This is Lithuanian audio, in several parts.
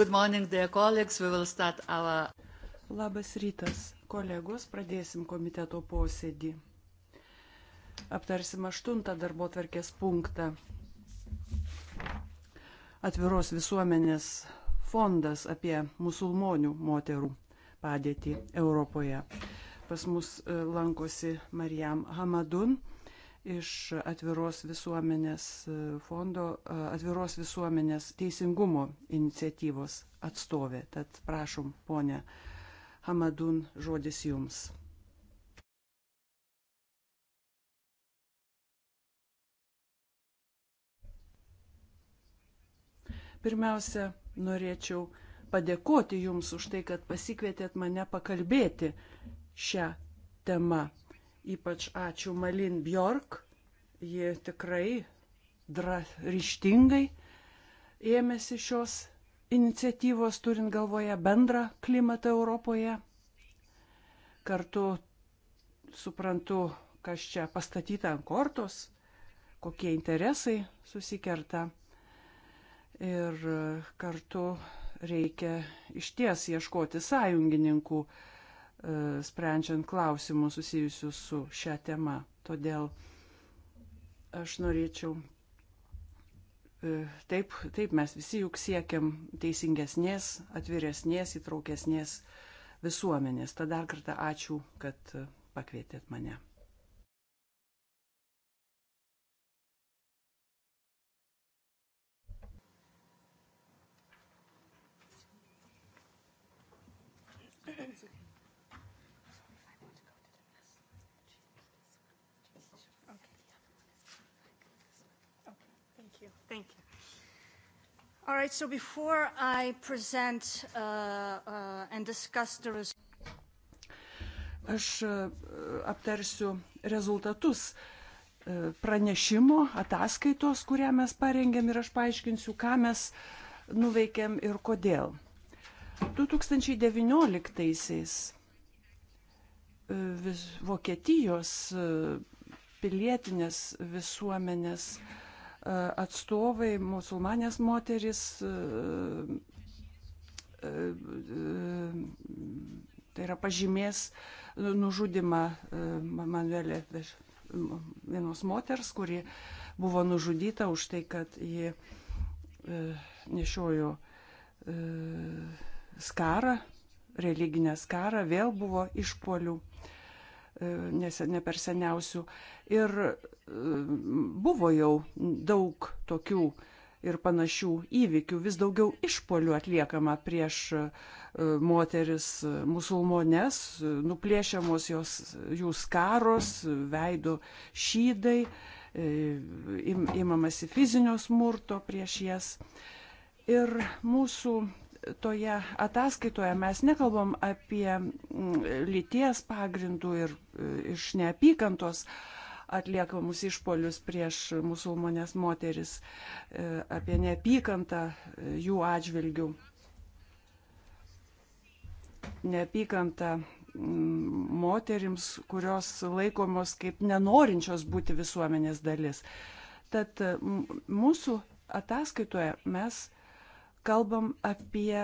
Good morning, dear colleagues. We will start our. Labas rytas, kolegos. Pradėsim komiteto posėdį. Aptarsim aštuntą darbo tvarkės punktą. Atviros visuomenės fondas apie musulmonių moterų padėtį Europoje. Pas mus e, lankosi Marijam Hamadun, iš atviros visuomenės e, fondo, e, atviros visuomenės teisingumo iniciatyvos atstovė. Tad prašom, ponė Hamadun, žodis jums. Pirmiausia, norėčiau padėkoti Jums už tai, kad pasikvietėt mane pakalbėti šią temą. Ypač ačiū Malin Bjork, ji tikrai dra, ryštingai ėmėsi šios iniciatyvos, turint galvoje bendrą klimatą Europoje. Kartu suprantu, kas čia pastatyta ant kortos, kokie interesai susikerta. Ir kartu reikia išties ieškoti sąjungininkų E, sprendžiant klausimus susijusius su šią temą. Todėl aš norėčiau, e, taip, taip mes visi juk siekiam teisingesnės, atviresnės, įtraukesnės visuomenės. Tad dar kartą ačiū, kad pakvietėt mane. All right, so before I present uh, uh, and discuss the results. Aš uh, aptarsiu rezultatus uh, pranešimo, ataskaitos, kurią mes parengėm ir aš paaiškinsiu, ką mes nuveikėm ir kodėl. 2019-aisiais uh, Vokietijos pilietinės visuomenės uh, atstovai, musulmanės moteris, e, e, e, tai yra pažymės nužudimą Manuelė vienos moters, kuri buvo nužudyta už tai, kad ji nešiojo skarą, religinę skarą, vėl buvo išpolių ne per seniausių. Ir e, buvo jau daug tokių ir panašių įvykių, vis daugiau išpolių atliekama prieš e, moteris musulmonės, nuplėšiamos jos, jų skaros, veido šydai, e, im, imamasi fizinio smurto prieš jas. Ir mūsų toje ataskaitoje mes nekalbam apie mm, lyties pagrindų ir e, iš neapykantos atliekamus išpolius prieš musulmonės moteris, e, apie neapykantą e, jų atžvilgių. Neapykantą mm, moterims, kurios laikomos kaip nenorinčios būti visuomenės dalis. Tad mm, mūsų ataskaitoje mes kalbam apie,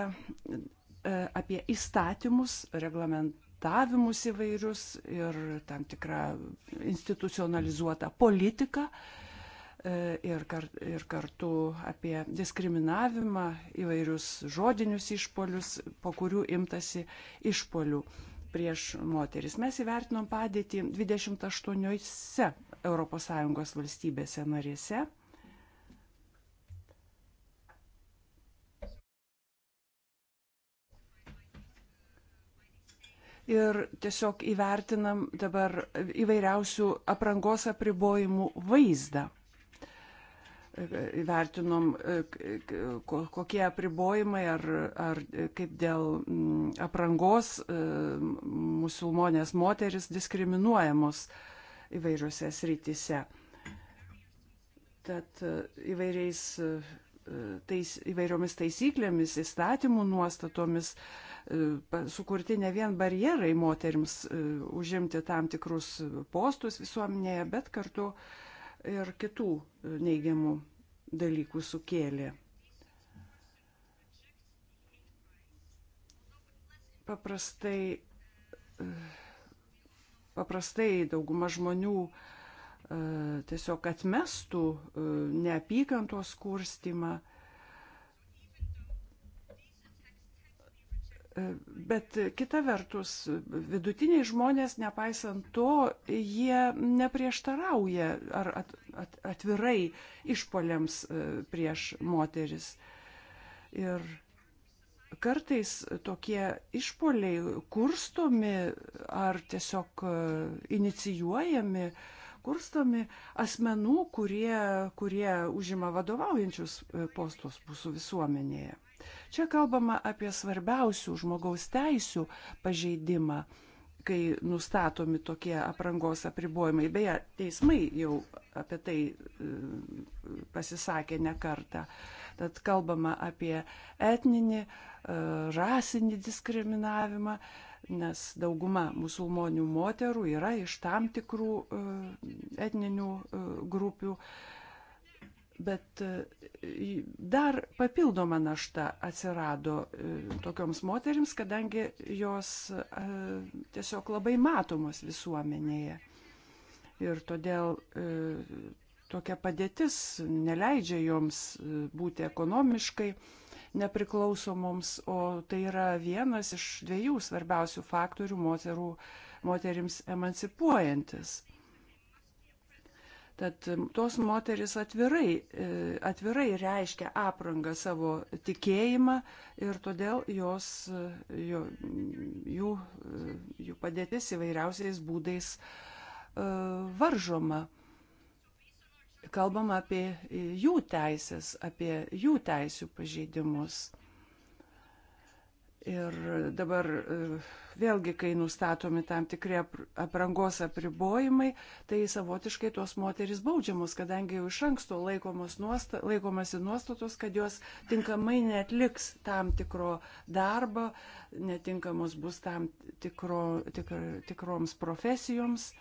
e, apie įstatymus, reglamentavimus įvairius ir tam tikrą institucionalizuotą politiką e, ir, kar, ir kartu apie diskriminavimą, įvairius žodinius išpolius, po kurių imtasi išpolių prieš moteris. Mes įvertinom padėtį 28 ES valstybėse narėse ir tiesiog įvertinam dabar įvairiausių aprangos apribojimų vaizdą. Įvertinom, kokie apribojimai ar, ar kaip dėl mm, aprangos mm, musulmonės moteris diskriminuojamos įvairiose srityse. Tad e, įvairiais e, tais, įvairiomis taisyklėmis, įstatymų nuostatomis e, sukurti ne vien barjerai moteriams e, užimti tam tikrus postus visuomenėje, bet kartu ir kitų e, neigiamų dalykų sukėlė. Paprastai, paprastai dauguma žmonių uh, E, tiesiog atmestų e, neapykantos kurstimą. E, bet kita vertus, vidutiniai žmonės, nepaisant to, jie neprieštarauja ar at, at, atvirai išpoliams prieš moteris. Ir kartais tokie išpoliai kurstomi ar tiesiog inicijuojami uh, kurstomi asmenų, kurie, kurie užima vadovaujančius e, postus mūsų visuomenėje. Čia kalbama apie svarbiausių žmogaus teisių pažeidimą, kai nustatomi tokie aprangos apribojimai. Beje, teismai jau apie tai e, pasisakė ne kartą. Tad kalbama apie etninį, e, rasinį diskriminavimą, nes dauguma musulmonių moterų yra iš tam tikrų e, etninių e, grupių. Bet e, dar papildoma našta atsirado tokioms moteriams, kadangi jos tiesiog labai matomos visuomenėje. Ir todėl tokia padėtis neleidžia joms būti ekonomiškai nepriklausomoms, o tai yra vienas iš dviejų svarbiausių faktorių moterų, moterims emancipuojantis. Tad tos moteris atvirai, e, atvirai reiškia aprangą savo tikėjimą ir todėl jos, e, jų, jų, e, jų padėtis įvairiausiais būdais varžoma kalbam apie e, jų teisės, apie jų teisių pažeidimus. Ir dabar e, vėlgi, kai nustatomi tam tikri aprangos apribojimai, tai savotiškai tuos moteris baudžiamos, kadangi jau iš anksto nuosta, laikomasi nuostatos, kad jos tinkamai netliks tam tikro darbo, netinkamos bus tam tikro, tikr, tikroms profesijoms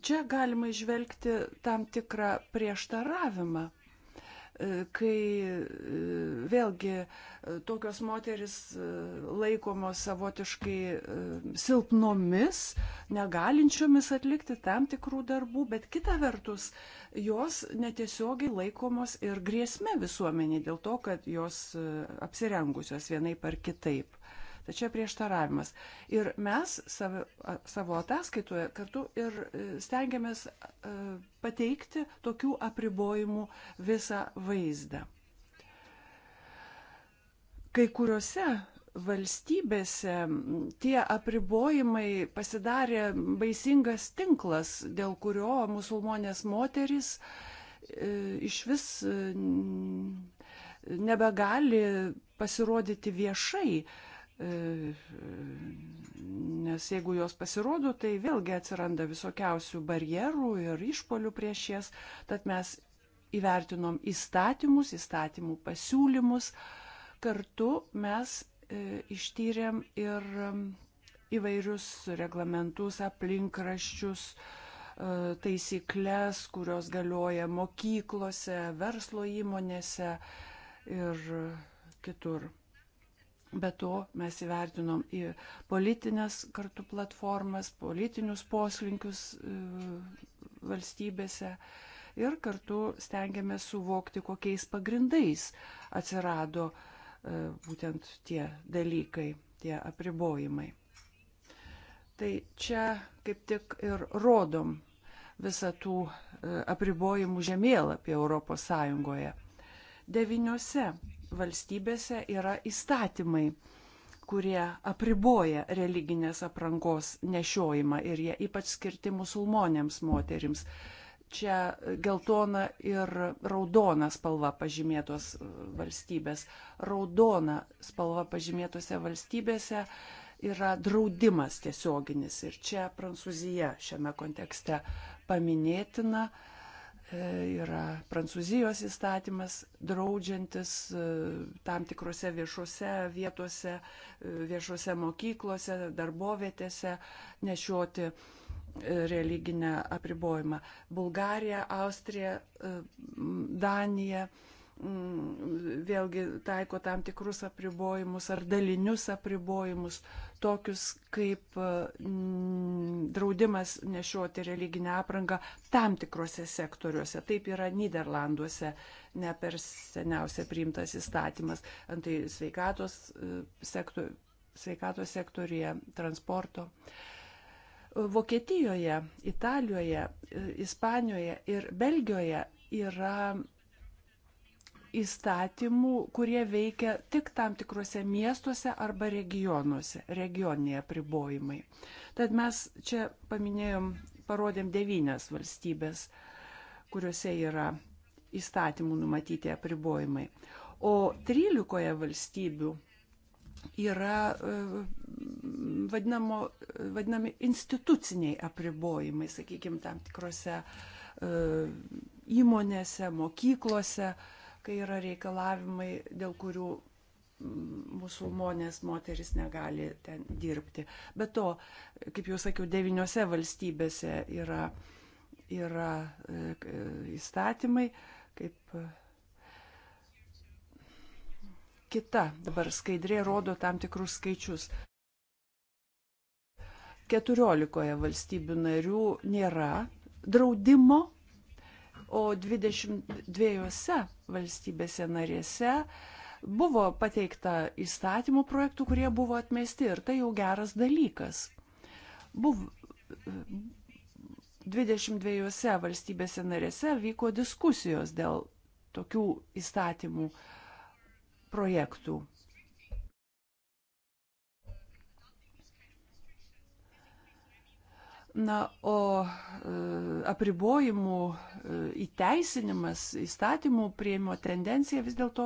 čia galima išvelgti tam tikrą prieštaravimą, e, kai e, vėlgi e, tokios moteris laikomos savotiškai silpnomis, negalinčiomis atlikti tam tikrų darbų, bet kita vertus jos netiesiogiai laikomos ir grėsme visuomeniai dėl to, kad jos apsirengusios vienaip ar kitaip. Tai čia prieštaravimas. Ir mes savo, savo ataskaitoje kartu ir e, stengiamės e, pateikti tokių apribojimų visą vaizdą. Kai kuriuose valstybėse tie apribojimai pasidarė baisingas tinklas, dėl kurio musulmonės moteris e, iš vis nebegali pasirodyti viešai, E, nes jeigu jos pasirodo, tai vėlgi atsiranda visokiausių barjerų ir išpolių prieš jas, tad mes įvertinom įstatymus, įstatymų pasiūlymus, kartu mes e, ištyrėm ir e, įvairius reglamentus, aplinkraščius, taisyklės, kurios galioja mokyklose, verslo įmonėse ir kitur. Be to mes įvertinom į politinės kartu platformas, politinius poslinkius e, valstybėse ir kartu stengiamės suvokti, kokiais pagrindais atsirado e, būtent tie dalykai, tie apribojimai. Tai čia kaip tik ir rodom visą tų e, apribojimų žemėlapį Europos Sąjungoje. Deviniuose valstybėse yra įstatymai, kurie apriboja religinės aprangos nešiojimą ir jie ypač skirti musulmonėms moterims. Čia geltona ir raudona spalva pažymėtos e, valstybės. Raudona spalva pažymėtose valstybėse yra draudimas tiesioginis. Ir čia Prancūzija šiame kontekste paminėtina. Uh, E, yra Prancūzijos įstatymas, draudžiantis e, tam tikrose viešose vietose, e, viešose mokyklose, darbovietėse nešioti religinę apribojimą. Bulgarija, Austrija, Danija Mm, vėlgi taiko tam tikrus apribojimus ar dalinius apribojimus, tokius kaip e, draudimas nešioti religinę aprangą tam tikrose sektoriuose. Taip yra Niderlanduose ne per seniausia priimtas įstatymas. Antai sveikatos, e, sektor, sveikatos sektorija, transporto. Vokietijoje, Italijoje, e, Ispanijoje ir Belgijoje yra įstatymų, kurie veikia tik tam tikrose miestuose arba regionuose, regioniniai apribojimai. Tad mes čia paminėjom, parodėm devynias valstybės, kuriuose yra įstatymų numatyti apribojimai. O 13 valstybių yra e, vadinamo, vadinami instituciniai apribojimai, sakykime, tam tikrose e, įmonėse, mokyklose, kai yra reikalavimai, dėl kurių mm, musulmonės moteris negali ten dirbti. Bet to, kaip jau sakiau, deviniuose valstybėse yra, yra e, įstatymai, kaip e, kita dabar skaidrė rodo tam tikrus skaičius. 14 valstybių narių nėra draudimo o 22 valstybėse narėse buvo pateikta įstatymų projektų, kurie buvo atmesti ir tai jau geras dalykas. Buvo 22 valstybėse narėse vyko diskusijos dėl tokių įstatymų projektų. Na, o e, apribojimų įteisinimas, įstatymų prieimimo tendencija vis dėlto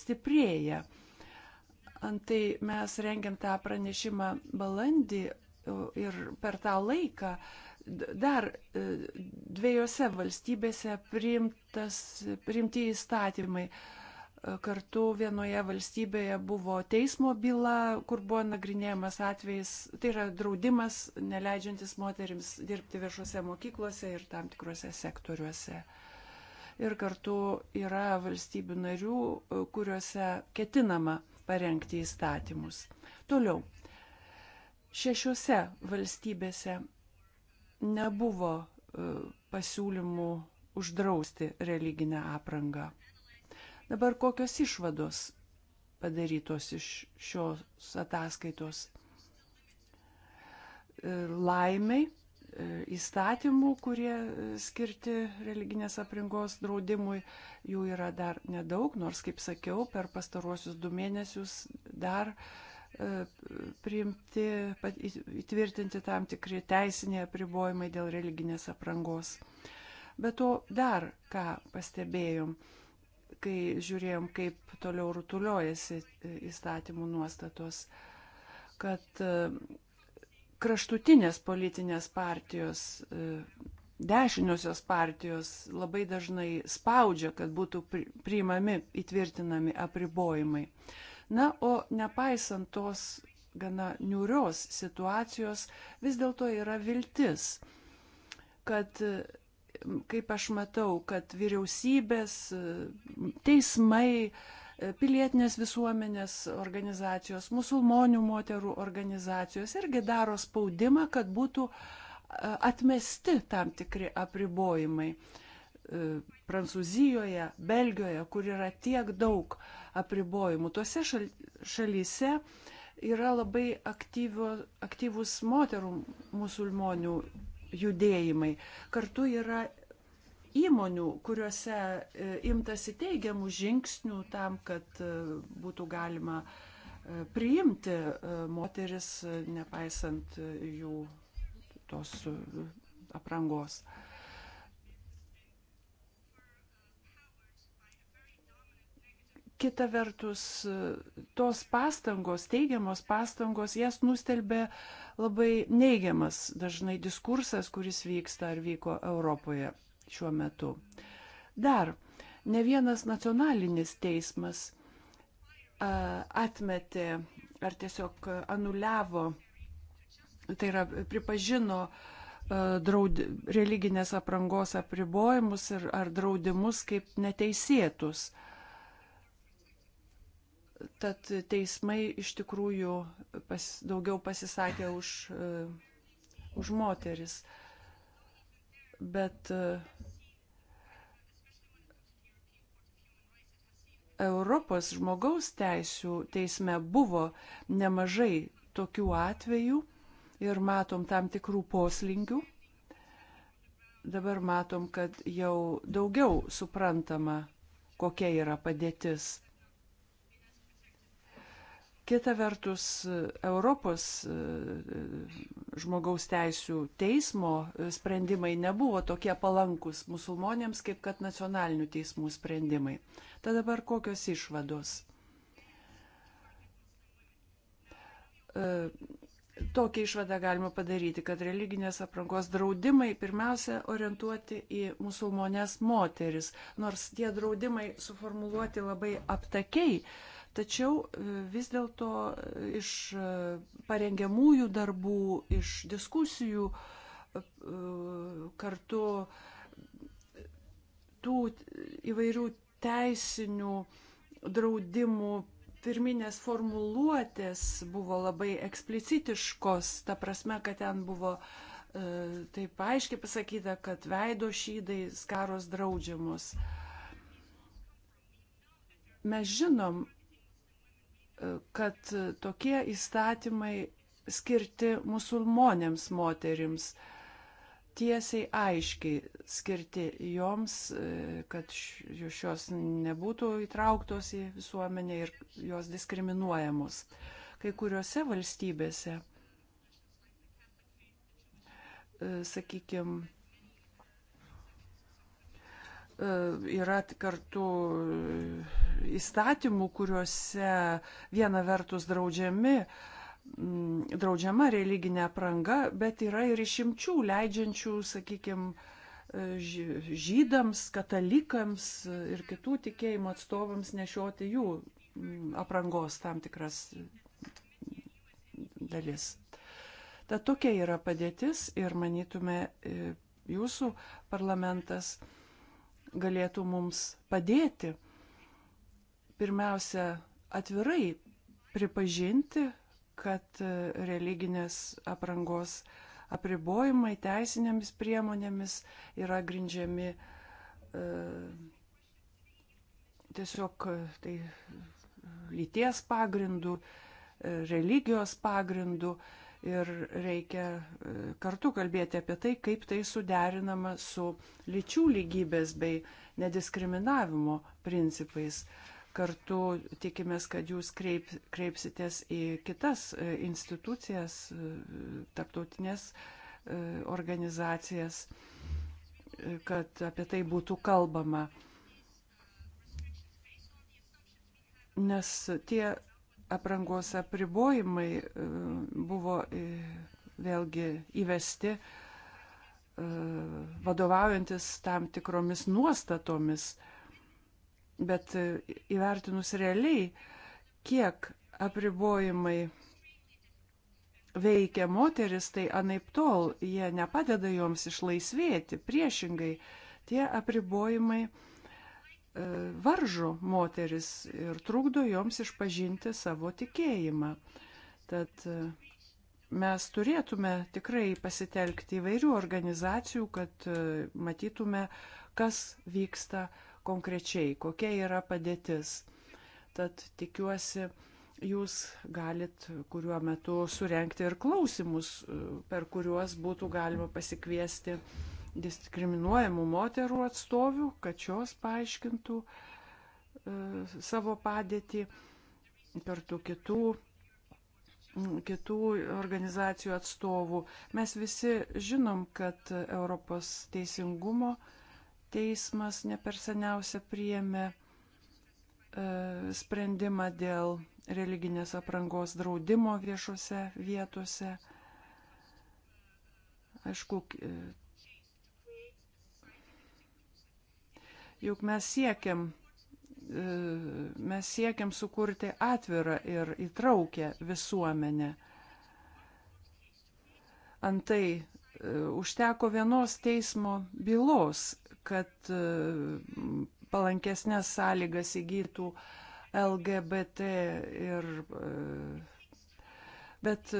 stiprėja. Antai mes rengiam tą pranešimą balandį e, ir per tą laiką dar e, dviejose valstybėse priimtas, priimti įstatymai kartu vienoje valstybėje buvo teismo byla, kur buvo nagrinėjamas atvejis, tai yra draudimas neleidžiantis moteriams dirbti viešuose mokyklose ir tam tikrose sektoriuose. Ir kartu yra valstybių narių, kuriuose ketinama parengti įstatymus. Toliau. Šešiose valstybėse nebuvo e, pasiūlymų uždrausti religinę aprangą. Dabar kokios išvados padarytos iš šios ataskaitos? E, laimiai e, įstatymų, kurie skirti religinės aprinkos draudimui, jų yra dar nedaug, nors, kaip sakiau, per pastaruosius du mėnesius dar e, priimti, įtvirtinti tam tikri teisiniai apribojimai dėl religinės aprangos. Bet to dar ką pastebėjom, kai žiūrėjom, kaip toliau rutuliojasi e, įstatymų nuostatos, kad e, kraštutinės politinės partijos, e, dešiniosios partijos labai dažnai spaudžia, kad būtų priimami, įtvirtinami apribojimai. Na, o nepaisant tos gana niūrios situacijos, vis dėlto yra viltis, kad kaip aš matau, kad vyriausybės, teismai, pilietinės visuomenės organizacijos, musulmonių moterų organizacijos irgi daro spaudimą, kad būtų atmesti tam tikri apribojimai. E, Prancūzijoje, Belgijoje, kur yra tiek daug apribojimų, tuose šal, šalyse yra labai aktyvio, aktyvus moterų musulmonių judėjimai. Kartu yra įmonių, kuriuose e, imtasi teigiamų žingsnių tam, kad e, būtų galima e, priimti moteris, nepaisant jų tos aprangos. Kita vertus, tos pastangos, teigiamos pastangos, jas nustelbė uh, labai neigiamas dažnai diskursas, kuris vyksta ar vyko Europoje šiuo metu. Dar ne vienas nacionalinis teismas atmetė ar tiesiog anuliavo, tai yra pripažino draud, religinės aprangos apribojimus ir, ar draudimus kaip neteisėtus. Uh, Tad teismai iš tikrųjų pas, daugiau pasisakė už, e, už moteris. Bet e, Europos žmogaus teisų teisme buvo nemažai tokių atvejų ir matom tam tikrų poslinkių. Dabar matom, kad jau daugiau suprantama, kokia yra padėtis. Kita vertus, Europos e, žmogaus teisų teismo e, sprendimai nebuvo tokie palankus musulmonėms, kaip kad nacionalinių teismų sprendimai. Tad dabar kokios išvados? E, tokią išvadą galima padaryti, kad religinės aprangos draudimai pirmiausia orientuoti į musulmonės moteris, nors tie draudimai suformuluoti labai aptakiai Tačiau e, vis dėlto e, iš e, parengiamųjų darbų, iš diskusijų kartu tų įvairių teisinių draudimų pirminės formuluotės buvo labai eksplicitiškos, ta prasme, kad ten buvo taip aiškiai pasakyta, kad veido šydai skaros draudžiamus. Mes žinom, kad tokie įstatymai skirti musulmonėms moterims, tiesiai aiškiai skirti joms, e, kad šios nebūtų įtrauktos į visuomenę ir jos diskriminuojamos. Kai kuriuose valstybėse, e, sakykime, yra kartu įstatymų, kuriuose viena vertus draudžiami, mm, draudžiama religinė apranga, bet yra ir išimčių leidžiančių, sakykime, žydams, katalikams ir kitų tikėjimo atstovams nešioti jų mm, aprangos tam tikras dalis. Tad tokia yra padėtis ir manytume, e, jūsų parlamentas galėtų mums padėti pirmiausia atvirai pripažinti, kad e, religinės aprangos apribojimai teisinėmis priemonėmis yra grindžiami e, tiesiog e, tai lyties pagrindų, e, religijos pagrindų ir reikia kartu kalbėti apie tai, kaip tai suderinama su lyčių lygybės bei nediskriminavimo principais. E, kartu tikimės, kad jūs kreip, kreipsitės į kitas e, institucijas, e, tarptautinės e, organizacijas, kad apie tai būtų kalbama. Nes tie aprangos apribojimai buvo vėlgi įvesti vadovaujantis tam tikromis nuostatomis, Bet e, įvertinus realiai, kiek apribojimai veikia moteris, tai anaip tol jie nepadeda joms išlaisvėti. Priešingai, tie apribojimai e, varžo moteris ir trukdo joms išpažinti savo tikėjimą. Tad e, mes turėtume tikrai pasitelkti įvairių organizacijų, kad matytume, kas vyksta konkrečiai, kokia yra padėtis. Tad tikiuosi, jūs galit kuriuo metu surenkti ir klausimus, per kuriuos būtų galima pasikviesti diskriminuojamų moterų atstovių, kad jos paaiškintų e, savo padėtį kartu kitų, kitų organizacijų atstovų. Mes visi žinom, kad Europos teisingumo teismas neperseniausia priėmė e, sprendimą dėl religinės aprangos draudimo viešose vietose. Aišku, juk mes siekiam, e, mes siekiam sukurti atvirą ir įtraukę visuomenę. Antai e, užteko vienos teismo bylos, kad e, palankesnės sąlygas įgytų LGBT ir. E, bet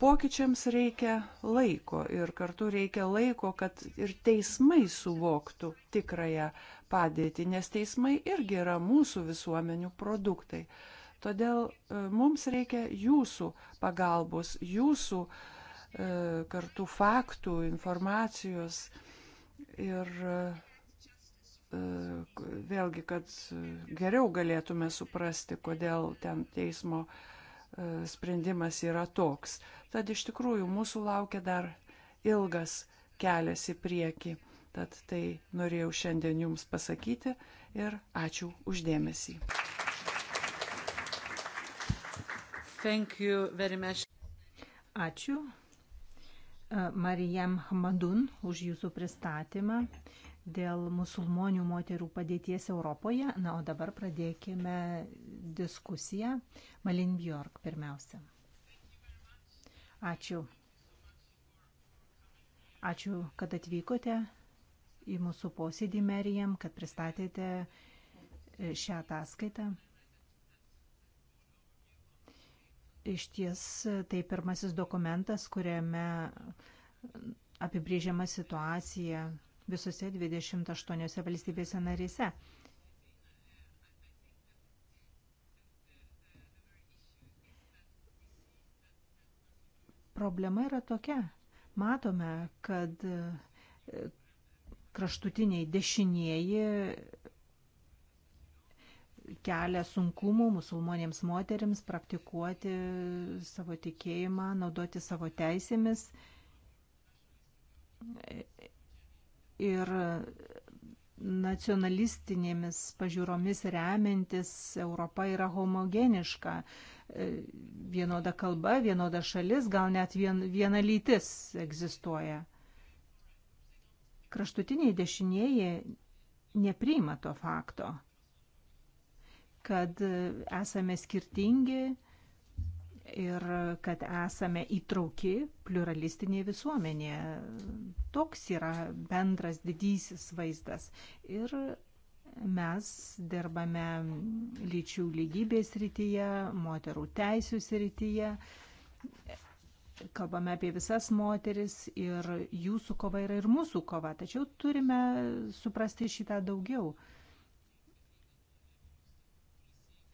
pokyčiams reikia laiko ir kartu reikia laiko, kad ir teismai suvoktų tikrąją padėtį, nes teismai irgi yra mūsų visuomenių produktai. Todėl e, mums reikia jūsų pagalbos, jūsų kartu faktų, informacijos ir E, vėlgi, kad geriau galėtume suprasti, kodėl ten teismo e, sprendimas yra toks. Tad iš tikrųjų mūsų laukia dar ilgas kelias į priekį. Tad tai norėjau šiandien Jums pasakyti ir ačiū uždėmesį. Ačiū e, Marijam Hamadun už Jūsų pristatymą dėl musulmonių moterų padėties Europoje. Na, o dabar pradėkime diskusiją. Malin Bjork pirmiausia. Ačiū. Ačiū, kad atvykote į mūsų posėdį Merijam, kad pristatėte e, šią ataskaitą. Iš ties tai pirmasis dokumentas, kuriame apibrėžiama situacija visose 28 valstybėse narėse. Problema yra tokia. Matome, kad e, kraštutiniai dešinieji kelia sunkumų musulmonėms moteriams praktikuoti savo tikėjimą, naudoti savo teisėmis ir nacionalistinėmis pažiūromis remiantis Europa yra homogeniška. E, vienoda kalba, vienoda šalis, gal net vien, viena lytis egzistuoja. Kraštutiniai dešinieji nepriima to fakto, kad esame skirtingi, ir kad esame įtrauki pluralistinė visuomenė. Toks yra bendras didysis vaizdas. Ir mes dirbame lyčių lygybės rytyje, moterų teisų rytyje. Kalbame apie visas moteris ir jūsų kova yra ir mūsų kova, tačiau turime suprasti šitą daugiau.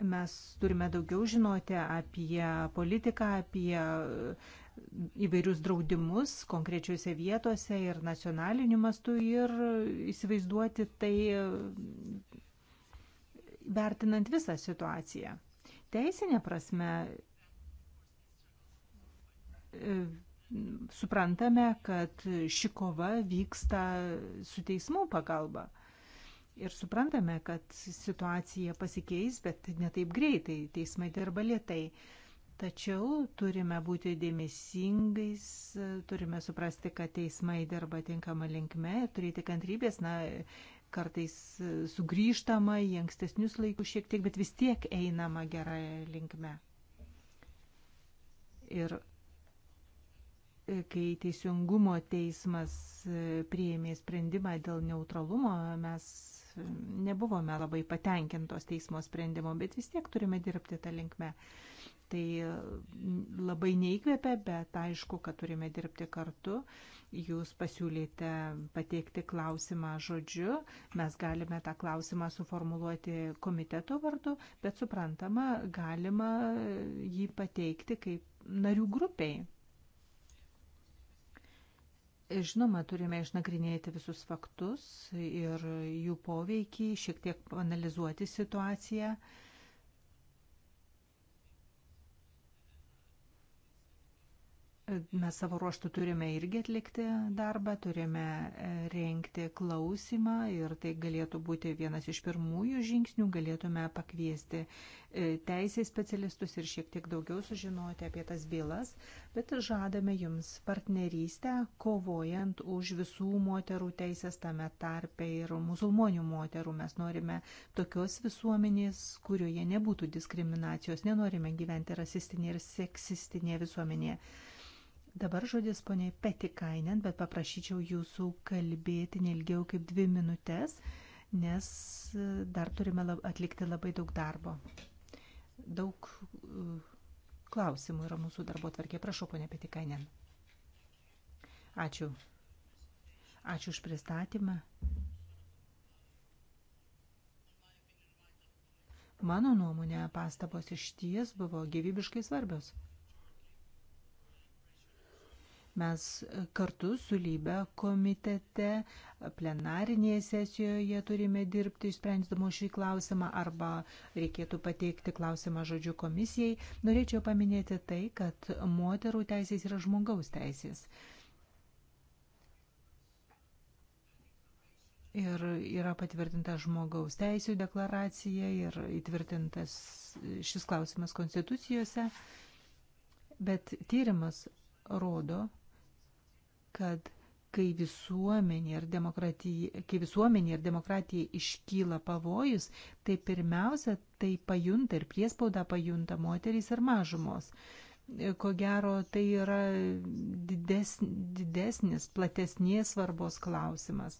Mes turime daugiau žinoti apie politiką, apie įvairius draudimus konkrečiose vietose ir nacionaliniu mastu ir įsivaizduoti tai vertinant visą situaciją. Teisinė prasme e, suprantame, kad ši kova vyksta su teismų pagalba ir suprantame, kad situacija pasikeis, bet netaip greitai, teismai dirba lietai. Tačiau turime būti dėmesingais, turime suprasti, kad teismai dirba tinkama linkme ir turėti kantrybės, na, kartais sugrįžtama į ankstesnius laikus šiek tiek, bet vis tiek einama gerąją linkme. Ir e, kai Teisingumo teismas e, priėmė sprendimą dėl neutralumo, mes nebuvome labai patenkintos teismo sprendimo, bet vis tiek turime dirbti tą linkmę. Tai labai neįkvėpia, bet aišku, kad turime dirbti kartu. Jūs pasiūlėte pateikti klausimą žodžiu, mes galime tą klausimą suformuluoti komiteto vardu, bet suprantama, galima jį pateikti kaip narių grupiai. Žinoma, turime išnagrinėti visus faktus ir jų poveikį, šiek tiek analizuoti situaciją. Mes savo ruoštų turime irgi atlikti darbą, turime e, renkti klausimą ir tai galėtų būti vienas iš pirmųjų žingsnių, galėtume pakviesti e, teisės specialistus ir šiek tiek daugiau sužinoti apie tas bylas, bet žadame jums partnerystę, kovojant už visų moterų teisės tame tarpe ir musulmonių moterų. Mes norime tokios visuomenės, kurioje nebūtų diskriminacijos, nenorime gyventi rasistinėje ir seksistinėje visuomenėje. Dabar žodis poniai Petikainen, bet paprašyčiau jūsų kalbėti nelgiau kaip dvi minutės, nes e, dar turime lab, atlikti labai daug darbo. Daug uh, klausimų yra mūsų darbo tvarkė. Prašau, ponia Petikainen. Ačiū. Ačiū už pristatymą. Mano nuomonė, pastabos iš ties buvo gyvybiškai svarbios. Mes kartu su lybe komitete plenarinėje sesijoje turime dirbti, išsprendimo šį klausimą, arba reikėtų pateikti klausimą žodžiu komisijai. Norėčiau paminėti tai, kad moterų teisės yra žmogaus teisės. Ir yra patvirtinta žmogaus teisų deklaracija ir įtvirtintas šis klausimas konstitucijose. Bet tyrimas rodo, kad kai visuomenė ir demokratija, kai visuomenė ir demokratija iškyla pavojus, tai pirmiausia tai pajunta ir priespauda pajunta moterys ir mažumos. Ko gero, tai yra didesn, didesnis, platesnės svarbos klausimas.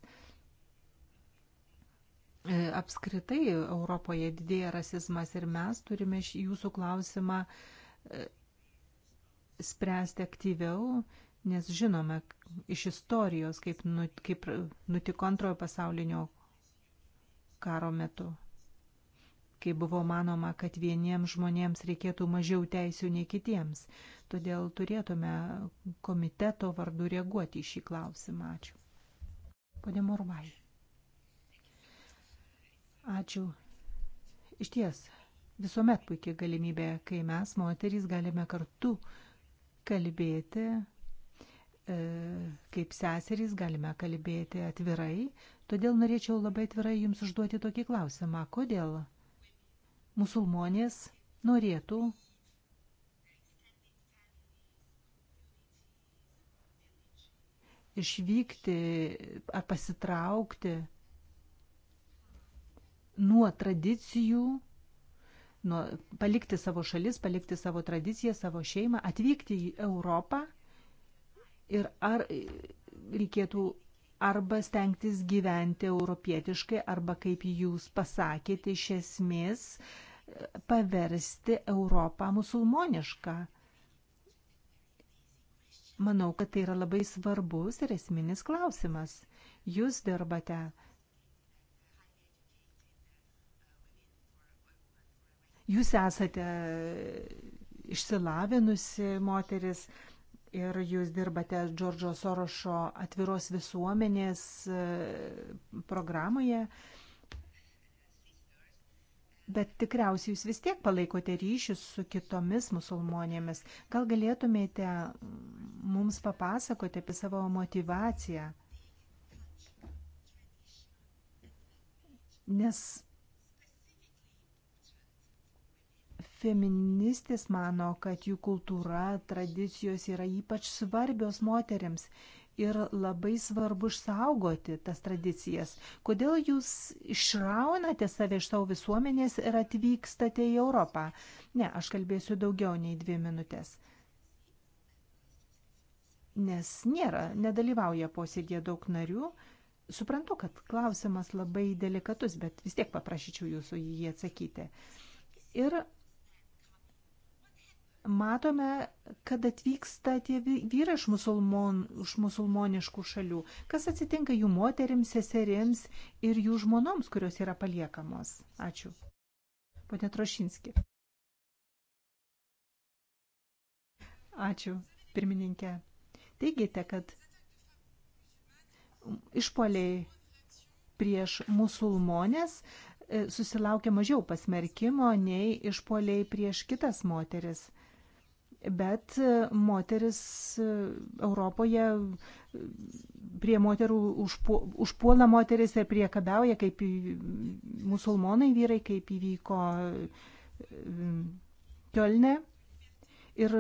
E, apskritai Europoje didėja rasizmas ir mes turime jūsų klausimą e, spręsti aktyviau nes žinome iš istorijos, kaip, nu, kaip nutiko antrojo pasaulinio karo metu, kai buvo manoma, kad vieniems žmonėms reikėtų mažiau teisių nei kitiems. Todėl turėtume komiteto vardu reaguoti į šį klausimą. Ačiū. Pone Morvai. Ačiū. Iš ties, visuomet puikia galimybė, kai mes, moterys, galime kartu kalbėti E, kaip seserys galime kalbėti atvirai, todėl norėčiau labai atvirai jums užduoti tokį klausimą. Kodėl musulmonės norėtų išvykti ar pasitraukti nuo tradicijų, nuo, palikti savo šalis, palikti savo tradiciją, savo šeimą, atvykti į Europą – ir ar reikėtų arba stengtis gyventi europietiškai, arba, kaip jūs pasakėte, iš esmės paversti Europą musulmonišką. Manau, kad tai yra labai svarbus ir esminis klausimas. Jūs dirbate Jūs esate išsilavinusi moteris, ir jūs dirbate Džordžo Sorošo atviros visuomenės e, programoje. Bet tikriausiai jūs vis tiek palaikote ryšius su kitomis musulmonėmis. Gal galėtumėte mm, mums papasakoti apie savo motivaciją? Nes Feministės mano, kad jų kultūra, tradicijos yra ypač svarbios moteriams ir labai svarbu išsaugoti tas tradicijas. Kodėl jūs išraunate save iš savo visuomenės ir atvykstate į Europą? Ne, aš kalbėsiu daugiau nei dvi minutės. Nes nėra, nedalyvauja posėdėje daug narių. Suprantu, kad klausimas labai delikatus, bet vis tiek paprašyčiau jūsų jį atsakyti. Ir matome, kad atvyksta tie vyrai iš, musulmon, iš musulmoniškų šalių. Kas atsitinka jų moterims, seserims ir jų žmonoms, kurios yra paliekamos? Ačiū. Pone Trošinski. Ačiū, pirmininkė. Teigite, kad išpoliai prieš musulmonės e, susilaukia mažiau pasmerkimo nei išpoliai prieš kitas moteris bet e, moteris e, Europoje e, prie moterų užpu, užpuola moteris ir priekabiauja, kaip musulmonai vyrai, kaip įvyko Kielne. Ir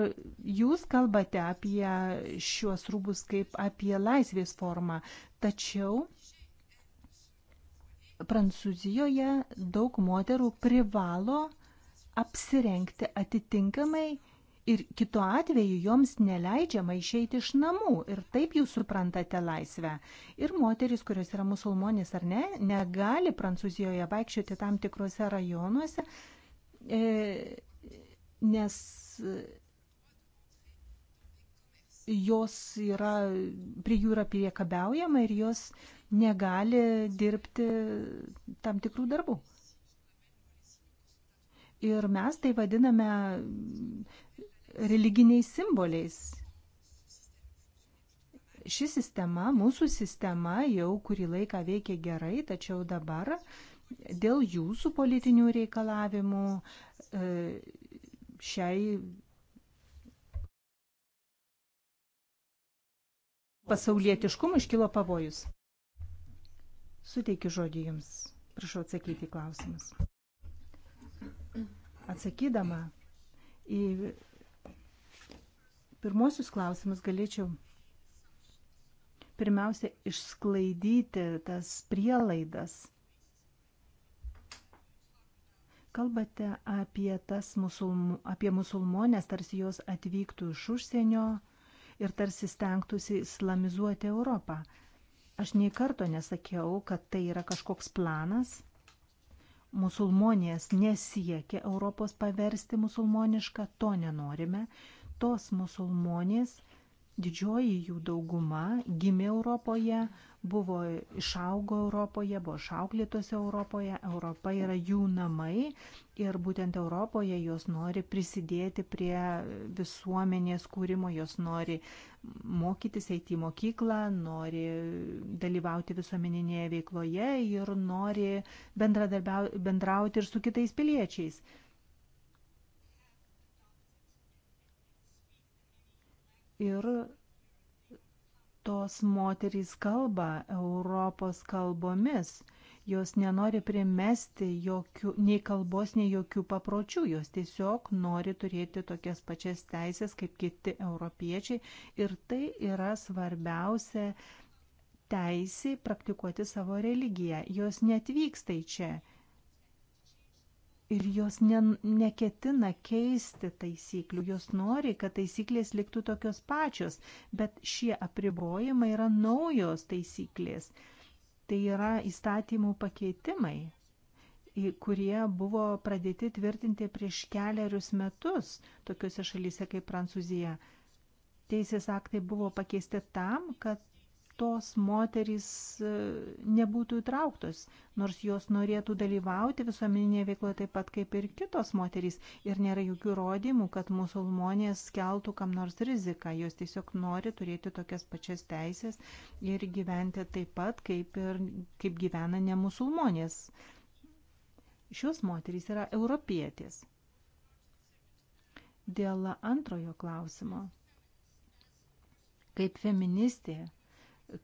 jūs kalbate apie šiuos rūbus kaip apie laisvės formą, tačiau Prancūzijoje daug moterų privalo apsirengti atitinkamai ir kitu atveju joms neleidžiama išeiti iš namų ir taip jūs suprantate laisvę. Ir moteris, kurios yra musulmonės ar ne, negali Prancūzijoje vaikščioti tam tikrose rajonuose, e, nes jos yra, prie jų yra priekabiaujama ir jos negali dirbti tam tikrų darbų. Ir mes tai vadiname religiniais simboliais. Ši sistema, mūsų sistema jau kurį laiką veikia gerai, tačiau dabar dėl jūsų politinių reikalavimų e, šiai pasaulietiškumui iškilo pavojus. Suteikiu žodį Jums. Prašau atsakyti į klausimus. Atsakydama į Pirmosius klausimus galėčiau pirmiausia išsklaidyti tas prielaidas. Kalbate apie tas musulm, apie musulmonės, tarsi jos atvyktų iš užsienio ir tarsi stengtųsi islamizuoti Europą. Aš nei karto nesakiau, kad tai yra kažkoks planas. Musulmonės nesiekia Europos paversti musulmonišką, to nenorime tos musulmonės, didžioji jų dauguma gimė Europoje, buvo išaugo Europoje, buvo išauklėtos Europoje, Europa yra jų namai ir būtent Europoje jos nori prisidėti prie visuomenės kūrimo, jos nori mokytis, eiti į mokyklą, nori dalyvauti visuomeninėje veikloje ir nori bendrauti ir su kitais piliečiais. ir tos moterys kalba Europos kalbomis. Jos nenori primesti jokių, nei kalbos, nei jokių papročių. Jos tiesiog nori turėti tokias pačias teisės kaip kiti europiečiai. Ir tai yra svarbiausia teisiai praktikuoti savo religiją. Jos netvyksta į čia ir jos ne, neketina keisti taisyklių, jos nori, kad taisyklės liktų tokios pačios, bet šie apribojimai yra naujos taisyklės. Tai yra įstatymų pakeitimai, kurie buvo pradėti tvirtinti prieš keliarius metus tokiuose šalyse kaip Prancūzija. Teisės aktai buvo pakeisti tam, kad tos moterys e, nebūtų įtrauktos, nors jos norėtų dalyvauti visuomeninėje veikloje taip pat kaip ir kitos moterys. Ir nėra jokių rodymų, kad musulmonės keltų kam nors riziką. Jos tiesiog nori turėti tokias pačias teisės ir gyventi taip pat, kaip, ir, kaip gyvena ne musulmonės. Šios moterys yra europietės. Dėl antrojo klausimo. Kaip feministė,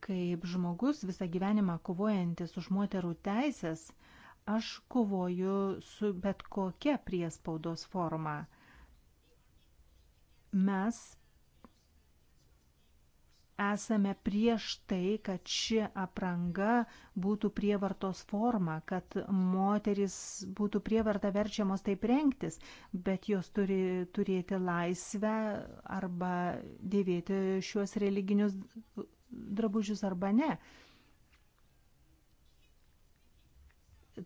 Kaip žmogus visą gyvenimą kovojantis už moterų teisės, aš kovoju su bet kokia priespaudos forma. Mes esame prieš tai, kad ši apranga būtų prievartos forma, kad moteris būtų prievarta verčiamos taip rengtis, bet jos turi turėti laisvę arba dėvėti šiuos religinius drabužius arba ne.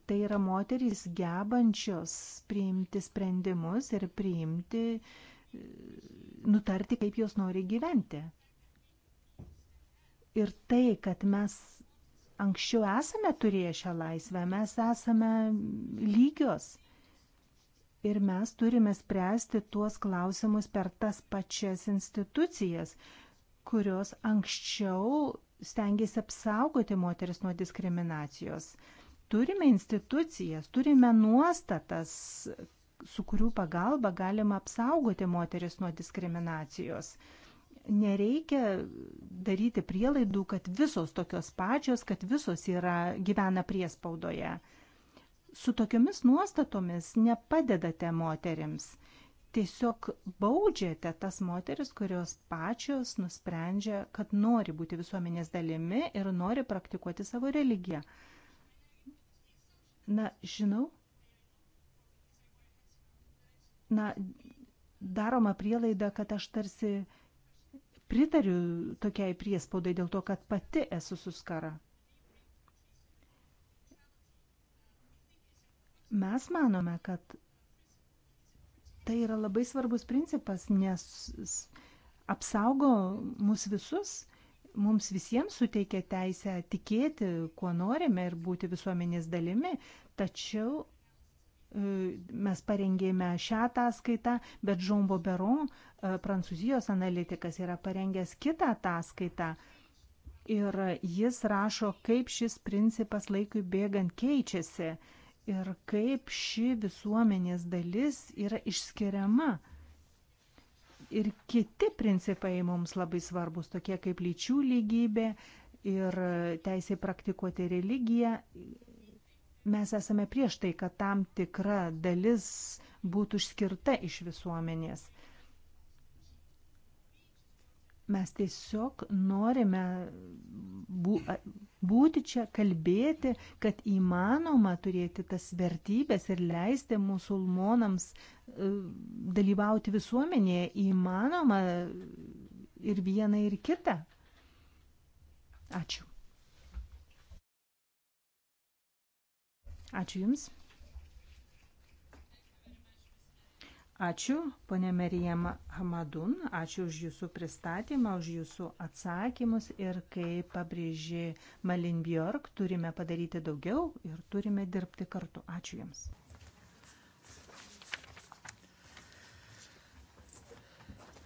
Tai yra moterys gebančios priimti sprendimus ir priimti, nutarti, kaip jos nori gyventi. Ir tai, kad mes anksčiau esame turėję šią laisvę, mes esame lygios. Ir mes turime spręsti tuos klausimus per tas pačias institucijas, kurios anksčiau stengiasi apsaugoti moteris nuo diskriminacijos. Turime institucijas, turime nuostatas, su kurių pagalba galima apsaugoti moteris nuo diskriminacijos. Nereikia daryti prielaidų, kad visos tokios pačios, kad visos yra, gyvena priespaudoje. Su tokiomis nuostatomis nepadedate moterims tiesiog baudžiate tas moteris, kurios pačios nusprendžia, kad nori būti visuomenės dalimi ir nori praktikuoti savo religiją. Na, žinau. Na, daroma prielaida, kad aš tarsi pritariu tokiai priespaudai dėl to, kad pati esu suskara. Mes manome, kad Tai yra labai svarbus principas, nes apsaugo mus visus, mums visiems suteikia teisę tikėti, kuo norime ir būti visuomenės dalimi, tačiau e, mes parengėme šią ataskaitą, bet Jean Boberon, e, prancūzijos analitikas, yra parengęs kitą ataskaitą. Ir jis rašo, kaip šis principas laikui bėgant keičiasi ir kaip ši visuomenės dalis yra išskiriama. Ir kiti principai mums labai svarbus, tokie kaip lyčių lygybė ir teisė praktikuoti religiją. Mes esame prieš tai, kad tam tikra dalis būtų išskirta iš visuomenės. Mes tiesiog norime būti čia, kalbėti, kad įmanoma turėti tas vertybės ir leisti musulmonams e, dalyvauti visuomenėje, įmanoma ir vieną, ir kitą. Ačiū. Ačiū Jums. Ačiū, ponė Merijam Hamadun, ačiū už jūsų pristatymą, už jūsų atsakymus ir kaip pabrėžė Malin Bjork, turime padaryti daugiau ir turime dirbti kartu. Ačiū Jums.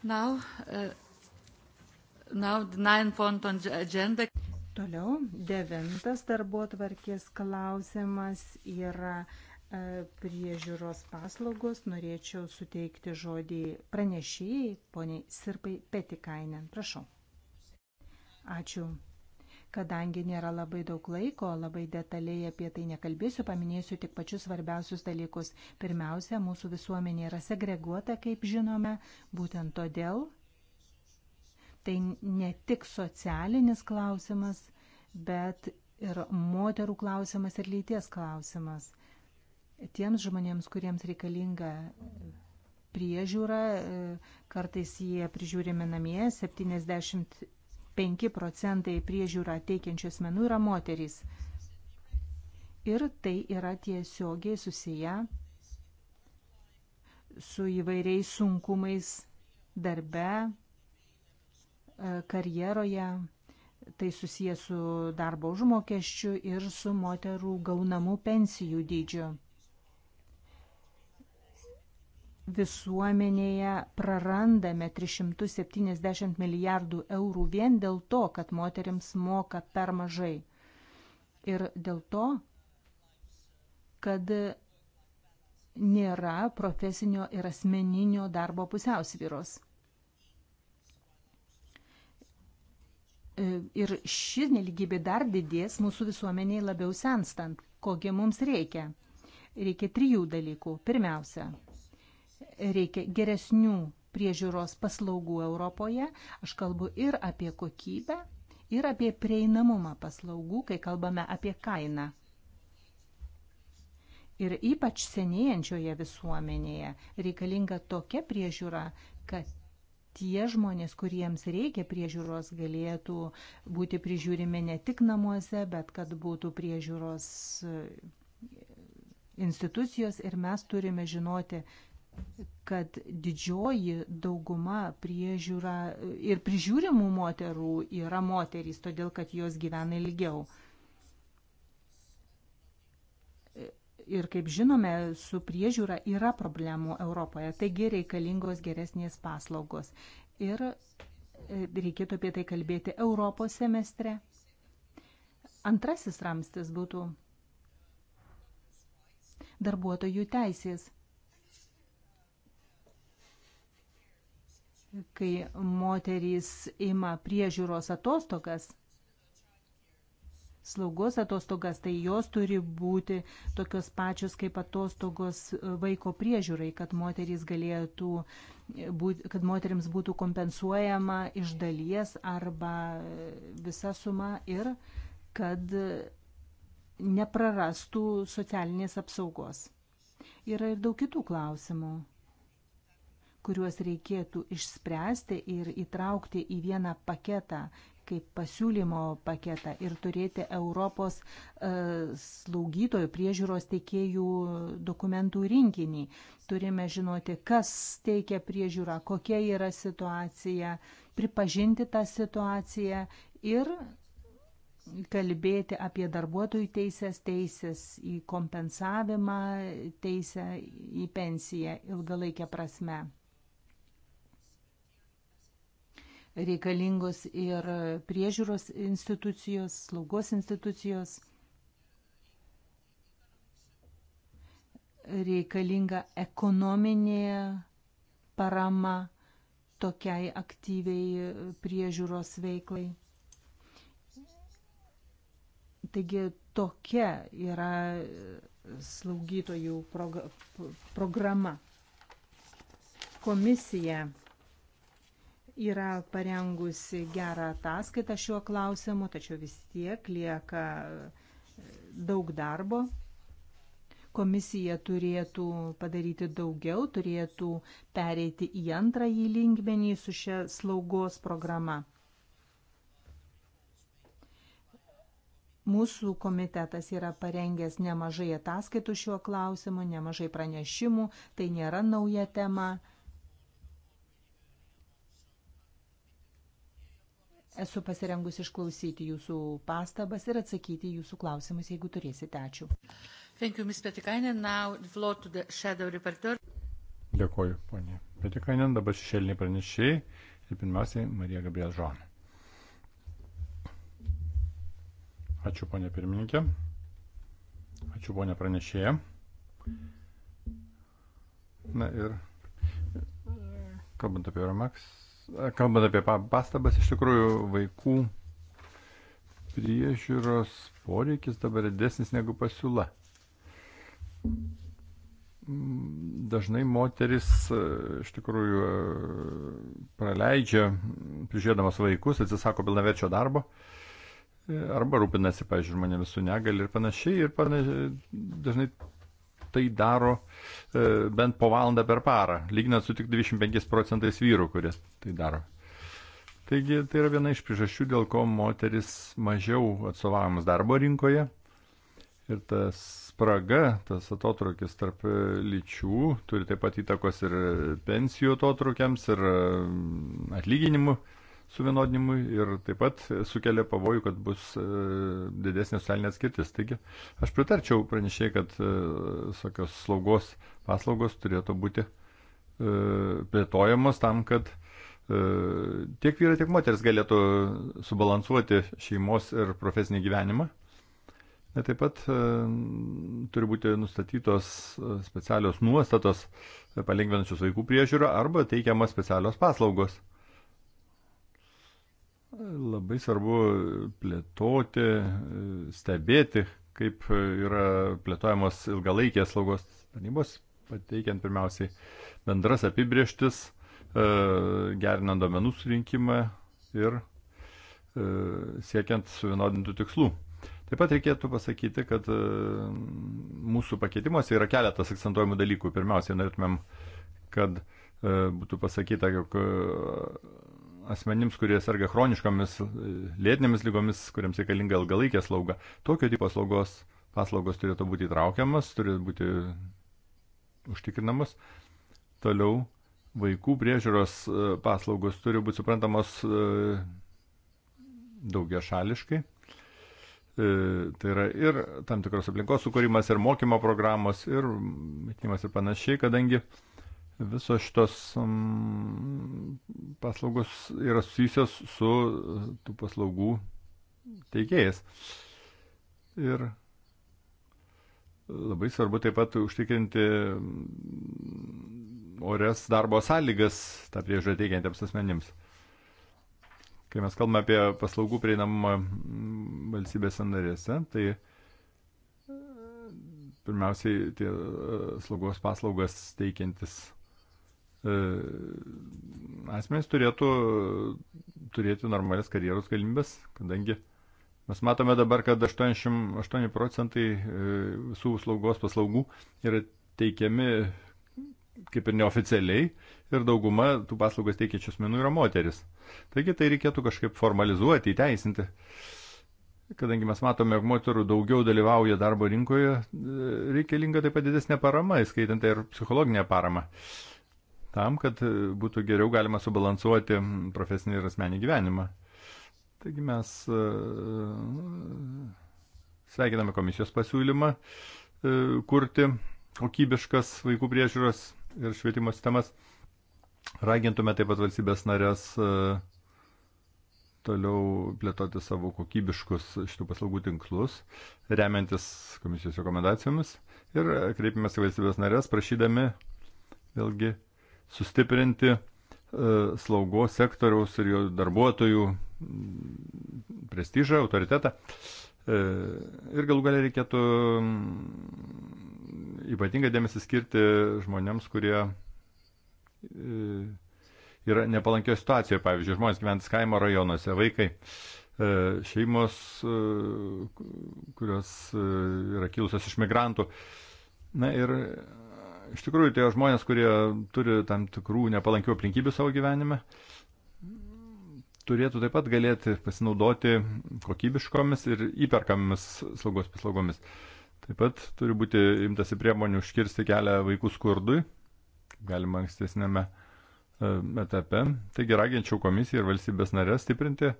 Now, uh, now the Toliau devintas darbo tvarkės klausimas yra priežiūros paslaugos norėčiau suteikti žodį pranešėjai, poniai Sirpai Petikainen. Prašau. Ačiū. Kadangi nėra labai daug laiko, labai detaliai apie tai nekalbėsiu, paminėsiu tik pačius svarbiausius dalykus. Pirmiausia, mūsų visuomenė yra segreguota, kaip žinome, būtent todėl tai ne tik socialinis klausimas, bet ir moterų klausimas ir lyties klausimas tiems žmonėms, kuriems reikalinga priežiūra, kartais jie prižiūrimi namie, 75 procentai priežiūrą teikiančių asmenų yra moterys. Ir tai yra tiesiogiai susiję su įvairiais sunkumais darbe, e, karjeroje, tai susiję su darbo užmokesčiu ir su moterų gaunamų pensijų dydžiu visuomenėje prarandame 370 milijardų eurų vien dėl to, kad moteriams moka per mažai. Ir dėl to, kad nėra profesinio ir asmeninio darbo pusiausvyros. E, ir ši neligybė dar didės mūsų visuomeniai labiau senstant. Kogi mums reikia? Reikia trijų dalykų. Pirmiausia, reikia geresnių priežiūros paslaugų Europoje. Aš kalbu ir apie kokybę, ir apie prieinamumą paslaugų, kai kalbame apie kainą. Ir ypač senėjančioje visuomenėje reikalinga tokia priežiūra, kad tie žmonės, kuriems reikia priežiūros, galėtų būti prižiūrimi ne tik namuose, bet kad būtų priežiūros institucijos ir mes turime žinoti, kad didžioji dauguma priežiūra ir prižiūrimų moterų yra moterys, todėl kad jos gyvena ilgiau. Ir kaip žinome, su priežiūra yra problemų Europoje, taigi reikalingos geresnės paslaugos. Ir e, reikėtų apie tai kalbėti Europos semestre. Antrasis ramstis būtų darbuotojų teisės kai moterys ima priežiūros atostogas, slaugos atostogas, tai jos turi būti tokios pačios kaip atostogos vaiko priežiūrai, kad moterys galėtų, būt, kad moteriams būtų kompensuojama iš dalies arba visa suma ir kad neprarastų socialinės apsaugos. Yra ir daug kitų klausimų kuriuos reikėtų išspręsti ir įtraukti į vieną paketą kaip pasiūlymo paketą ir turėti Europos e, slaugytojų priežiūros teikėjų dokumentų rinkinį. Turime žinoti, kas teikia priežiūrą, kokia yra situacija, pripažinti tą situaciją ir kalbėti apie darbuotojų teisės, teisės į kompensavimą, teisę į pensiją ilgalaikę prasme. reikalingos ir priežiūros institucijos, slaugos institucijos. reikalinga ekonominė parama tokiai aktyviai priežiūros veiklai. Taigi tokia yra slaugytojų programa. Komisija yra parengusi gerą ataskaitą šiuo klausimu, tačiau vis tiek lieka e, daug darbo. Komisija turėtų padaryti daugiau, turėtų pereiti į antrąjį linkmenį su šia slaugos programa. Mūsų komitetas yra parengęs nemažai ataskaitų šiuo klausimu, nemažai pranešimų, tai nėra nauja tema. Esu pasirengusi išklausyti jūsų pastabas ir atsakyti jūsų klausimus, jeigu turėsite. Ačiū. Thank you, Ms. Petikainen. Now the floor to the shadow reporter. Dėkuoju, ponė Petikainen. Dabar šešėliniai pranešėjai ir pirmiausiai Marija Gabriel Žonė. Ačiū, ponė pirmininkė. Ačiū, ponė pranešėja. Na ir kalbant apie Euromax, kalbant apie pastabas, iš tikrųjų vaikų priežiūros poreikis dabar didesnis negu pasiūla. Mm, dažnai moteris e, iš tikrųjų e, praleidžia, prižiūrėdamas vaikus, atsisako pilnaverčio darbo e, arba rūpinasi, pažiūrėjau, žmonėmis su negali ir panašiai, ir panašiai, dažnai tai daro e, bent po valandą per parą, lyginant su tik 25 procentais vyrų, kurie tai daro. Taigi tai yra viena iš priežasčių, dėl ko moteris mažiau atsovavimas darbo rinkoje. Ir tas spraga, tas atotrukis tarp e, lyčių turi taip pat įtakos ir pensijų atotrukiams, ir e, atlyginimų suvienodinimui ir taip pat sukelia pavojų, kad bus e, didesnė socialinė atskirtis. Taigi aš pritarčiau pranešėjai, kad tokios e, slaugos paslaugos turėtų būti e, plėtojamos tam, kad tiek vyrai, tiek moteris galėtų subalansuoti šeimos ir profesinį gyvenimą. Na, taip pat e, turi būti nustatytos specialios nuostatos palengvinančios vaikų priežiūrą arba teikiamas specialios paslaugos. Labai svarbu plėtoti, stebėti, kaip yra plėtojamos ilgalaikės slaugos tarnybos, pateikiant pirmiausiai bendras apibrieštis, e, gerinant domenų surinkimą ir e, siekiant suvienodintų tikslų. Taip pat reikėtų pasakyti, kad e, mūsų pakeitimuose yra keletas akcentuojamų dalykų. Pirmiausiai norėtumėm, kad būtų pasakyta, jog asmenims, kurie serga chroniškomis e, lėtinėmis lygomis, kuriems reikalinga ilgalaikė slauga. Tokio tipo slaugos paslaugos turėtų būti įtraukiamas, turėtų būti užtikrinamas. Toliau vaikų priežiūros e, paslaugos turi būti suprantamos e, daugia šališkai. Tai yra ir tam tikros aplinkos sukūrimas, ir mokymo programos, ir mytimas ir panašiai, kadangi uh, visos šitos mm, paslaugos yra susijusios su tų paslaugų teikėjas. Ir labai svarbu taip pat užtikrinti mm, ores darbo sąlygas tą priežiūrą teikiantiems asmenims. Kai mes kalbame apie paslaugų prieinamumą mm, valstybėse narėse, tai pirmiausiai tie slaugos paslaugas teikiantis E, asmenys turėtų turėti normalias karjeros galimybės, kadangi mes matome dabar, kad 88 procentai e, visų slaugos paslaugų yra teikiami kaip ir neoficialiai ir dauguma tų paslaugas teikiančių asmenų yra moteris. Taigi tai reikėtų kažkaip formalizuoti, įteisinti. Kadangi mes matome, jog moterų daugiau dalyvauja darbo rinkoje, e, reikalinga taip pat didesnė parama, įskaitant ir psichologinę paramą. Uh, tam, kad e, būtų geriau galima subalansuoti profesinį ir asmenį gyvenimą. Taigi mes e, sveikiname komisijos pasiūlymą e, kurti kokybiškas vaikų priežiūros ir švietimo sistemas. Ragintume taip pat valstybės narės toliau plėtoti savo kokybiškus šitų paslaugų tinklus, remiantis komisijos rekomendacijomis ir kreipimės į valstybės narės, prašydami vėlgi sustiprinti e, slaugos sektoriaus ir jo darbuotojų prestižą, autoritetą. E, ir galų galia reikėtų ypatingą dėmesį skirti žmonėms, kurie e, yra nepalankioje situacijoje, pavyzdžiui, žmonės gyventis kaimo rajonuose, vaikai, šeimos, kurios yra kilusios iš migrantų. Na ir Iš tikrųjų, tie žmonės, kurie turi tam tikrų nepalankių aplinkybių savo gyvenime, turėtų taip pat galėti pasinaudoti kokybiškomis ir įperkamomis saugos paslaugomis. Taip pat turi būti imtasi priemonių užkirsti kelią vaikų skurdui, galima ankstesnėme e, etape. Taigi raginčiau komisiją ir valstybės narės stiprinti e,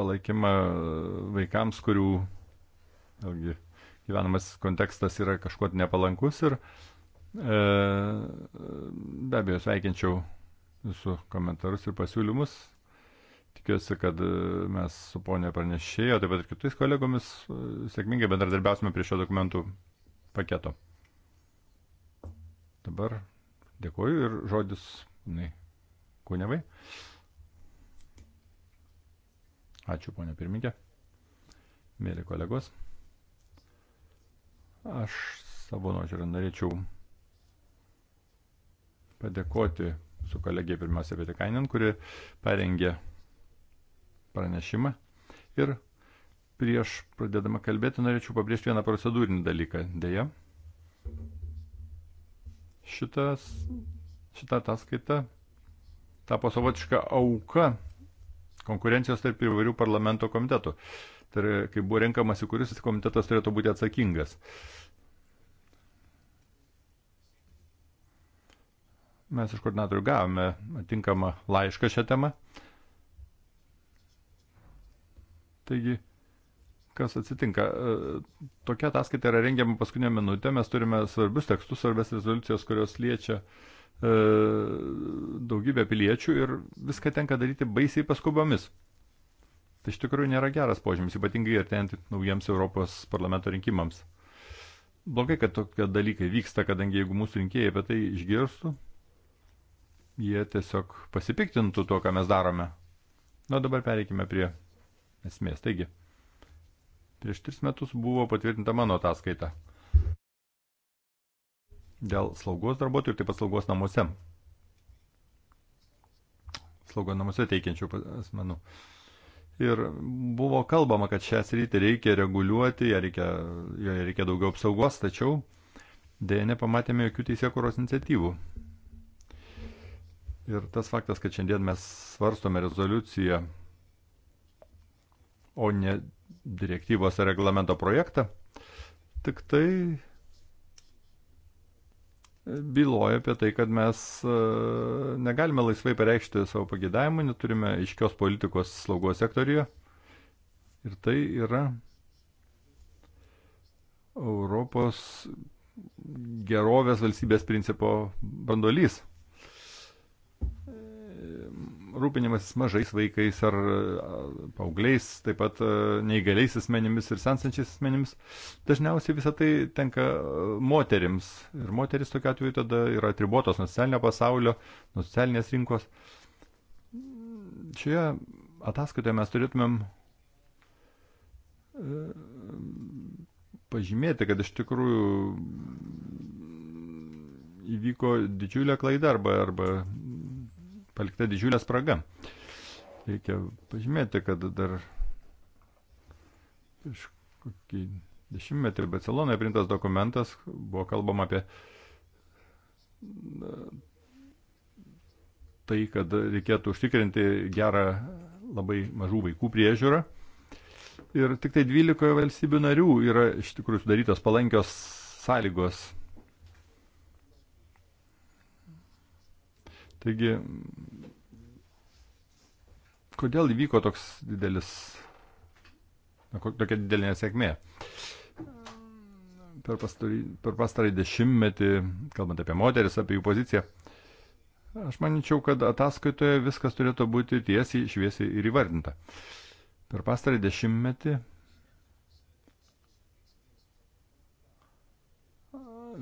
palaikymą e, vaikams, kurių, vėlgi, gyvenamas kontekstas yra kažkuo nepalankus ir e, be abejo sveikinčiau visų komentarus ir pasiūlymus. Tikiuosi, kad e, mes su ponė pranešėjo, taip pat ir kitais kolegomis e, sėkmingai bendradarbiausime prie šio dokumentų paketo. Dabar dėkuoju ir žodis, ne, kūnevai. Ačiū, ponė pirmininkė. Mėly kolegos. Aš savo nuožiūrą norėčiau padėkoti su kolegija pirmiausia Petikainin, kuri parengė pranešimą. Ir prieš pradėdama kalbėti norėčiau pabrėžti vieną procedūrinį dalyką. Deja, šitas, šita ataskaita tapo savotiška auka konkurencijos tarp įvairių parlamento komitetų. Tai yra, kai buvo renkamasi, kuris tai komitetas turėtų būti atsakingas. Mes iš koordinatorių gavome atinkamą laišką šią temą. Taigi, kas atsitinka? E, tokia ataskaita yra rengiama paskutinę minutę, mes turime svarbius tekstus, svarbias rezoliucijas, kurios liečia e, daugybę piliečių ir viską tenka daryti baisiai paskubomis. Tai iš tikrųjų nėra geras požymis, ypatingai artėjant naujiems Europos parlamento rinkimams. Blogai, kad tokie dalykai vyksta, kadangi jeigu mūsų rinkėjai apie tai išgirstų, jie tiesiog pasipiktintų tuo, ką mes darome. Na dabar pereikime prie esmės. Taigi, prieš tris metus buvo patvirtinta mano ataskaita dėl slaugos darbuotojų ir taip pat slaugos namuose. Slaugo namuose teikiančių asmenų. Nu, Ir buvo kalbama, kad šią sritį reikia reguliuoti, joje reikia, joje reikia daugiau apsaugos, tačiau dėja nepamatėme jokių teisėkuros iniciatyvų. Ir tas faktas, kad šiandien mes svarstome rezoliuciją, o ne direktyvos ar reglamento projektą, tik tai byloja apie tai, kad mes e, negalime laisvai pareikšti savo pagėdavimų, neturime iškios politikos slaugos sektorijoje. Ir tai yra Europos gerovės valstybės principo bandolys rūpinimasis mažais vaikais ar paaugliais, taip pat neįgaliais asmenimis ir sensančiais asmenimis, dažniausiai visą tai tenka moterims. Ir moteris tokiu atveju tada yra atribotos nuo socialinio pasaulio, nuo socialinės rinkos. Šioje ataskaitoje mes turėtumėm pažymėti, kad iš tikrųjų įvyko didžiulė klaida arba, arba palikta didžiulė spraga. Reikia pažymėti, kad dar prieš kokį dešimtmetį Barcelonoje printas dokumentas buvo kalbama apie tai, kad reikėtų užtikrinti gerą labai mažų vaikų priežiūrą. Ir tik tai 12 valstybių narių yra iš tikrųjų sudarytos palankios sąlygos Taigi, kodėl įvyko toks didelis, na, tokia didelė nesėkmė? Per, pastarį, per pastarąjį dešimtmetį, kalbant apie moteris, apie jų poziciją, aš manyčiau, kad ataskaitoje viskas turėtų būti tiesiai, šviesiai ir įvardinta. Per pastarąjį dešimtmetį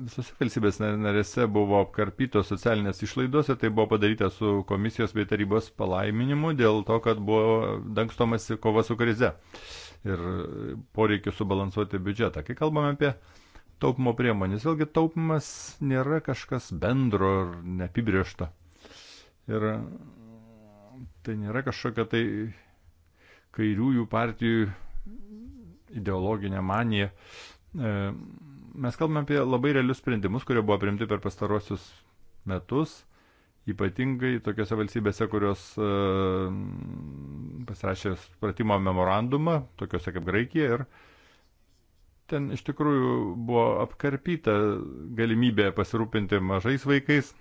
visose valstybės narėse buvo apkarpytos socialinės išlaidos ir tai buvo padaryta su komisijos bei tarybos palaiminimu dėl to, kad buvo dangstomasi kova su krize ir poreikiu subalansuoti biudžetą. Kai kalbame apie taupimo priemonės, vėlgi taupimas nėra kažkas bendro ir neapibriešto. Ir tai nėra kažkokia tai kairiųjų partijų ideologinė manija. E, Mes kalbame apie labai realius sprendimus, kurie buvo priimti per pastarosius metus, ypatingai tokiose valstybėse, kurios uh, pasirašė supratimo memorandumą, tokiuose kaip Graikija. Ir ten iš tikrųjų buvo apkarpyta galimybė pasirūpinti mažais vaikais,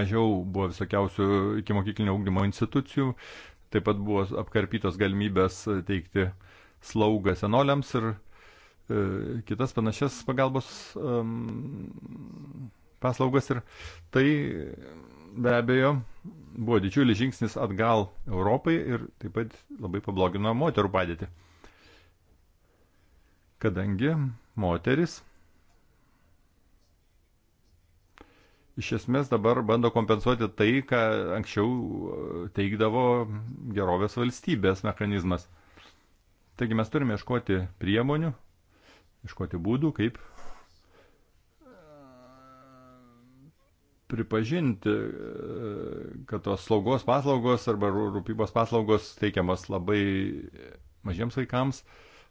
mažiau buvo visokiausių iki mokyklinio ūkdymo institucijų, taip pat buvo apkarpytos galimybės teikti slaugą senoliams ir E, kitas panašias pagalbos paslaugas ir tai be abejo buvo didžiulis žingsnis atgal Europai ir taip pat labai pablogino moterų padėtį. Kadangi moteris iš esmės dabar bando kompensuoti tai, ką anksčiau e, teikdavo gerovės valstybės mechanizmas. Taigi mes turime ieškoti priemonių, iškoti būdų, kaip pripažinti, kad tos slaugos paslaugos arba rūpybos paslaugos teikiamas labai mažiems vaikams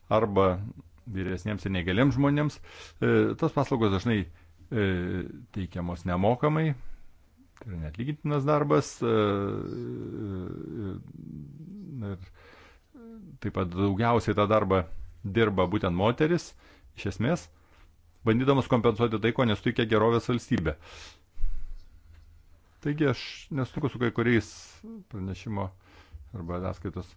arba vyresniems ir negaliems žmonėms. E, tos paslaugos dažnai e, teikiamos nemokamai, tai yra netlygintinas darbas. E, ir taip pat daugiausiai tą darbą dirba būtent moteris iš esmės, bandydamas kompensuoti tai, ko nesuteikia gerovės valstybė. Taigi aš nesutinku su kai kuriais pranešimo arba ataskaitos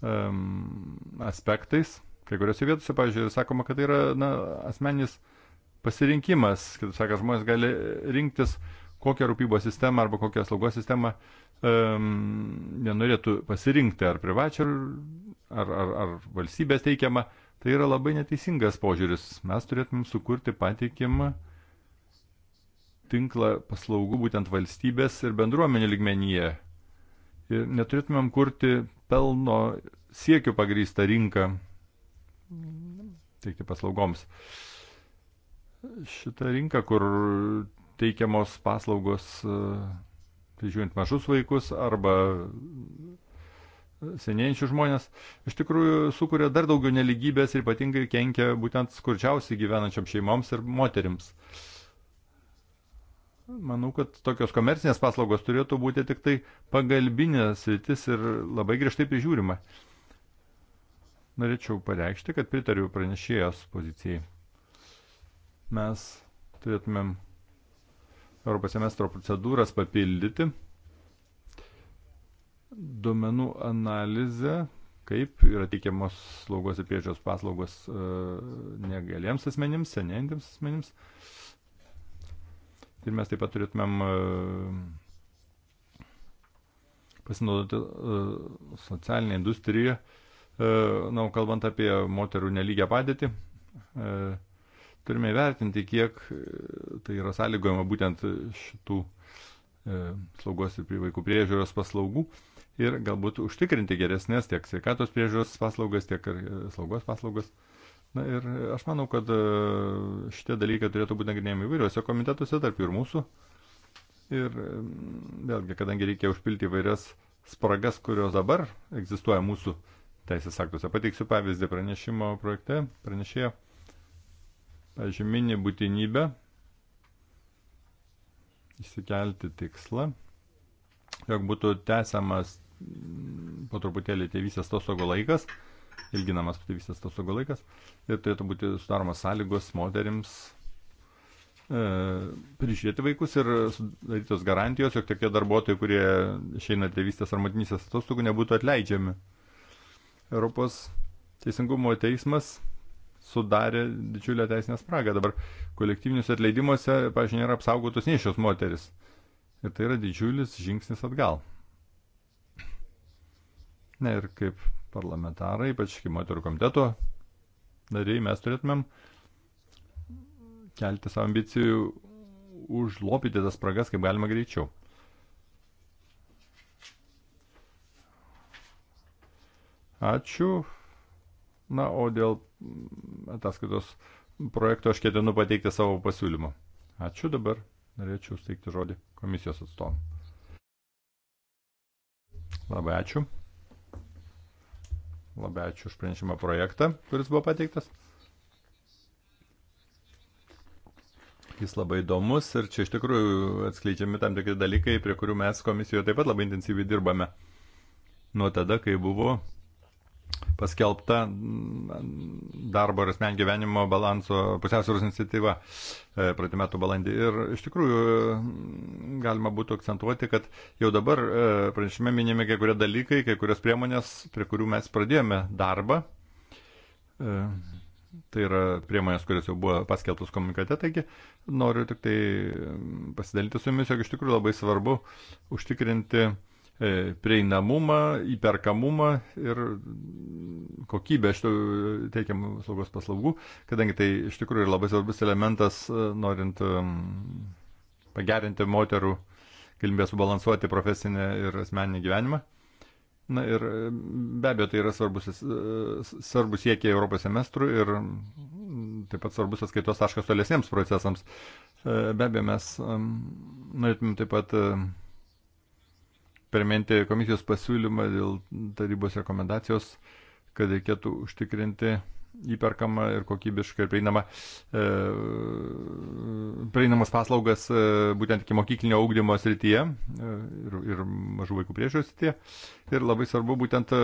um, aspektais. Kai kuriuose vietose, pavyzdžiui, sakoma, kad tai yra na, asmeninis pasirinkimas. Kitaip sakant, žmonės gali rinktis, kokią rūpybos sistemą arba kokią slaugos sistemą um, nenorėtų pasirinkti, ar privačią, ar, ar, ar valstybės teikiamą. Uh, Tai yra labai neteisingas požiūris. Mes turėtumėm sukurti patikimą tinklą paslaugų būtent valstybės ir bendruomenių ligmenyje. Ir neturėtumėm kurti pelno siekių pagrįstą rinką teikti paslaugoms. Šita rinka, kur teikiamos paslaugos e, prižiūrint mažus vaikus arba senėjančius žmonės, iš tikrųjų sukuria dar daugiau neligybės ir ypatingai kenkia būtent skurčiausiai gyvenančiam šeimoms ir moterims. Manau, kad tokios komercinės paslaugos turėtų būti tik tai pagalbinė sritis ir labai griežtai prižiūrima. Norėčiau pareikšti, kad pritariu pranešėjos pozicijai. Mes turėtumėm Europos semestro procedūras papildyti duomenų analizę, kaip yra teikiamos slaugos ir priežiūros paslaugos e, negaliems asmenims, senėjantiems asmenims. Ir mes taip pat turėtumėm e, pasinaudoti e, socialinę industriją, na, kalbant apie moterų nelygę padėtį turime įvertinti, kiek tai yra sąlygojama būtent šitų e, slaugos ir vaikų priežiūros paslaugų ir galbūt užtikrinti geresnės tiek sveikatos priežiūros paslaugas, tiek ir e, slaugos paslaugas. Na ir e, aš manau, kad e, šitie dalykai turėtų būti nagrinėjami įvairiuose komitetuose, tarp ir mūsų. Ir vėlgi, kadangi reikia užpilti įvairias spragas, kurios dabar egzistuoja mūsų teisės aktuose. Pateiksiu pavyzdį pranešimo projekte, pranešėjo, pavyzdžiui, mini būtinybę išsikelti tikslą, jog būtų tęsiamas po truputėlį tėvysės atostogo laikas, ilginamas tėvysės atostogo laikas ir turėtų būti sudaromas sąlygos moterims e, prižiūrėti vaikus ir sudarytos garantijos, jog tokie darbuotojai, kurie išeina tėvystės ar motinysės atostogų, nebūtų atleidžiami. Europos Teisingumo teismas sudarė didžiulę teisinę spragą. Dabar kolektyviniuose atleidimuose, pažiūrėjau, nėra apsaugotos nešios moteris. Ir tai yra didžiulis žingsnis atgal. Ne, ir kaip parlamentarai, ypač kaip moterų komiteto nariai, mes turėtumėm kelti savo ambicijų, užlopyti tas spragas kaip galima greičiau. Ačiū. Na, o dėl ataskaitos projekto aš ketinu pateikti savo pasiūlymą. Ačiū dabar. Norėčiau steigti žodį komisijos atstovam. Labai ačiū. Labai ačiū už pranešimą projektą, kuris buvo pateiktas. Jis labai įdomus ir čia iš tikrųjų atskleidžiami tam tikri dalykai, prie kurių mes komisijoje taip pat labai intensyviai dirbame. Nuo tada, kai buvo paskelbta darbo ir asmen gyvenimo balanso pusiausvėros iniciatyva e, praeitų metų balandį. Ir iš tikrųjų galima būtų akcentuoti, kad jau dabar e, pranešime minimi kai kurie dalykai, kai kurios priemonės, prie kurių mes pradėjome darbą. E, tai yra priemonės, kurios jau buvo paskelbtos komunikate, taigi noriu tik tai pasidalyti su jumis, jog iš tikrųjų labai svarbu užtikrinti uh, E, prieinamumą, įperkamumą ir kokybę šitų teikiamų saugos paslaugų, kadangi tai iš tikrųjų yra labai svarbus elementas, e, norint pagerinti moterų galimybę subalansuoti profesinę ir asmeninį gyvenimą. Na ir e, be abejo, tai yra svarbus, svarbus siekiai Europos semestrų ir taip pat svarbus atskaitos taškas tolesniems procesams. Be abejo, mes norėtume taip pat priminti komisijos pasiūlymą dėl tarybos rekomendacijos, kad reikėtų užtikrinti įperkamą ir kokybišką ir prieinamą, e, prieinamas paslaugas e, būtent iki mokyklinio augdymo srityje e, ir, ir mažų vaikų priežiūros srityje. Ir labai svarbu būtent e,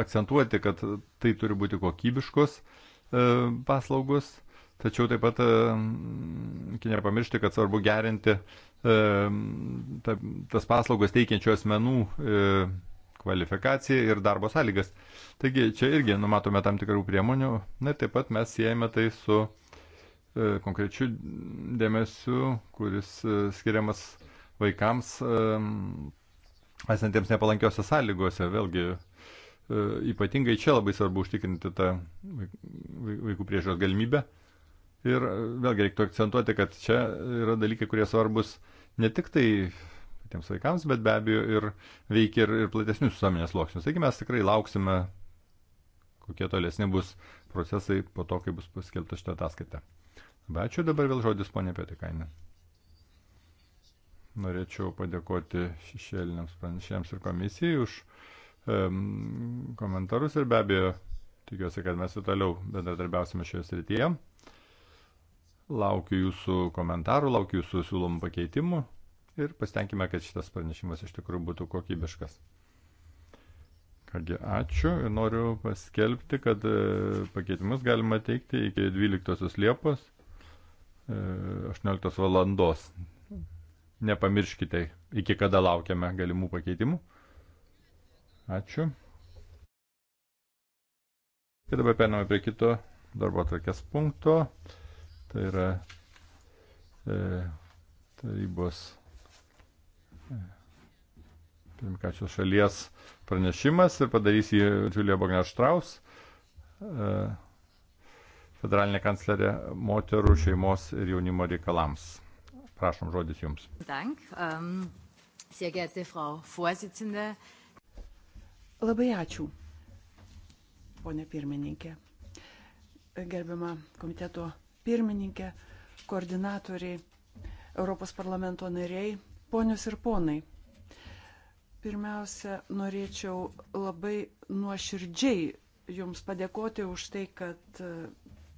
akcentuoti, kad tai turi būti kokybiškos e, paslaugos Tačiau taip pat reikia nepamiršti, kad svarbu gerinti ta, tas paslaugas teikiančių asmenų e, kvalifikaciją ir darbo sąlygas. Taigi čia irgi numatome tam tikrų priemonių. Na ir taip pat mes siejame tai su e, konkrečiu dėmesiu, kuris e, skiriamas vaikams esantiems nepalankiose sąlygose. Vėlgi, ypatingai čia labai svarbu užtikrinti tą vaikų priežiūros galimybę. Ir vėlgi reiktų akcentuoti, kad čia yra dalykai, kurie svarbus ne tik tai tiems vaikams, bet be abejo ir veikia ir, ir platesnius visuomenės sluoksnius. Taigi mes tikrai lauksime, kokie tolesni bus procesai po to, kai bus paskelbta šitą ataskaitą. Labai ačiū dabar vėl žodis ponė Pietikainė. Norėčiau padėkoti šešėliniams pranešėjams ir komisijai už um, komentarus ir be abejo tikiuosi, kad mes ir toliau bendradarbiausime šioje srityje. Laukiu jūsų komentarų, laukiu jūsų siūlomų pakeitimų ir pasitenkime, kad šitas pranešimas iš tikrųjų būtų kokybiškas. Kągi, ačiū ir noriu paskelbti, kad e, pakeitimus galima teikti iki 12 Liepos 18 e, valandos. Nepamirškite, iki kada laukiame galimų pakeitimų. Ačiū. Ir dabar periname prie kito darbo atvarkės punkto. Tai yra e, tarybos e, pirmkačios šalies pranešimas ir padarys jį Julija Bognar Štraus, e, federalinė kanclerė moterų šeimos ir jaunimo reikalams. Prašom, žodis jums. Dank, um, sehr geehrte Frau Vorsitzende. Labai ačiū, ponė pirmininkė. Gerbiama komiteto pirmininkė, koordinatoriai, Europos parlamento nariai, ponios ir ponai. Pirmiausia, norėčiau labai nuoširdžiai Jums padėkoti už tai, kad e,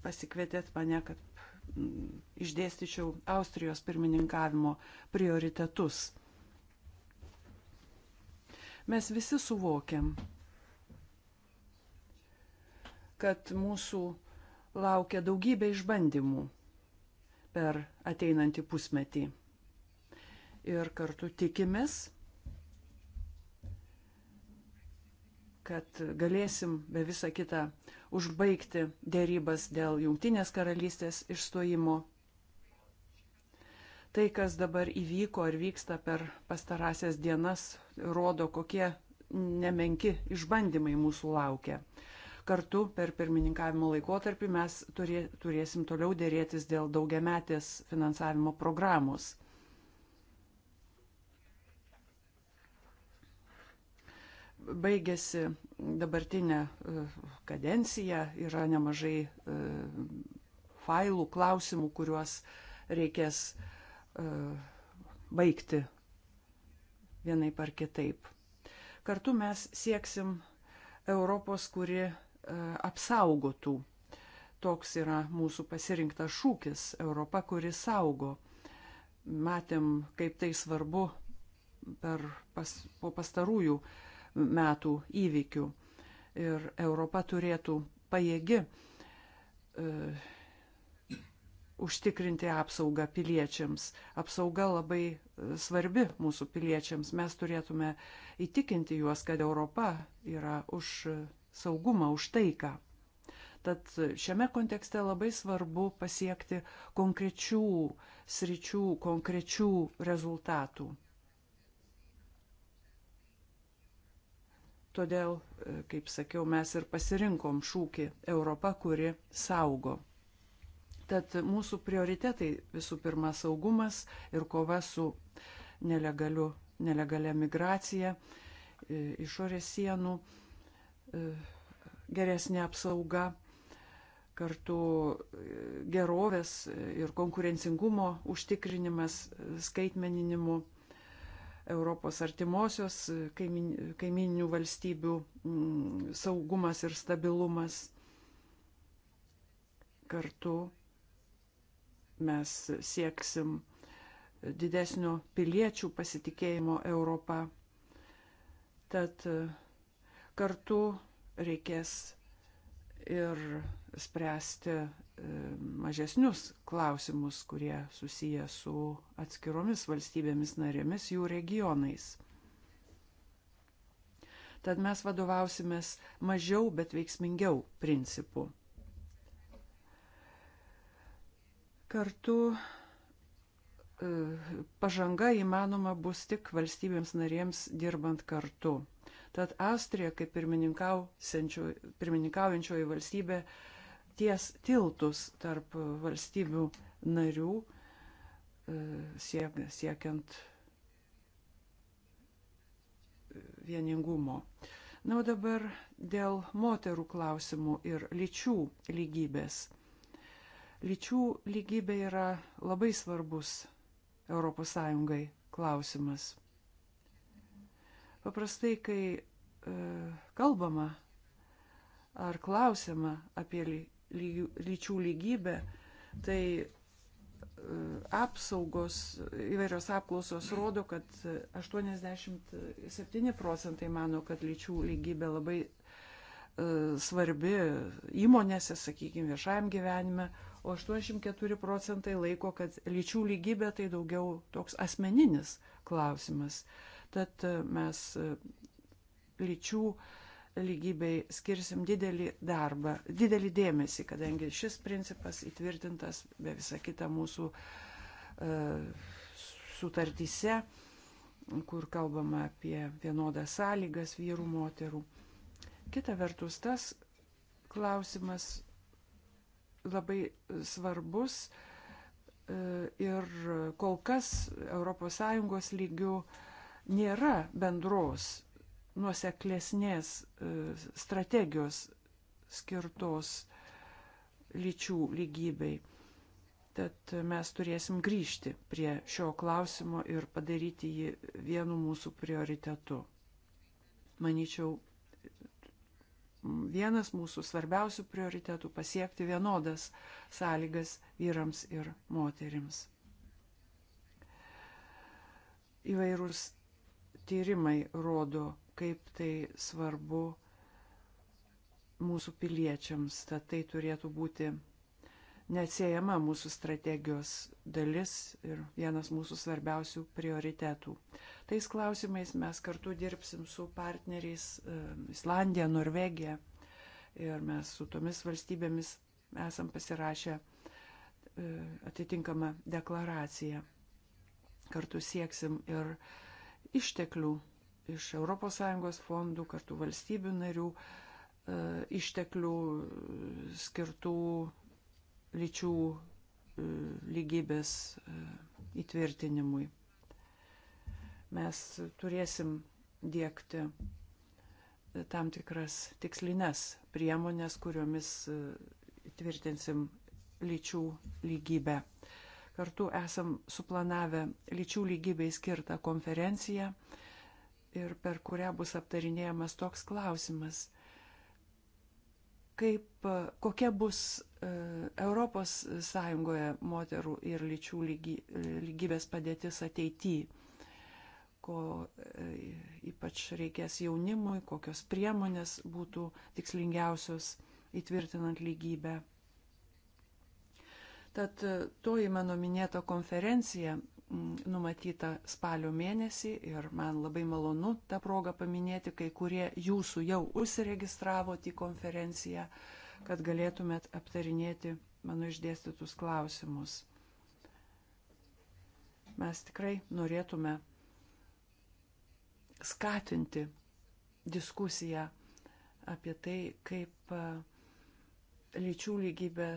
pasikvietėt mane, kad mm, išdėstyčiau Austrijos pirmininkavimo prioritetus. Mes visi suvokiam, kad mūsų laukia daugybė išbandymų per ateinantį pusmetį. Ir kartu tikimės, kad galėsim be visą kitą užbaigti dėrybas dėl Jungtinės karalystės išstojimo. Tai, kas dabar įvyko ar vyksta per pastarąsias dienas, rodo, kokie nemenki išbandymai mūsų laukia kartu per pirmininkavimo laikotarpį mes turė, turėsim toliau dėrėtis dėl daugiametės finansavimo programos. Baigėsi dabartinė e, kadencija, yra nemažai e, failų, klausimų, kuriuos reikės e, baigti vienaip ar kitaip. Kartu mes sieksim Europos, kuri E, apsaugotų. Toks yra mūsų pasirinktas šūkis - Europa, kuri saugo. Matėm, kaip tai svarbu per pas, po pastarųjų metų įvykių. Ir Europa turėtų pajėgi e, užtikrinti apsaugą piliečiams. Apsauga labai e, svarbi mūsų piliečiams. Mes turėtume įtikinti juos, kad Europa yra už saugumą, už taiką. Tad šiame kontekste labai svarbu pasiekti konkrečių sričių, konkrečių rezultatų. Todėl, e, kaip sakiau, mes ir pasirinkom šūkį Europa, kuri saugo. Tad mūsų prioritetai visų pirma saugumas ir kova su nelegaliu, nelegalia migracija e, išorės sienų E, geresnė apsauga, kartu e, gerovės e, ir konkurencingumo užtikrinimas skaitmeninimu Europos artimosios kaimininių valstybių mm, saugumas ir stabilumas. Kartu mes sieksim didesnio piliečių pasitikėjimo Europą. Tad Kartu reikės ir spręsti e, mažesnius klausimus, kurie susiję su atskiromis valstybėmis narėmis, jų regionais. Tad mes vadovausimės mažiau, bet veiksmingiau principu. Kartu e, pažanga įmanoma bus tik valstybėms narėms dirbant kartu. Tad Austrija, kaip pirmininkaujančioji valstybė, ties tiltus tarp valstybių narių e, siek, siekiant e, vieningumo. Na, o dabar dėl moterų klausimų ir lyčių lygybės. Lyčių lygybė yra labai svarbus ES klausimas. Paprastai, kai e, kalbama ar klausiama apie ly, ly, lyčių lygybę, tai e, apsaugos įvairios apklausos rodo, kad 87 procentai mano, kad lyčių lygybė labai e, svarbi įmonėse, sakykime, viešajam gyvenime, o 84 procentai laiko, kad lyčių lygybė tai daugiau toks asmeninis klausimas tad e, mes e, lyčių lygybei skirsim didelį darbą, didelį dėmesį, kadangi šis principas įtvirtintas be visą kitą mūsų e, sutartyse, kur kalbama apie vienodas sąlygas vyrų, moterų. Kita vertus, tas klausimas labai svarbus ir kol kas ES lygių nėra bendros nuoseklesnės e, strategijos skirtos lyčių lygybei. Tad mes turėsim grįžti prie šio klausimo ir padaryti jį vienu mūsų prioritetu. Maničiau, vienas mūsų svarbiausių prioritetų - pasiekti vienodas sąlygas vyrams ir moterims. Įvairūs tyrimai rodo, kaip tai svarbu mūsų piliečiams, tad tai turėtų būti neatsiejama mūsų strategijos dalis ir vienas mūsų svarbiausių prioritetų. Tais klausimais mes kartu dirbsim su partneriais e, Islandija, Norvegija ir mes su tomis valstybėmis esam pasirašę e, atitinkamą deklaraciją. Kartu sieksim ir uh, išteklių iš ES fondų, kartu valstybių narių e, išteklių skirtų lyčių e, lygybės e, įtvirtinimui. Mes turėsim dėkti tam tikras tikslinės priemonės, kuriomis įtvirtinsim lyčių lygybę. Uh, Kartu esam suplanavę lyčių lygybei skirtą konferenciją ir per kurią bus aptarinėjamas toks klausimas. Kaip, kokia bus ES moterų ir lyčių lygy, e, lygybės padėtis ateityje, ko e, ypač reikės jaunimui, kokios priemonės būtų tikslingiausios įtvirtinant lygybę. Tad e, toji mano minėta konferencija numatyta spalio mėnesį ir man labai malonu tą progą paminėti, kai kurie jūsų jau užsiregistravote į konferenciją, kad galėtumėt aptarinėti mano išdėstytus klausimus. Mes tikrai norėtume skatinti diskusiją apie tai, kaip e, lyčių lygybė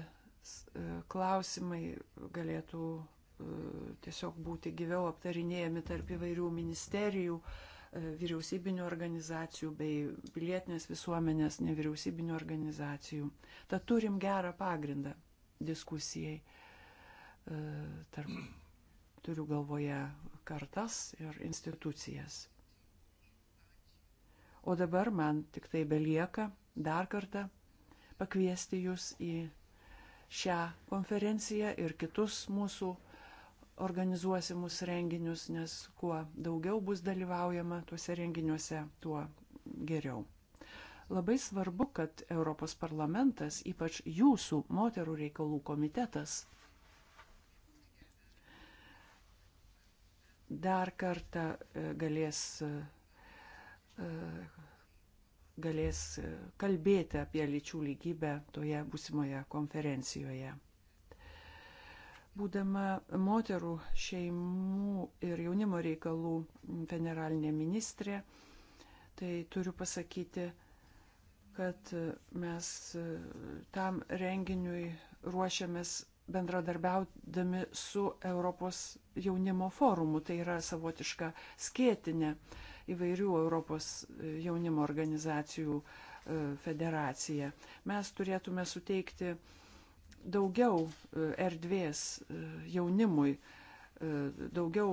E, klausimai galėtų e, tiesiog būti gyviau aptarinėjami tarp įvairių ministerijų, e, vyriausybinių organizacijų bei pilietinės visuomenės nevyriausybinių organizacijų. Tad turim gerą pagrindą diskusijai. Tarp, turiu galvoje kartas ir institucijas. O dabar man tik tai belieka dar kartą pakviesti jūs į šią konferenciją ir kitus mūsų organizuosimus renginius, nes kuo daugiau bus dalyvaujama tuose renginiuose, tuo geriau. Labai svarbu, kad Europos parlamentas, ypač jūsų moterų reikalų komitetas, dar kartą e, galės e, galės e, kalbėti apie lyčių lygybę toje būsimoje konferencijoje. Būdama moterų šeimų ir jaunimo reikalų generalinė ministrė, tai turiu pasakyti, kad mes e, tam renginiui ruošiamės bendradarbiaudami su Europos jaunimo forumu. Tai yra savotiška skėtinė. Uh, įvairių Europos e, jaunimo organizacijų e, federacija. Mes turėtume suteikti daugiau e, erdvės jaunimui, daugiau,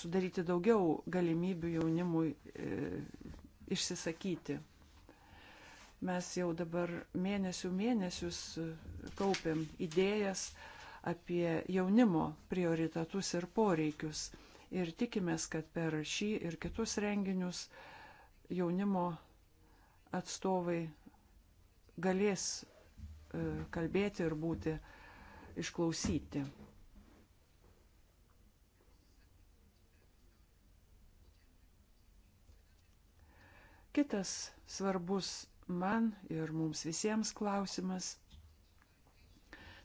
sudaryti daugiau galimybių jaunimui išsisakyti. Mes jau dabar mėnesių mėnesius kaupiam idėjas apie jaunimo prioritetus ir poreikius ir tikimės, kad per šį ir kitus renginius jaunimo atstovai galės e, kalbėti ir būti išklausyti. Kitas svarbus man ir mums visiems klausimas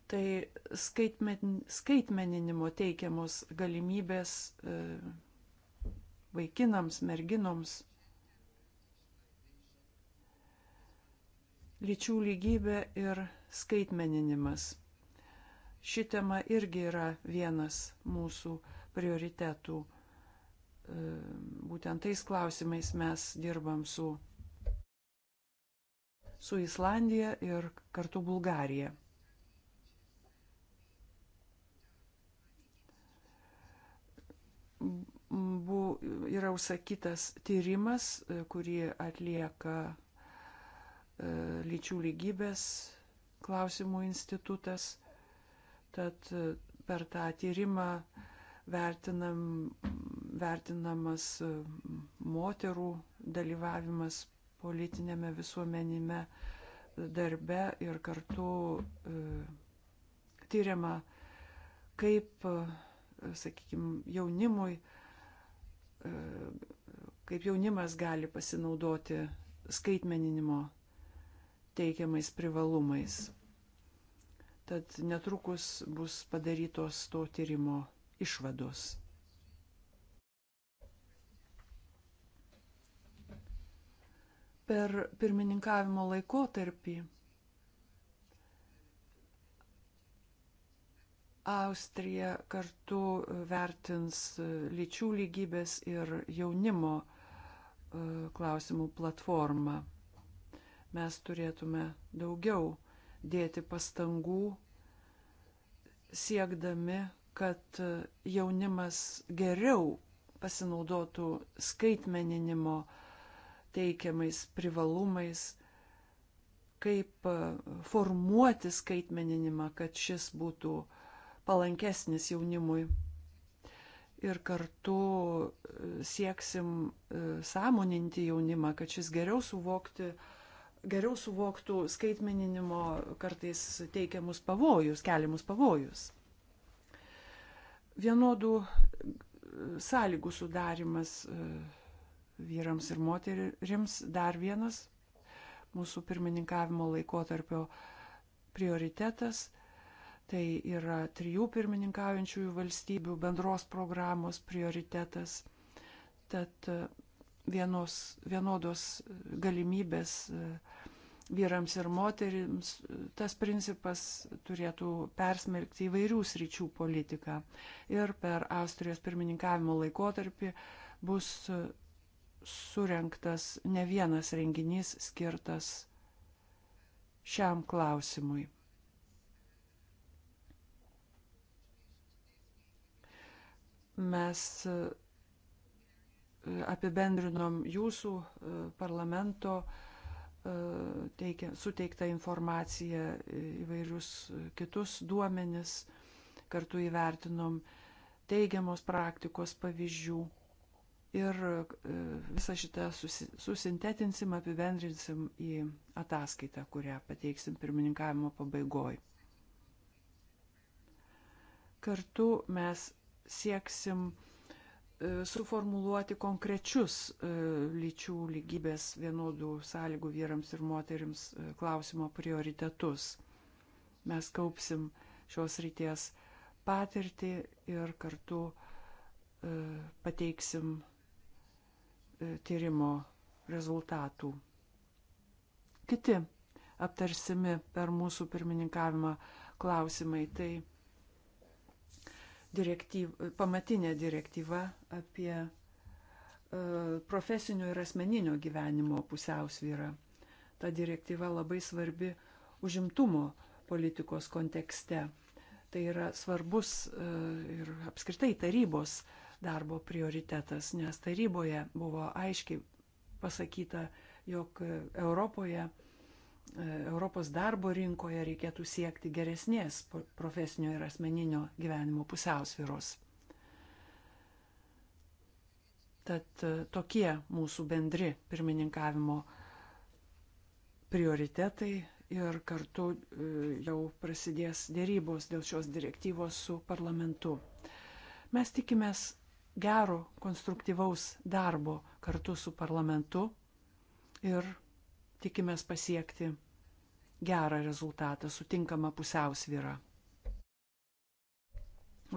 tai skaitmen, skaitmeninimo teikiamos galimybės e, vaikinams, merginoms. Lyčių lygybė ir skaitmeninimas. Ši tema irgi yra vienas mūsų prioritetų. E, būtent tais klausimais mes dirbam su, su Islandija ir kartu Bulgarija. bu, yra užsakytas tyrimas, e, kurį atlieka e, lyčių lygybės klausimų institutas. Tad e, per tą tyrimą vertinam, vertinamas moterų dalyvavimas politinėme visuomenime darbe ir kartu tyriama, kaip, sakykime, jaunimui kaip jaunimas gali pasinaudoti skaitmeninimo teikiamais privalumais. Tad netrukus bus padarytos to tyrimo išvados. Per pirmininkavimo laikotarpį Austrija kartu vertins lyčių lygybės ir jaunimo e, klausimų platformą. Mes turėtume daugiau dėti pastangų siekdami, kad jaunimas geriau pasinaudotų skaitmeninimo teikiamais privalumais, kaip formuoti skaitmeninimą, kad šis būtų uh, palankesnis jaunimui. Ir kartu e, sieksim e, sąmoninti jaunimą, kad šis geriau, suvokti, geriau suvoktų skaitmeninimo kartais teikiamus pavojus, keliamus pavojus. Vienodų e, sąlygų sudarimas vyrams ir moterims dar vienas mūsų pirmininkavimo laikotarpio prioritetas Tai yra trijų pirmininkaujančiųjų valstybių bendros programos prioritetas. Tad e, vienos, vienodos galimybės e, vyrams ir moterims, e, tas principas turėtų persmelkti įvairių sričių politiką. Ir per Austrijos pirmininkavimo laikotarpį bus surenktas ne vienas renginys skirtas šiam klausimui. Mes e, apibendrinom jūsų e, parlamento e, teikia, suteiktą informaciją, įvairius kitus duomenis, kartu įvertinom teigiamos praktikos pavyzdžių ir visą šitą susintetinsim, apibendrinsim į ataskaitą, kurią pateiksim pirmininkavimo pabaigoj. Kartu mes sieksim e, suformuluoti konkrečius e, lyčių lygybės vienodų sąlygų vyrams ir moterims e, klausimo prioritetus. Mes kaupsim šios ryties patirtį ir kartu pateiksim tyrimo rezultatų. Kiti aptarsimi per mūsų pirmininkavimą klausimai tai direktyv, pamatinė direktyva apie e, profesinio ir asmeninio gyvenimo pusiausvyrą. Ta direktyva labai svarbi užimtumo politikos kontekste. Tai yra svarbus e, ir apskritai tarybos darbo prioritetas, nes taryboje buvo aiškiai pasakyta, jog Europoje e, Europos darbo rinkoje reikėtų siekti geresnės profesinio ir asmeninio gyvenimo pusiausviros. Tad e, tokie mūsų bendri pirmininkavimo prioritetai ir kartu e, jau prasidės dėrybos dėl šios direktyvos su parlamentu. Mes tikimės gero, konstruktyvaus darbo kartu su parlamentu ir tikimės pasiekti gerą rezultatą, sutinkamą pusiausvyrą.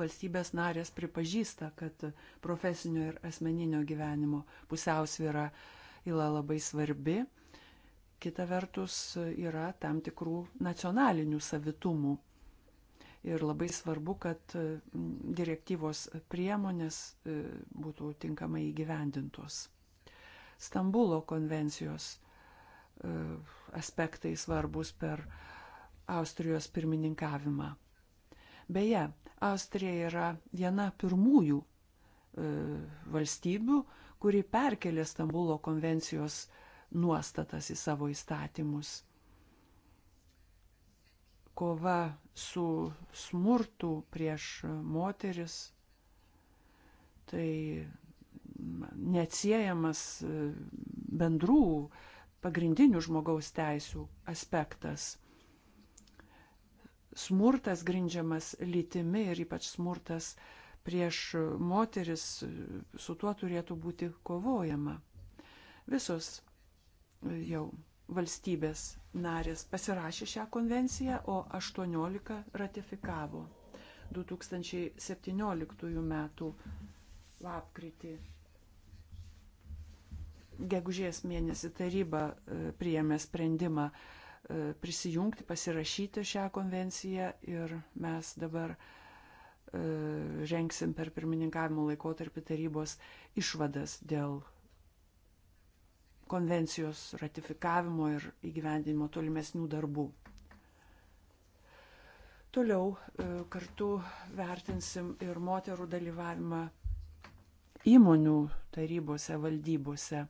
Valstybės narės pripažįsta, kad profesinio ir asmeninio gyvenimo pusiausvyrą yra labai svarbi. Kita vertus yra tam tikrų nacionalinių savitumų. Ir labai svarbu, kad direktyvos priemonės e, būtų tinkamai įgyvendintos. Stambulo konvencijos E, aspektai svarbus per Austrijos pirmininkavimą. Beje, Austrija yra viena pirmųjų e, valstybių, kuri perkelė Stambulo konvencijos nuostatas į savo įstatymus. Kova su smurtu prieš moteris tai neatsiejamas e, bendrų pagrindinių žmogaus teisų aspektas. Smurtas grindžiamas lytimi ir ypač smurtas prieš moteris, su tuo turėtų būti kovojama. Visos jau valstybės narės pasirašė šią konvenciją, o 18 ratifikavo 2017 m. lapkritį gegužės mėnesį taryba e, priėmė sprendimą e, prisijungti, pasirašyti šią konvenciją ir mes dabar žengsim e, per pirmininkavimo laikotarpį tarybos išvadas dėl konvencijos ratifikavimo ir įgyvendinimo tolimesnių darbų. Toliau kartu vertinsim ir moterų dalyvavimą įmonių tarybose, valdybose.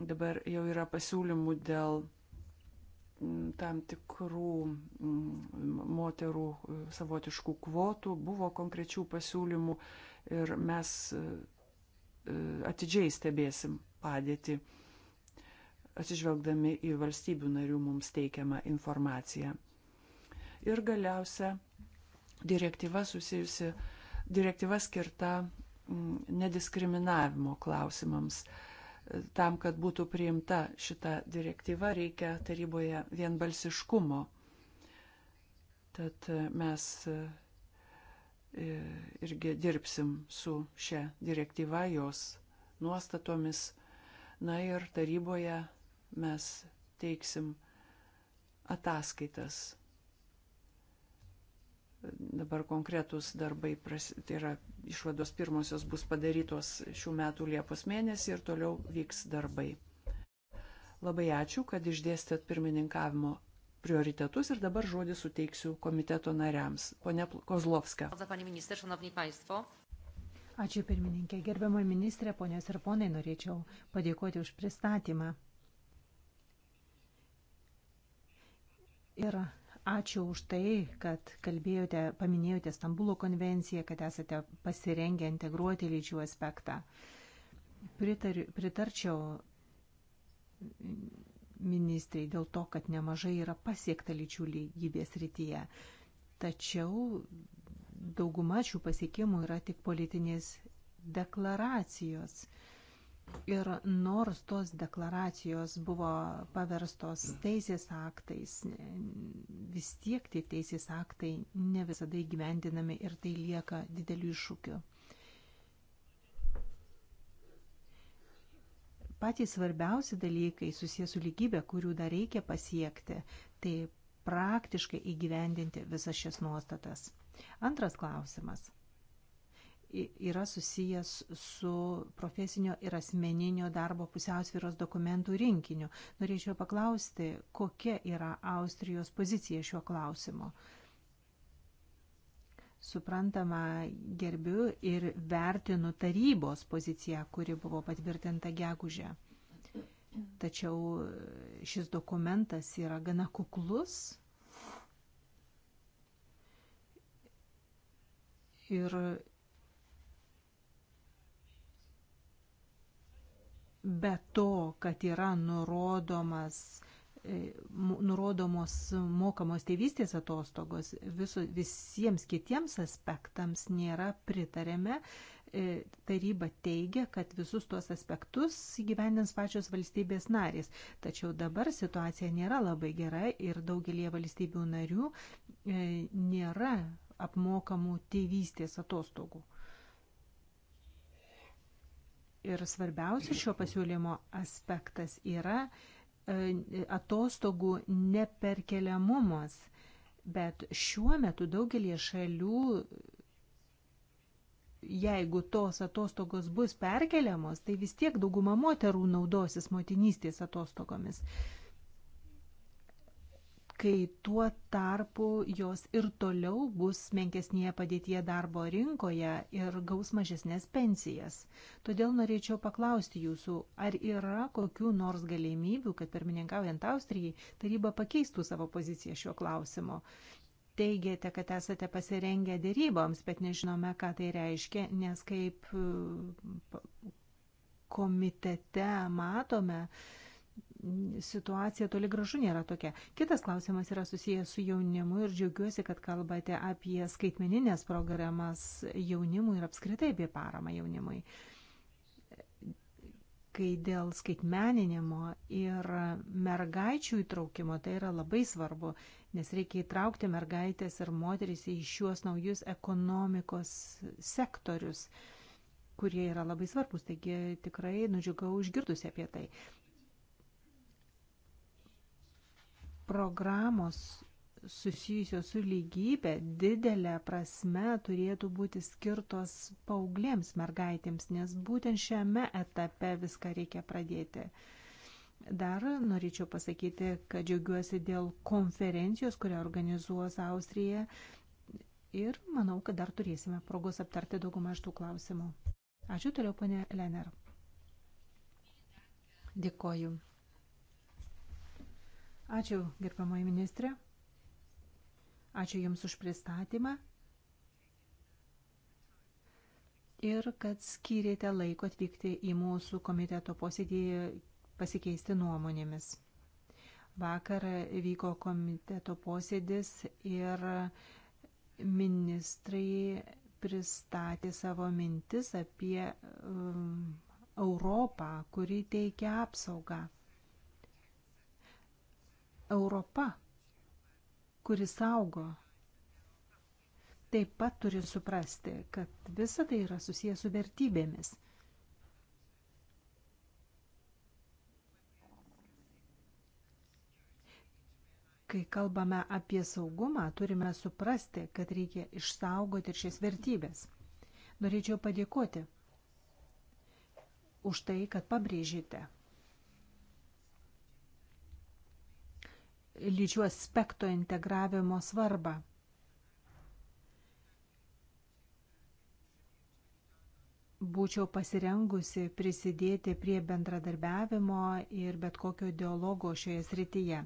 Dabar jau yra pasiūlymų dėl mm, tam tikrų mm, moterų e, savotiškų kvotų, buvo konkrečių pasiūlymų ir mes e, e, atidžiai stebėsim padėtį, atsižvelgdami į valstybių narių mums teikiamą informaciją. Ir galiausia, direktyva susijusi, direktyva skirta mm, nediskriminavimo klausimams tam, kad būtų priimta šita direktyva, reikia taryboje vienbalsiškumo. Tad e, mes e, e, irgi dirbsim su šia direktyva, jos nuostatomis. Na ir taryboje mes teiksim ataskaitas dabar konkretus darbai, tai yra išvados pirmosios bus padarytos šių metų Liepos mėnesį ir toliau vyks darbai. Labai ačiū, kad išdėstėt pirmininkavimo prioritetus ir dabar žodį suteiksiu komiteto nariams. Pone Kozlovska. Ačiū pirmininkė, gerbiama ministrė, ponios ir ponai, norėčiau padėkoti už pristatymą. Ir Ačiū už tai, kad kalbėjote, paminėjote Stambulo konvenciją, kad esate pasirengę integruoti lyčių aspektą. Pritar, pritarčiau ministrai dėl to, kad nemažai yra pasiekta lyčių lygybės rytyje. Tačiau dauguma šių pasiekimų yra tik politinės deklaracijos. Ir nors tos deklaracijos buvo paverstos teisės aktais, vis tiek tie teisės aktai ne visada įgyvendinami ir tai lieka dideliu iššūkiu. Patys svarbiausi dalykai susijęs su lygybė, kurių dar reikia pasiekti, tai praktiškai įgyvendinti visas šias nuostatas. Antras klausimas yra susijęs su profesinio ir asmeninio darbo pusiausvyros dokumentų rinkiniu. Norėčiau paklausti, kokia yra Austrijos pozicija šiuo klausimu. Suprantama, gerbiu ir vertinu tarybos poziciją, kuri buvo patvirtinta gegužę. Tačiau šis dokumentas yra gana kuklus ir be to, kad yra nurodomas e, nurodomos mokamos tėvystės atostogos viso, visiems kitiems aspektams nėra pritarėme. E, taryba teigia, kad visus tuos aspektus įgyvendins pačios valstybės narės. Tačiau dabar situacija nėra labai gera ir daugelie valstybių narių e, nėra apmokamų tėvystės atostogų. Ir svarbiausias šio pasiūlymo aspektas yra e, atostogų neperkeliamumas. Bet šiuo metu daugelie šalių, jeigu tos atostogos bus perkeliamos, tai vis tiek dauguma moterų naudosis motinystės atostogomis kai tuo tarpu jos ir toliau bus menkesnėje padėtyje darbo rinkoje ir gaus mažesnės pensijas. Todėl norėčiau paklausti jūsų, ar yra kokių nors galimybių, kad pirmininkaujant Austrijai taryba pakeistų savo poziciją šiuo klausimu. Teigėte, kad esate pasirengę dėryboms, bet nežinome, ką tai reiškia, nes kaip e, komitete matome, uh, situacija toli gražu nėra tokia. Kitas klausimas yra susijęs su jaunimu ir džiaugiuosi, kad kalbate apie skaitmeninės programas jaunimui ir apskritai apie paramą jaunimui. Kai dėl skaitmeninimo ir mergaičių įtraukimo tai yra labai svarbu, nes reikia įtraukti mergaitės ir moteris į šiuos naujus ekonomikos sektorius kurie yra labai svarbus, taigi tikrai nudžiugau išgirdusi apie tai. programos susijusios su lygybė didelė prasme turėtų būti skirtos paauglėms mergaitėms, nes būtent šiame etape viską reikia pradėti. Dar norėčiau pasakyti, kad džiaugiuosi dėl konferencijos, kurią organizuos Austrija ir manau, kad dar turėsime progos aptarti daugumą šitų klausimų. Ačiū toliau, ponė Lener. Dėkoju. Ačiū, gerbiamoji ministrė. Ačiū Jums už pristatymą ir kad skyrėte laiko atvykti į mūsų komiteto posėdį pasikeisti nuomonėmis. Vakar vyko komiteto posėdis ir ministrai pristatė savo mintis apie um, Europą, kuri teikia apsaugą. Europa, kuri saugo, taip pat turi suprasti, kad visa tai yra susijęs su vertybėmis. Kai kalbame apie saugumą, turime suprasti, kad reikia išsaugoti ir šias vertybės. Norėčiau padėkoti už tai, kad pabrėžite lyčių aspekto integravimo svarbą. Būčiau pasirengusi prisidėti prie bendradarbiavimo ir bet kokio dialogo šioje srityje.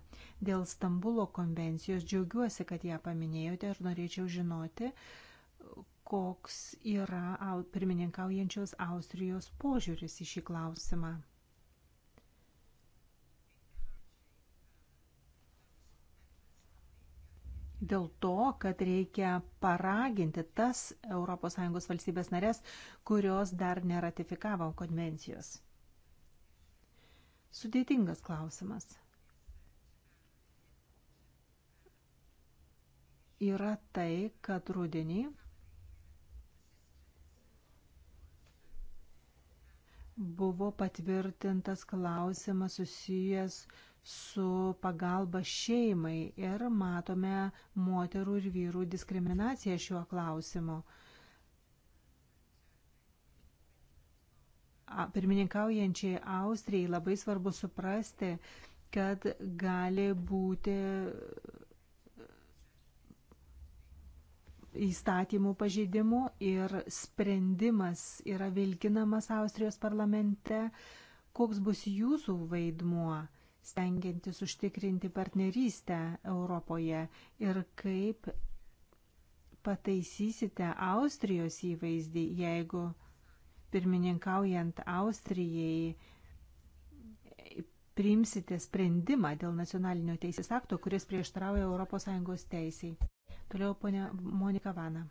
Dėl Stambulo konvencijos džiaugiuosi, kad ją paminėjote ir norėčiau žinoti, koks yra pirmininkaujančios Austrijos požiūris į šį klausimą. dėl to, kad reikia paraginti tas ES valstybės narės, kurios dar neratifikavo konvencijos. Sudėtingas klausimas. Yra tai, kad rudenį buvo patvirtintas klausimas susijęs su su pagalba šeimai ir matome moterų ir vyrų diskriminaciją šiuo klausimu. Pirmininkaujančiai Austrijai labai svarbu suprasti, kad gali būti įstatymų pažeidimų ir sprendimas yra vilkinamas Austrijos parlamente. Koks bus jūsų vaidmuo? stengiantis užtikrinti partnerystę Europoje ir kaip pataisysite Austrijos įvaizdį, jeigu pirmininkaujant Austrijai priimsite sprendimą dėl nacionalinio teisės akto, kuris prieštarauja ES teisiai. Toliau ponia Monika Vana.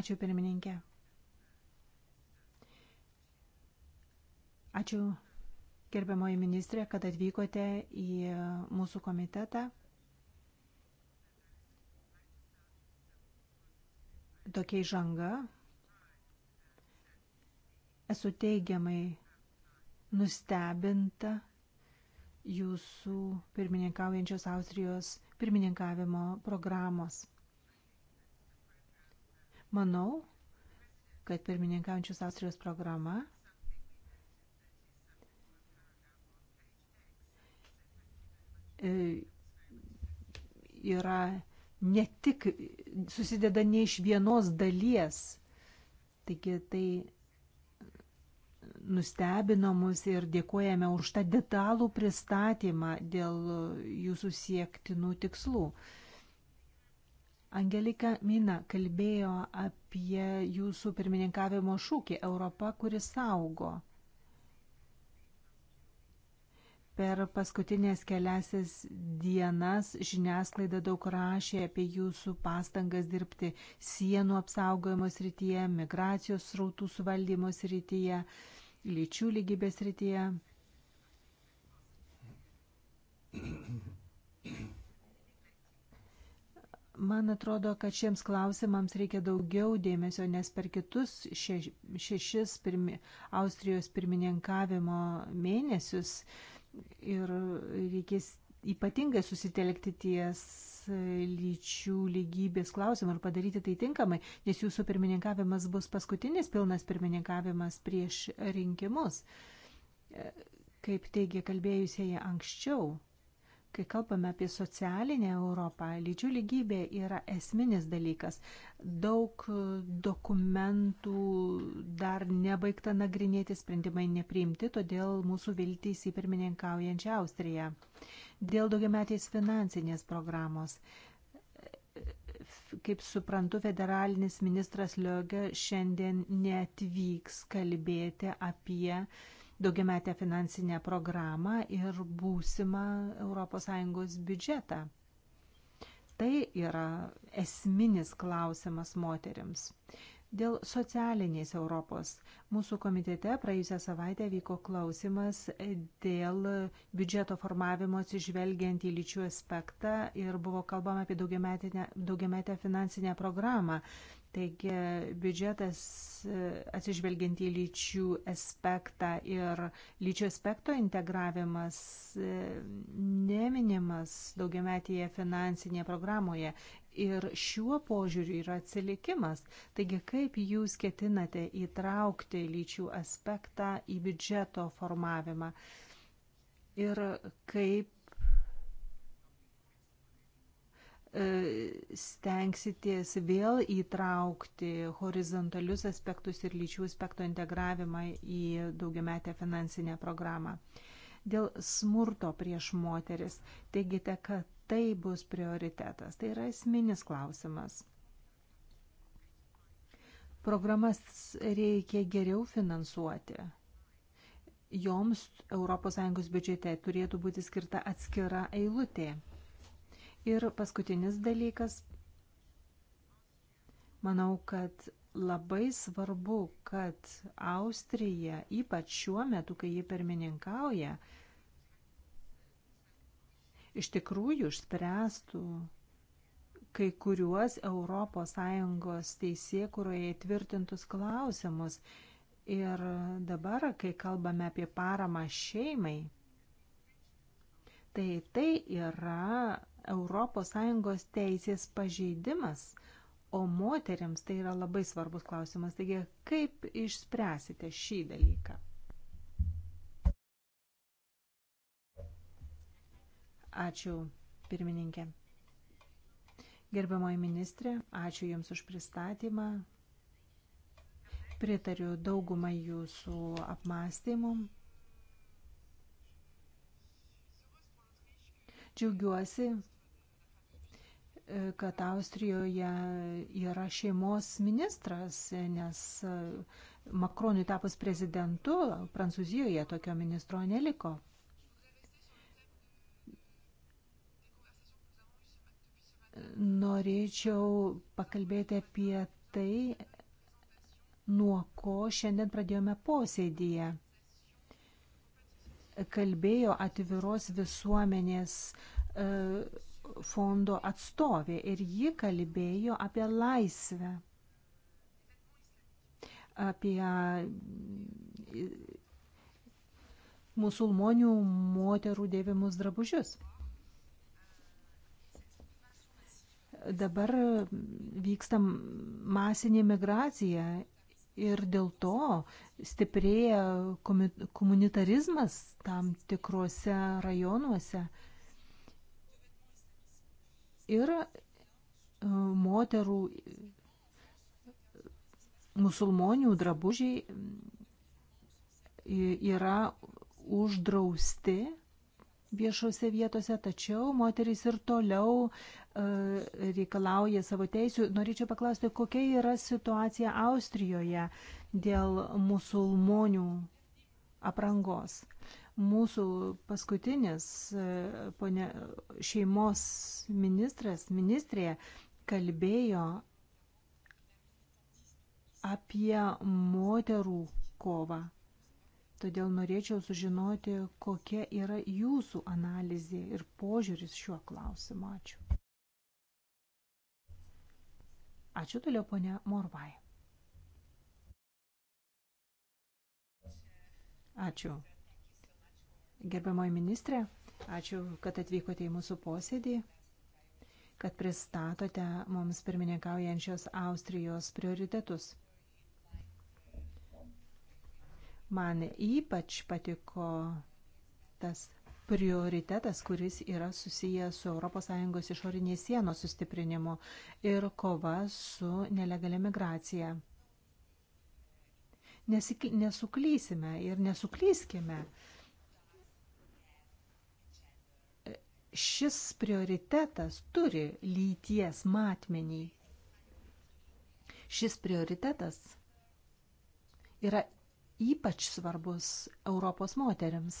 Ačiū pirmininkė. Ačiū gerbiamoji ministrė, kad atvykote į mūsų komitetą. Tokia įžanga. Esu teigiamai nustebinta jūsų pirmininkaujančios Austrijos pirmininkavimo programos. Manau, kad pirmininkaujančios Austrijos programa E, yra ne tik, susideda ne iš vienos dalies. Taigi tai nustebino mus ir dėkojame už tą detalų pristatymą dėl jūsų siektinų tikslų. Angelika Mina kalbėjo apie jūsų pirmininkavimo šūkį Europą, kuris saugo. Per paskutinės keliasis dienas žiniasklaida daug rašė apie jūsų pastangas dirbti sienų apsaugojimo srityje, migracijos srautų suvaldymo srityje, lyčių lygybės srityje. Man atrodo, kad šiems klausimams reikia daugiau dėmesio, nes per kitus šeš, šešis pirmi, Austrijos pirmininkavimo mėnesius uh, ir reikės ypatingai susitelkti ties lyčių lygybės klausimą ir padaryti tai tinkamai, nes jūsų pirmininkavimas bus paskutinis pilnas pirmininkavimas prieš rinkimus, kaip teigia kalbėjusieji anksčiau. Kai kalbame apie socialinę Europą, lyčių lygybė yra esminis dalykas. Daug dokumentų dar nebaigta nagrinėti, sprendimai nepriimti, todėl mūsų viltys į pirmininkaujančią Austriją. Dėl daugiametės finansinės programos kaip suprantu, federalinis ministras Liogė šiandien netvyks kalbėti apie daugiametę finansinę programą ir būsimą ES biudžetą. Tai yra esminis klausimas moteriams. Dėl socialinės Europos. Mūsų komitete praėjusią savaitę vyko klausimas dėl biudžeto formavimo atsižvelgiant į lyčių aspektą ir buvo kalbama apie daugiametę finansinę programą. Taigi biudžetas e, atsižvelgiant į lyčių aspektą ir lyčių aspekto integravimas e, neminimas daugiametėje finansinėje programoje. Ir šiuo požiūriu yra atsilikimas. Taigi, kaip jūs ketinate įtraukti lyčių aspektą į biudžeto formavimą? Ir kaip E, stengsitės vėl įtraukti horizontalius aspektus ir lyčių aspekto integravimą į daugiametę finansinę programą. Dėl smurto prieš moteris teigite, kad tai bus prioritetas. Tai yra esminis klausimas. Programas reikia geriau finansuoti. Joms ES biudžete turėtų būti skirta atskira eilutė Ir paskutinis dalykas. Manau, kad labai svarbu, kad Austrija, ypač šiuo metu, kai ji pirmininkauja, iš tikrųjų išspręstų kai kuriuos ES teisėkuroje įtvirtintus klausimus. Ir dabar, kai kalbame apie paramą šeimai, tai tai yra ES teisės pažeidimas, o moteriams tai yra labai svarbus klausimas. Taigi, kaip išspręsite šį dalyką? Ačiū, pirmininkė. Gerbiamoji ministrė, ačiū Jums už pristatymą. Pritariu daugumą Jūsų apmąstymų. Džiaugiuosi, kad Austrijoje yra šeimos ministras, nes Makronui tapus prezidentu Prancūzijoje tokio ministro neliko. Norėčiau pakalbėti apie tai, nuo ko šiandien pradėjome posėdyje. Kalbėjo atviros visuomenės uh, fondo atstovė ir ji kalbėjo apie laisvę, apie e, musulmonių moterų dėvimus drabužius. Dabar vyksta masinė migracija ir dėl to stiprėja komunitarizmas tam tikrose rajonuose. Uh, ir e, moterų musulmonių drabužiai yra uždrausti viešose vietose, tačiau moterys ir toliau e, reikalauja savo teisių. Norėčiau paklausti, kokia yra situacija Austrijoje dėl musulmonių aprangos. Mūsų paskutinis e, ponė, šeimos ministras, ministrė, kalbėjo apie moterų kovą. Todėl norėčiau sužinoti, kokia yra jūsų analizė ir požiūris šiuo klausimu. Ačiū. Ačiū toliau, ponia Morvai. Ačiū. Gerbiamoji ministrė, ačiū, kad atvykote į mūsų posėdį, kad pristatote mums pirmininkaujančios Austrijos prioritetus. Man ypač patiko tas prioritetas, kuris yra susijęs su ES išorinės sienos sustiprinimu ir kova su nelegalia migracija. Nesik nesuklysime ir nesuklyskime, šis prioritetas turi lyties matmenį. Šis prioritetas yra ypač svarbus Europos moteriams.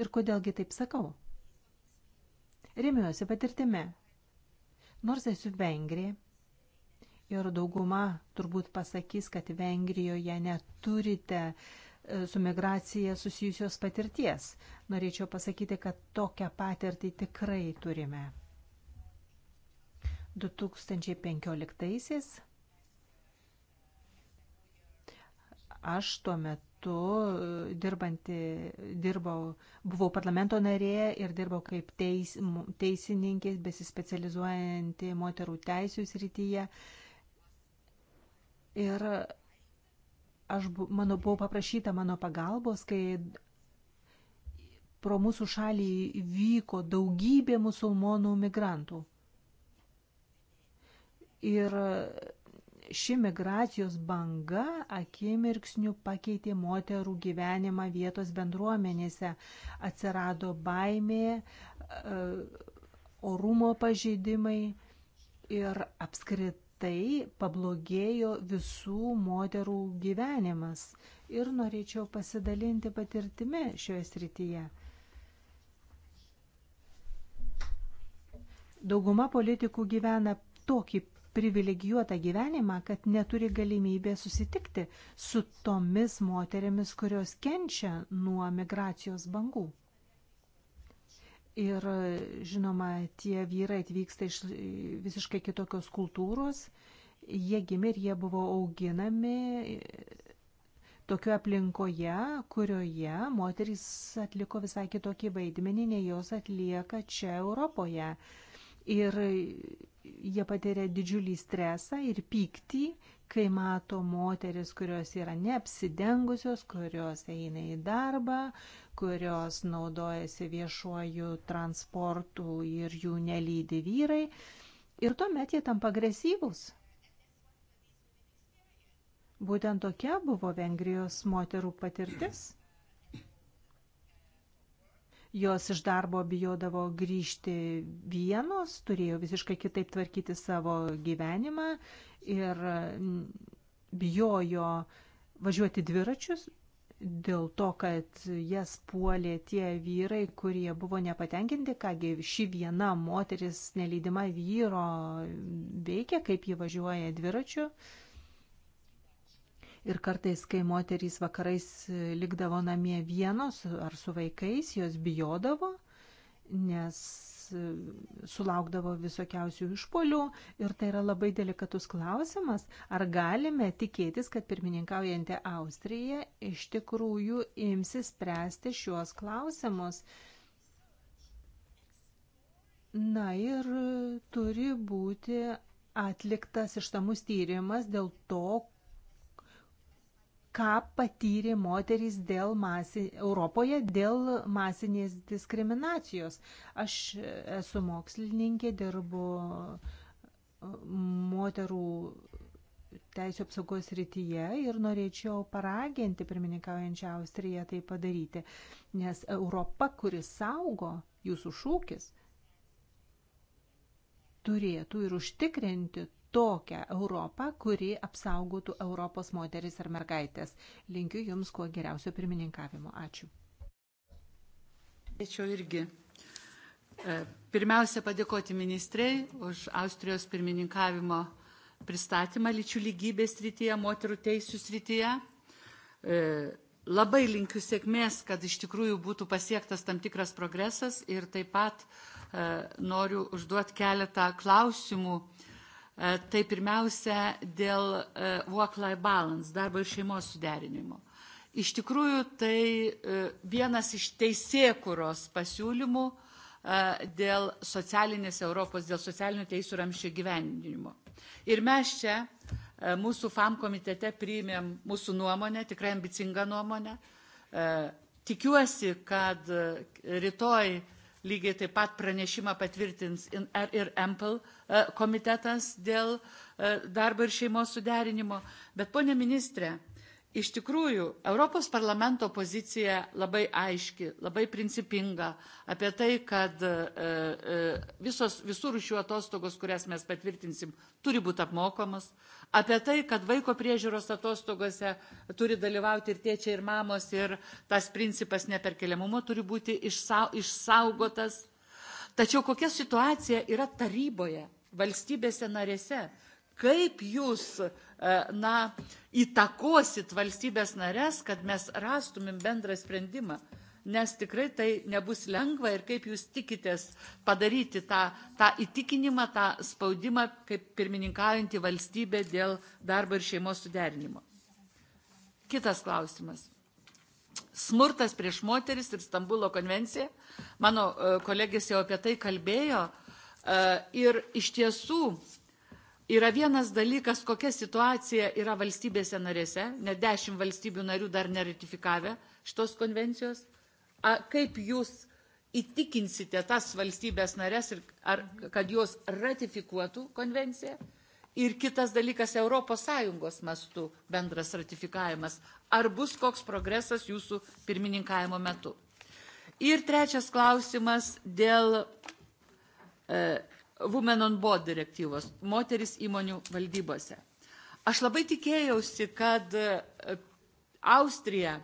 Ir kodėlgi taip sakau? Remiuosi patirtime. Nors esu vengrė ir dauguma turbūt pasakys, kad Vengrijoje neturite uh, su migracija susijusios patirties. Norėčiau pasakyti, kad tokią patirtį tikrai turime. 2015-aisiais aš tuo metu e, dirbanti, dirbau, buvau parlamento narė ir dirbau kaip teis, teisininkė, besispecializuojanti moterų teisų srityje. Ir aš mano, buvau paprašyta mano pagalbos, kai pro mūsų šalį vyko daugybė musulmonų migrantų. Ir ši migracijos banga akimirksniu pakeitė moterų gyvenimą vietos bendruomenėse. Atsirado baimė, e, orumo pažeidimai ir apskritai tai pablogėjo visų moterų gyvenimas ir norėčiau pasidalinti patirtimi šioje srityje. Dauguma politikų gyvena tokį privilegijuotą gyvenimą, kad neturi galimybę susitikti su tomis moteriamis, kurios kenčia nuo migracijos bangų. Ir žinoma, tie vyrai atvyksta iš visiškai kitokios kultūros, jie gimė ir jie buvo auginami tokioje aplinkoje, kurioje moterys atliko visai kitokį vaidmenį, nei jos atlieka čia Europoje. Ir jie patiria didžiulį stresą ir pyktį, kai mato moteris, kurios yra neapsidengusios, kurios eina į darbą, kurios naudojasi viešuoju transportu ir jų nelydi vyrai. Ir tuomet jie tampa agresyvūs. Būtent tokia buvo Vengrijos moterų patirtis. Jos iš darbo bijodavo grįžti vienos, turėjo visiškai kitaip tvarkyti savo gyvenimą ir bijojo važiuoti dviračius dėl to, kad jas puolė tie vyrai, kurie buvo nepatenkinti, kągi ši viena moteris nelydima vyro veikia, kaip ji važiuoja dviračiu. Uh, Ir kartais, kai moterys vakarais e, likdavo namie vienos ar su vaikais, jos bijodavo, nes e, sulaukdavo visokiausių išpolių ir tai yra labai delikatus klausimas, ar galime tikėtis, kad pirmininkaujantė Austrija iš tikrųjų imsis spręsti šiuos klausimus. Na ir turi būti atliktas ištamus tyrimas dėl to, ką patyrė moterys dėl masi, Europoje dėl masinės diskriminacijos. Aš esu mokslininkė, dirbu e, moterų teisų apsaugos rytyje ir norėčiau paraginti pirmininkaujančią Austriją tai padaryti, nes Europa, kuris saugo jūsų šūkis, turėtų ir užtikrinti tokią Europą, kuri apsaugotų Europos moteris ir mergaitės. Linkiu Jums kuo geriausio pirmininkavimo. Ačiū. Ačiū irgi. E, pirmiausia, padėkoti ministrei už Austrijos pirmininkavimo pristatymą lyčių lygybės srityje, moterų teisų srityje. E, labai linkiu sėkmės, kad iš tikrųjų būtų pasiektas tam tikras progresas ir taip pat e, noriu užduoti keletą klausimų uh, E, tai pirmiausia dėl e, work-life balance, darbo ir šeimos suderinimo. Iš tikrųjų, tai e, vienas iš teisėkuros pasiūlymų dėl socialinės Europos, dėl socialinių teisų ramščio gyvendinimo. Ir mes čia mūsų FAM komitete priimėm mūsų nuomonę, tikrai ambicingą nuomonę. Tikiuosi, kad rytoj Lygiai taip pat pranešimą patvirtins ir MPL e, komitetas dėl e, darbo ir šeimos suderinimo. Bet, ponė ministrė, iš tikrųjų Europos parlamento pozicija labai aiški, labai principinga apie tai, kad e, e, visos, visų rušių atostogos, kurias mes patvirtinsim, turi būti apmokomas, apie tai, kad vaiko priežiūros atostogose turi dalyvauti ir tėčiai, ir mamos, ir tas principas neperkeliamumo turi būti išsaugotas. Tačiau kokia situacija yra taryboje, valstybėse narėse, kaip jūs e, na, įtakosit valstybės narės, kad mes rastumėm bendrą sprendimą. Nes tikrai tai nebus lengva ir kaip jūs tikitės padaryti tą, tą įtikinimą, tą spaudimą, kaip pirmininkaujantį valstybę dėl darbo ir šeimos suderinimo. Kitas klausimas. Smurtas prieš moteris ir Stambulo konvencija. Mano e, kolegės jau apie tai kalbėjo. E, ir iš tiesų yra vienas dalykas, kokia situacija yra valstybėse narėse, net dešimt valstybių narių dar neratifikavę šitos konvencijos. A, kaip jūs įtikinsite tas valstybės narės, ir, ar, kad jos ratifikuotų konvenciją? Ir kitas dalykas ES mastu bendras ratifikavimas. Ar bus koks progresas jūsų pirmininkavimo metu? Ir trečias klausimas dėl e, Women on Board direktyvos, moteris įmonių valdybose. Aš labai tikėjausi, kad e, Austrija,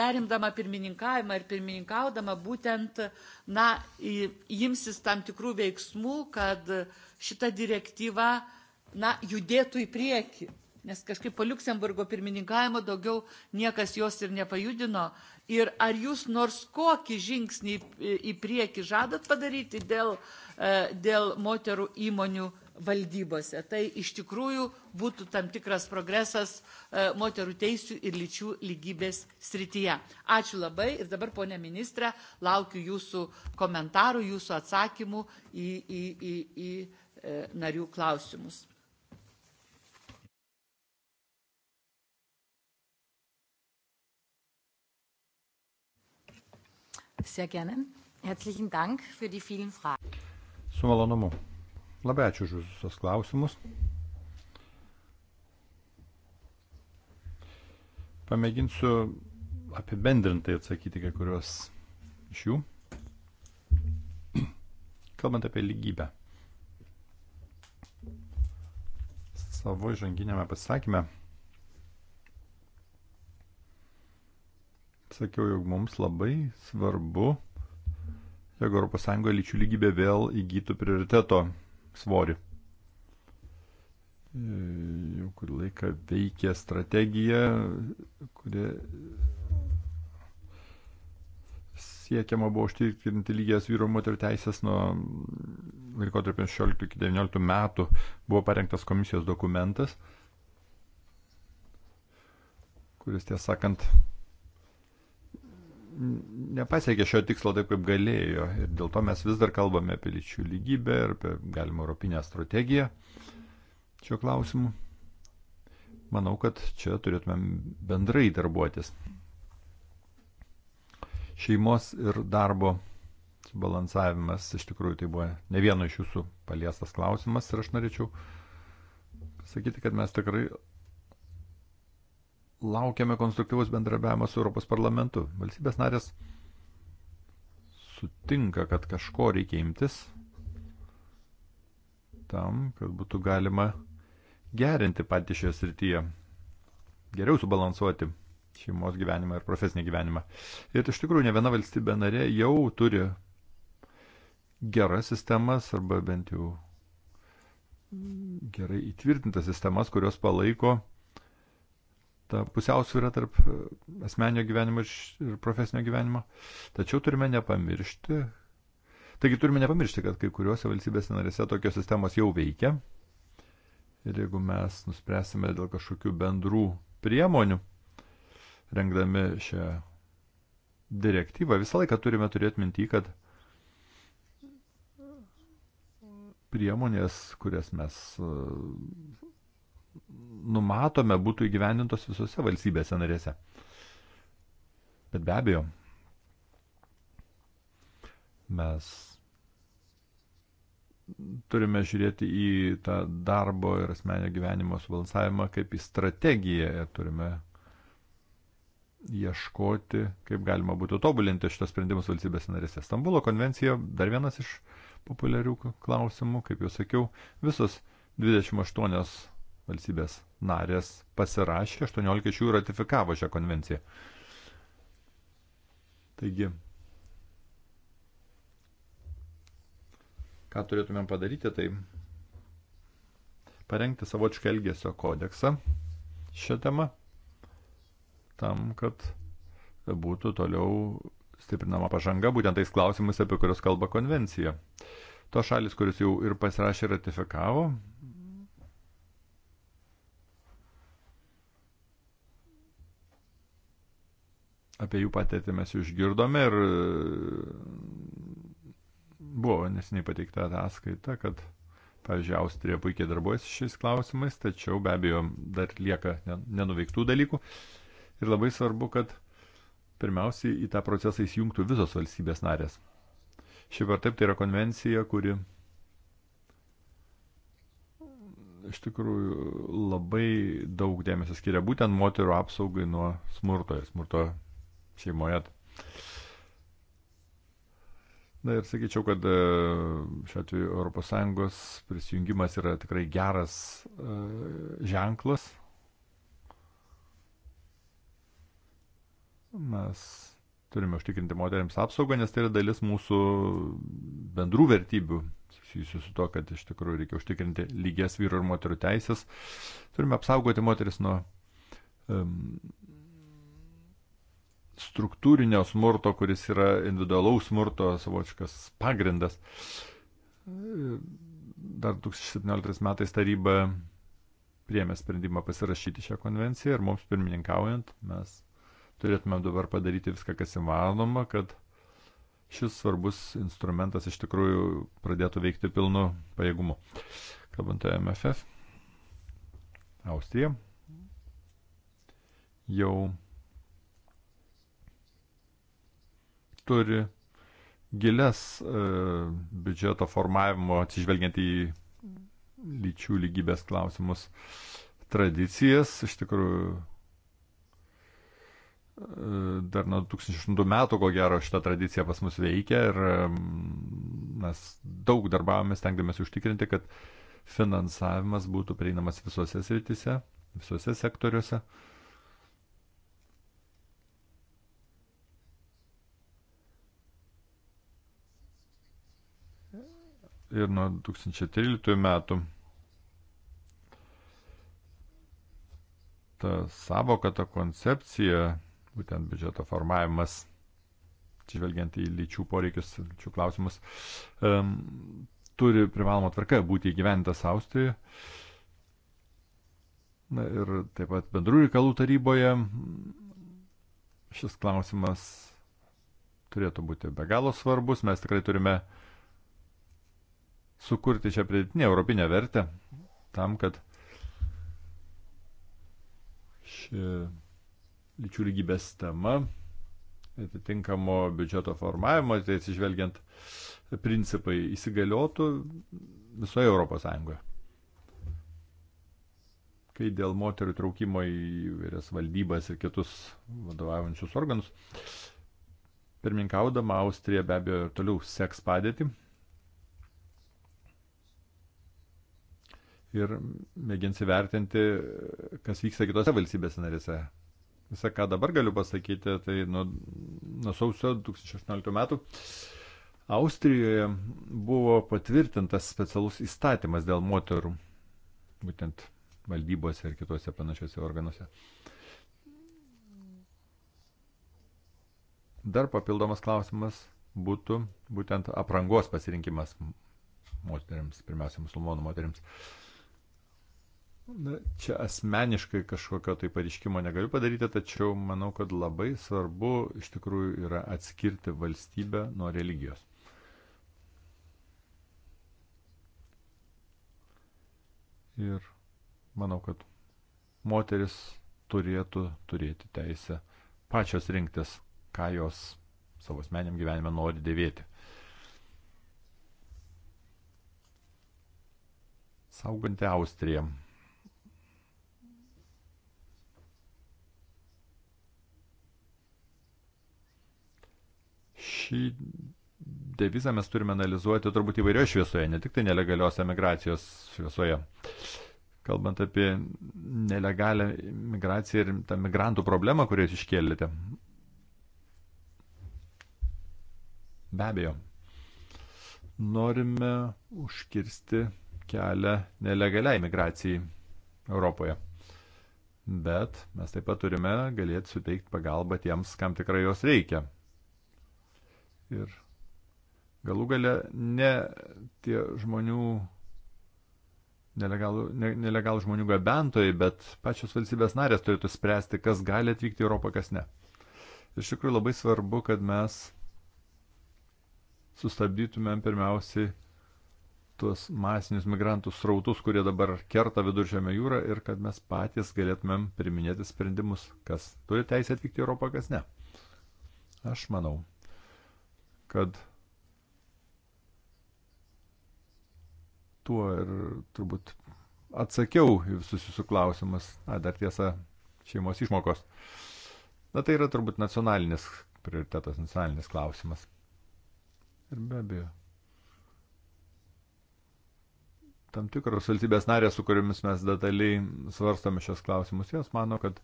perimdama pirmininkavimą ir pirmininkaudama, būtent na, imsis tam tikrų veiksmų, kad šita direktyva na, judėtų į priekį. Nes kažkaip po Luksemburgo pirmininkavimo daugiau niekas jos ir nepajudino, Ir ar jūs nors kokį žingsnį į priekį žadat padaryti dėl, e, dėl moterų įmonių valdybose? Tai iš tikrųjų būtų tam tikras progresas e, moterų teisų ir lyčių lygybės srityje. Ačiū labai ir dabar, ponė ministrė, laukiu jūsų komentarų, jūsų atsakymų į, į, į, į e, narių klausimus. Su malonumu. Labai ačiū už visus klausimus. Pamėginsiu apibendrintai atsakyti kai kurios iš jų. Kalbant apie lygybę. Savo žanginėme pasakymę sakiau, jog mums labai svarbu, jog ES lyčių lygybė vėl įgytų prioriteto svorį. E, jau kurį laiką veikia strategija, kurie siekiama buvo užtikrinti lygias vyru ir moterų teisės nuo laikotarpio 16 iki 19 metų. Buvo parengtas komisijos dokumentas, kuris tiesą sakant nepasiekė šio tikslo taip, kaip galėjo. Ir dėl to mes vis dar kalbame apie lyčių lygybę ir apie galimą europinę strategiją šio klausimu. Manau, kad čia turėtumėm bendrai darbuotis. Šeimos ir darbo subalansavimas, iš tikrųjų tai buvo ne vieno iš jūsų paliestas klausimas ir aš norėčiau pasakyti, kad mes tikrai laukiame konstruktyvus bendrabiavimas su Europos parlamentu. Valstybės narės sutinka, kad kažko reikia imtis tam, kad būtų galima gerinti patį šioje srityje, geriau subalansuoti šeimos gyvenimą ir profesinį gyvenimą. Ir iš tikrųjų ne viena valstybė narė jau turi geras sistemas arba bent jau gerai įtvirtintas sistemas, kurios palaiko ta pusiausvyrą tarp e, asmenio gyvenimo ir profesinio gyvenimo. Tačiau turime nepamiršti, taigi turime nepamiršti, kad kai kuriuose valstybės narėse tokios sistemos jau veikia. Ir jeigu mes nuspręsime dėl kažkokių bendrų priemonių, rengdami šią direktyvą, visą laiką turime turėti mintį, kad priemonės, kurias mes numatome būtų įgyvendintos visose valstybėse narėse. Bet be abejo, mes turime žiūrėti į tą darbo ir asmenio gyvenimo subalansavimą kaip į strategiją ir turime ieškoti, kaip galima būtų tobulinti šitos sprendimus valstybės narėse. Stambulo konvencija dar vienas iš populiarių klausimų, kaip jau sakiau, visos 28 valstybės narės pasirašė, 18 iš jų ratifikavo šią konvenciją. Taigi, ką turėtumėm padaryti, tai parengti savočką elgesio kodeksą šią temą, tam, kad būtų toliau stiprinama pažanga būtent tais klausimais, apie kuriuos kalba konvencija. To šalis, kuris jau ir pasirašė ratifikavo, apie jų patirtį mes jau išgirdome ir e, buvo nesiniai pateikta ataskaita, kad, pavyzdžiui, Austrija puikiai darbuojasi šiais klausimais, tačiau be abejo dar lieka nenuveiktų dalykų. Ir labai svarbu, kad pirmiausiai į tą procesą įsijungtų visos valstybės narės. Šiaip ar taip, tai yra konvencija, kuri iš tikrųjų labai daug dėmesio skiria būtent moterų apsaugai nuo smurto ir smurto šeimoje. Na ir sakyčiau, kad e, šiuo atveju ES prisijungimas yra tikrai geras e, ženklas. Mes turime užtikrinti moteriams apsaugą, nes tai yra dalis mūsų bendrų vertybių, susijusių su to, kad iš tikrųjų reikia užtikrinti lygias vyru ir moterų teisės. Turime apsaugoti moteris nuo um, struktūrinio smurto, kuris yra individualaus smurto savočkas pagrindas. Dar 2017 metais taryba priemė sprendimą pasirašyti šią konvenciją ir mums pirmininkaujant mes turėtume dabar padaryti viską, kas įmanoma, kad šis svarbus instrumentas iš tikrųjų pradėtų veikti pilnu pajėgumu. Kalbant apie MFF, Austrija jau turi gilias e, biudžeto formavimo, atsižvelgiant į lyčių lygybės klausimus, tradicijas. Iš tikrųjų, e, dar nuo 2008 metų, ko gero, šita tradicija pas mus veikia ir e, mes daug darbavomės, tenkdamės užtikrinti, kad finansavimas būtų prieinamas visose sritise, visose sektoriuose. E, ir nuo 2013 metų ta savoka, ta koncepcija, būtent biudžeto formavimas, atsižvelgiant į lyčių poreikius, lyčių klausimus, um, turi privaloma tvarka būti įgyventas Austrijoje. Na ir taip pat bendrų reikalų taryboje šis klausimas turėtų būti be galo svarbus. Mes tikrai turime uh, sukurti čia pridėtinę europinę vertę tam, kad ši lyčių lygybės tema atitinkamo biudžeto formavimo, tai atsižvelgiant principai įsigaliotų visoje Europos Sąjungoje. Kai dėl moterų traukimo į vairias valdybas ir kitus vadovaujančius organus, pirmininkaudama Austrija be abejo toliau seks padėti ir mėgins įvertinti, kas vyksta kitose valstybėse narėse. Visą, ką dabar galiu pasakyti, tai nuo, nuo sausio 2018 metų Austrijoje buvo patvirtintas specialus įstatymas dėl moterų, būtent valdybose ir kitose panašiose organuose. Dar papildomas klausimas būtų būtent aprangos pasirinkimas moteriams, pirmiausia, musulmonų moteriams. Uh, Na, čia asmeniškai kažkokio tai pareiškimo negaliu padaryti, tačiau manau, kad labai svarbu iš tikrųjų yra atskirti valstybę nuo religijos. Ir manau, kad moteris turėtų turėti teisę pačios rinktis, ką jos savo asmeniam gyvenime nori dėvėti. Sauganti Austrija. šį devizą mes turime analizuoti turbūt įvairioje šviesoje, ne tik tai nelegalios emigracijos šviesoje. Kalbant apie nelegalią migraciją ir tą migrantų problemą, kurią jūs iškėlėte. Be abejo, norime užkirsti kelią nelegaliai migracijai Europoje. Bet mes taip pat turime galėti suteikti pagalbą tiems, kam tikrai jos reikia. Ir galų gale ne tie žmonių, nelegalų, ne, nelegalų žmonių gabentojai, bet pačios valstybės narės turėtų spręsti, kas gali atvykti į Europą, kas ne. Iš tikrųjų labai svarbu, kad mes sustabdytumėm pirmiausiai tuos masinius migrantų srautus, kurie dabar kerta viduržėmio jūrą ir kad mes patys galėtumėm priminėti sprendimus, kas turi teisę atvykti į Europą, kas ne. Aš manau, kad tuo ir turbūt atsakiau visus jūsų klausimus. Na, dar tiesa, šeimos išmokos. Na, tai yra turbūt nacionalinis prioritetas, nacionalinis klausimas. Ir be abejo. Tam tikros valstybės narės, su kuriomis mes detaliai svarstame šios klausimus, jos mano, kad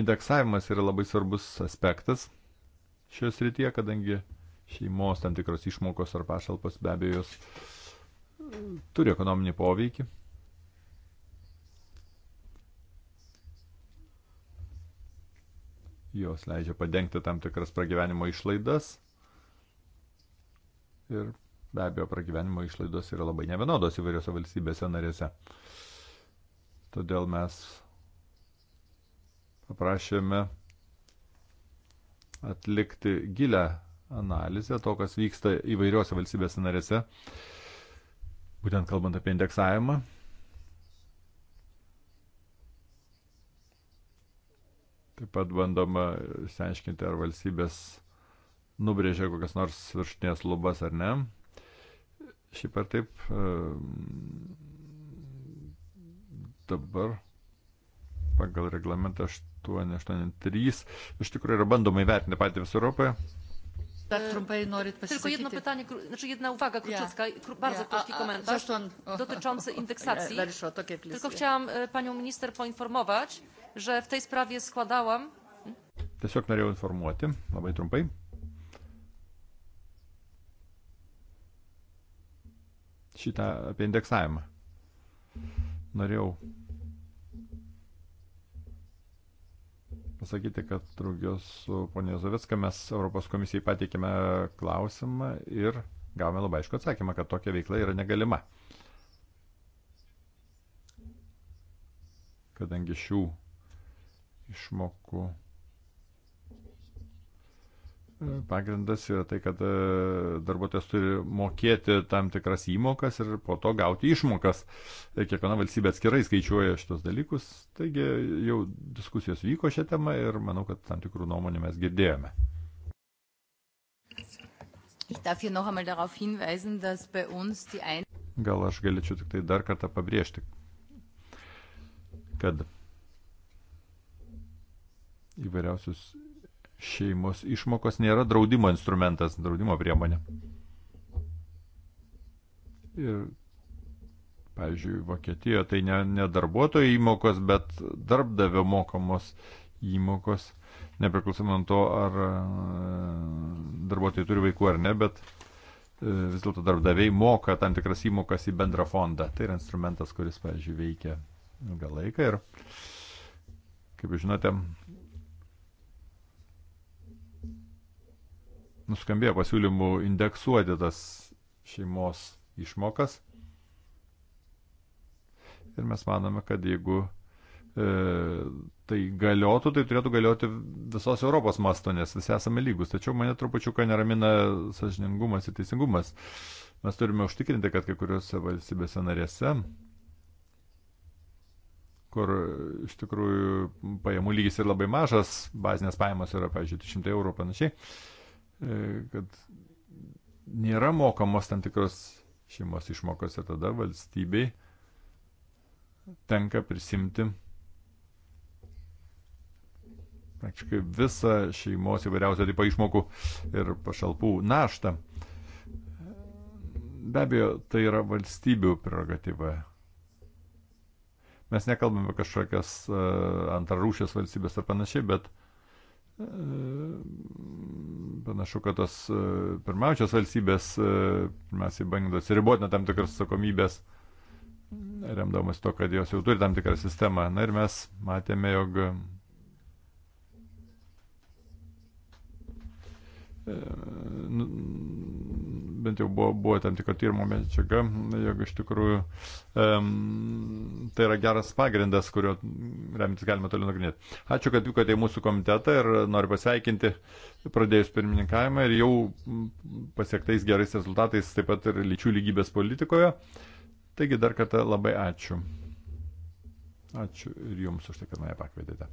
indeksavimas yra labai svarbus aspektas šios rytyje, kadangi šeimos tam tikros išmokos ar pašalpos be abejo jos e, turi ekonominį poveikį. Jos leidžia padengti tam tikras pragyvenimo išlaidas. Ir be abejo, pragyvenimo išlaidos yra labai nevienodos įvairiose valstybėse narėse. Todėl mes paprašėme atlikti gilę analizę to, kas vyksta įvairiuose valstybės narėse, būtent kalbant apie indeksavimą. Taip pat bandoma išsiaiškinti, ar valstybės nubrėžia kokias nors viršutinės lubas ar ne. Šiaip ar taip ehm, dabar pagal reglamentą 883 iš tikrųjų yra bandoma įvertinti patį visą Europoje Tak, trumpai norit pasisakyti. Tylko jedno pytanie, znaczy jedna uwaga króciutka, yeah. bardzo yeah. krótki komentarz dotyczący indeksacji. Tylko chciałam e, panią minister poinformować, że w tej sprawie składałam. Hmm? Tiesiog norėjau informuoti, labai trumpai. Šitą apie indeksavimą. Norėjau pasakyti, kad draugios su ponė Zavitska mes Europos komisijai pateikėme klausimą ir gavome labai aišku atsakymą, kad tokia veikla yra negalima. Kadangi šių išmokų Mhm. Pagrindas yra tai, kad e, darbuotojas turi mokėti tam tikras įmokas ir po to gauti išmokas. E, kiekviena valstybė atskirai skaičiuoja šitos dalykus. Taigi jau diskusijos vyko šią temą ir manau, kad tam tikrų nuomonį mes girdėjome. Gal aš galėčiau tik tai dar kartą pabrėžti, kad įvairiausius šeimos išmokos nėra draudimo instrumentas, draudimo priemonė. Ir, pavyzdžiui, Vokietijoje tai ne, ne darbuotojų įmokos, bet darbdavio mokamos įmokos, nepriklausomai nuo to, ar e, darbuotojai turi vaikų ar ne, bet e, vis dėlto darbdaviai moka tam tikras įmokas į bendrą fondą. Tai yra instrumentas, kuris, pavyzdžiui, veikia ilgą laiką ir, kaip žinote, nuskambėjo pasiūlymų indeksuoti tas šeimos išmokas. Ir mes manome, kad jeigu e, tai galiotų, tai turėtų galioti visos Europos masto, nes visi esame lygus. Tačiau mane trupučiuką neramina sažiningumas ir teisingumas. Mes turime užtikrinti, kad kai kuriuose valstybėse narėse, kur iš tikrųjų pajamų lygis yra labai mažas, bazinės pajamos yra, pavyzdžiui, 300 eurų panašiai, e, E, kad nėra mokamos tam tikros šeimos išmokos ir tada valstybei tenka prisimti praktiškai visą šeimos įvairiausio tipo išmokų ir pašalpų naštą. Be abejo, tai yra valstybių prerogatyva. Mes nekalbame kažkokias e, antrarūšės valstybės ar panašiai, bet E, panašu, kad tos e, pirmaučios valstybės, e, mes įbandome atsiriboti nuo tam tikras atsakomybės, remdamas to, kad jos jau turi tam tikrą sistemą. Na ir mes matėme, jog nu, bent jau buvo, buvo tam tikro tyrimo medžiaga, jog iš tikrųjų um, tai yra geras pagrindas, kurio remtis galima toliau nagrinėti. Ačiū, kad vykote į mūsų komitetą ir noriu pasveikinti pradėjus pirmininkavimą ir jau pasiektais gerais rezultatais taip pat ir lyčių lygybės politikoje. Taigi dar kartą labai ačiū. Ačiū ir jums už tai, kad mane pakvietėte.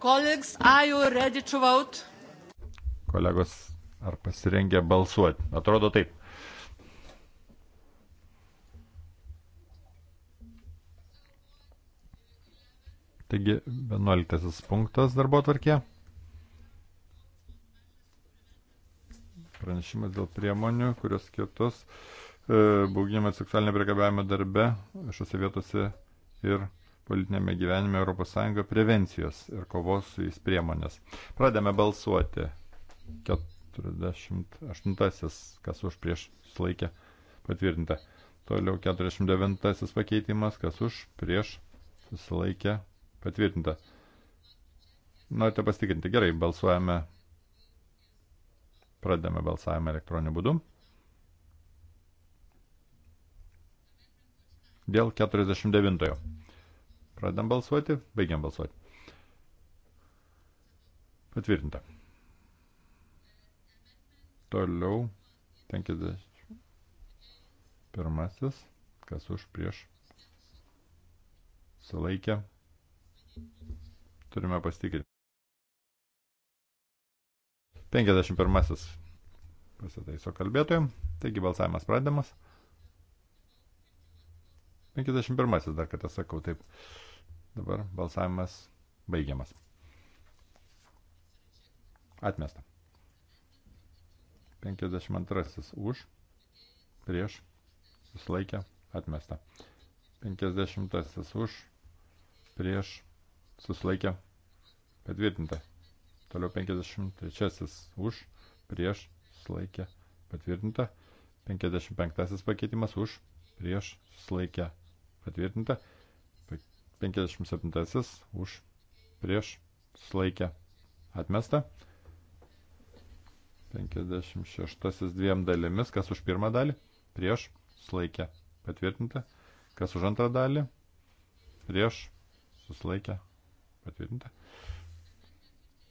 Colleagues, are you ready to vote? Kolegos, ar pasirengę balsuoti? Atrodo taip. Taigi, 11 punktas darbo atvarkė. Pranešimas dėl priemonių, kurios skirtos e, bauginimas seksualinio priekabiavimo darbe, šiuose vietose ir politinėme gyvenime ES prevencijos ir kovos su jais priemonės. Pradėme balsuoti. 48. Kas už prieš sulaikė patvirtinta. Toliau 49. pakeitimas. Kas už prieš susilaikė patvirtinta. Norite pastikrinti. Gerai, balsuojame. Pradedame balsavimą elektroniniu būdu. Dėl 49. -ojo. Pradam balsuoti, baigiam balsuoti. Patvirtinta. Toliau 51. Kas už prieš. Sulaikė. Turime pasitikrinti. 51. Pasitaiso kalbėtojim. Taigi balsavimas pradedamas. 51. Dar kartą sakau taip. Dabar balsavimas baigiamas. Atmesta. 52 už, prieš, susilaikė, atmesta. 50 už, prieš, susilaikė, patvirtinta. Toliau 53 už, prieš, susilaikė, patvirtinta. 55 pakeitimas už, prieš, susilaikė, patvirtinta. 57 už prieš sulaikę atmesta. 56 dviem dalimis, kas už pirmą dalį, prieš sulaikę patvirtinta, kas už antrą dalį, prieš susilaikę patvirtinta.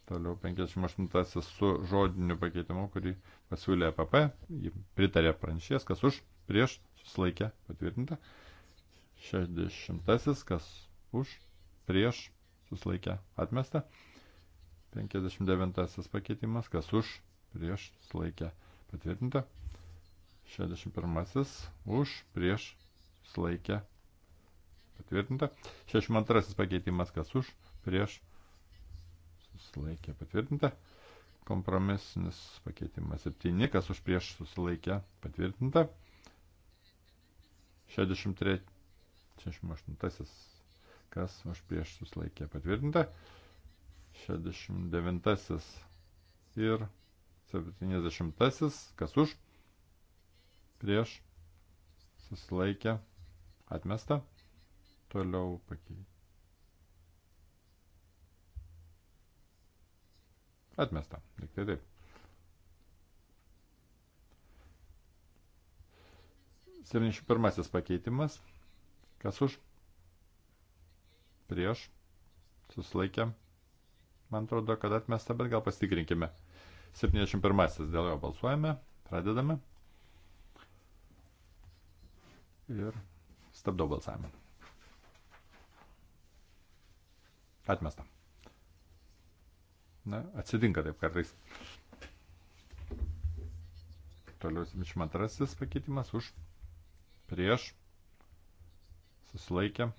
Toliau 58 su žodiniu pakeitimu, kurį pasiūlė APP, e jį pritarė pranešės, kas už, prieš, susilaikė, patvirtinta. 60 kas už, prieš, susilaikė, atmesta. 59 pakeitimas, kas už, prieš, susilaikė, patvirtinta. 61 už, prieš, susilaikė, patvirtinta. 62 pakeitimas, kas už, prieš, susilaikė, patvirtinta. Kompromisinis pakeitimas 7, kas už prieš susilaikė, patvirtinta. 63, 68 kas už prieš susilaikė patvirtinta, 69 ir 70, kas už prieš susilaikė atmesta, toliau pakeitė. Atmesta, tik tai taip. 71 pakeitimas. Kas už? prieš, susilaikė. Man atrodo, kad atmesta, bet gal pasitikrinkime. 71. Dėl jo balsuojame, pradedame. Ir stabdau balsavimą. Atmesta. Na, atsitinka taip kartais. Toliau 72 pakeitimas už prieš susilaikė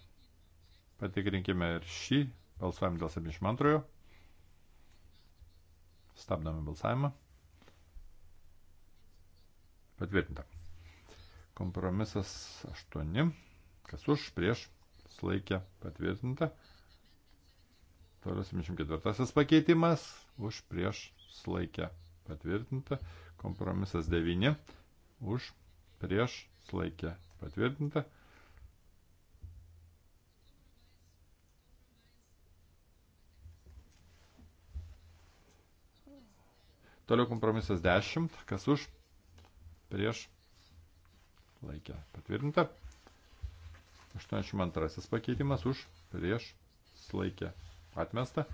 Patikrinkime ir šį. Balsuojam dėl 72. Stabdome balsavimą. Patvirtinta. Kompromisas 8. Kas už, prieš, slaikė, patvirtinta. Toliau 74 pakeitimas. Už, prieš, slaikė, patvirtinta. Kompromisas 9. Už, prieš, slaikė, patvirtinta. Toliau kompromisas 10, kas už, prieš, laikė patvirtinta. 82 pakeitimas už, prieš, laikė atmesta.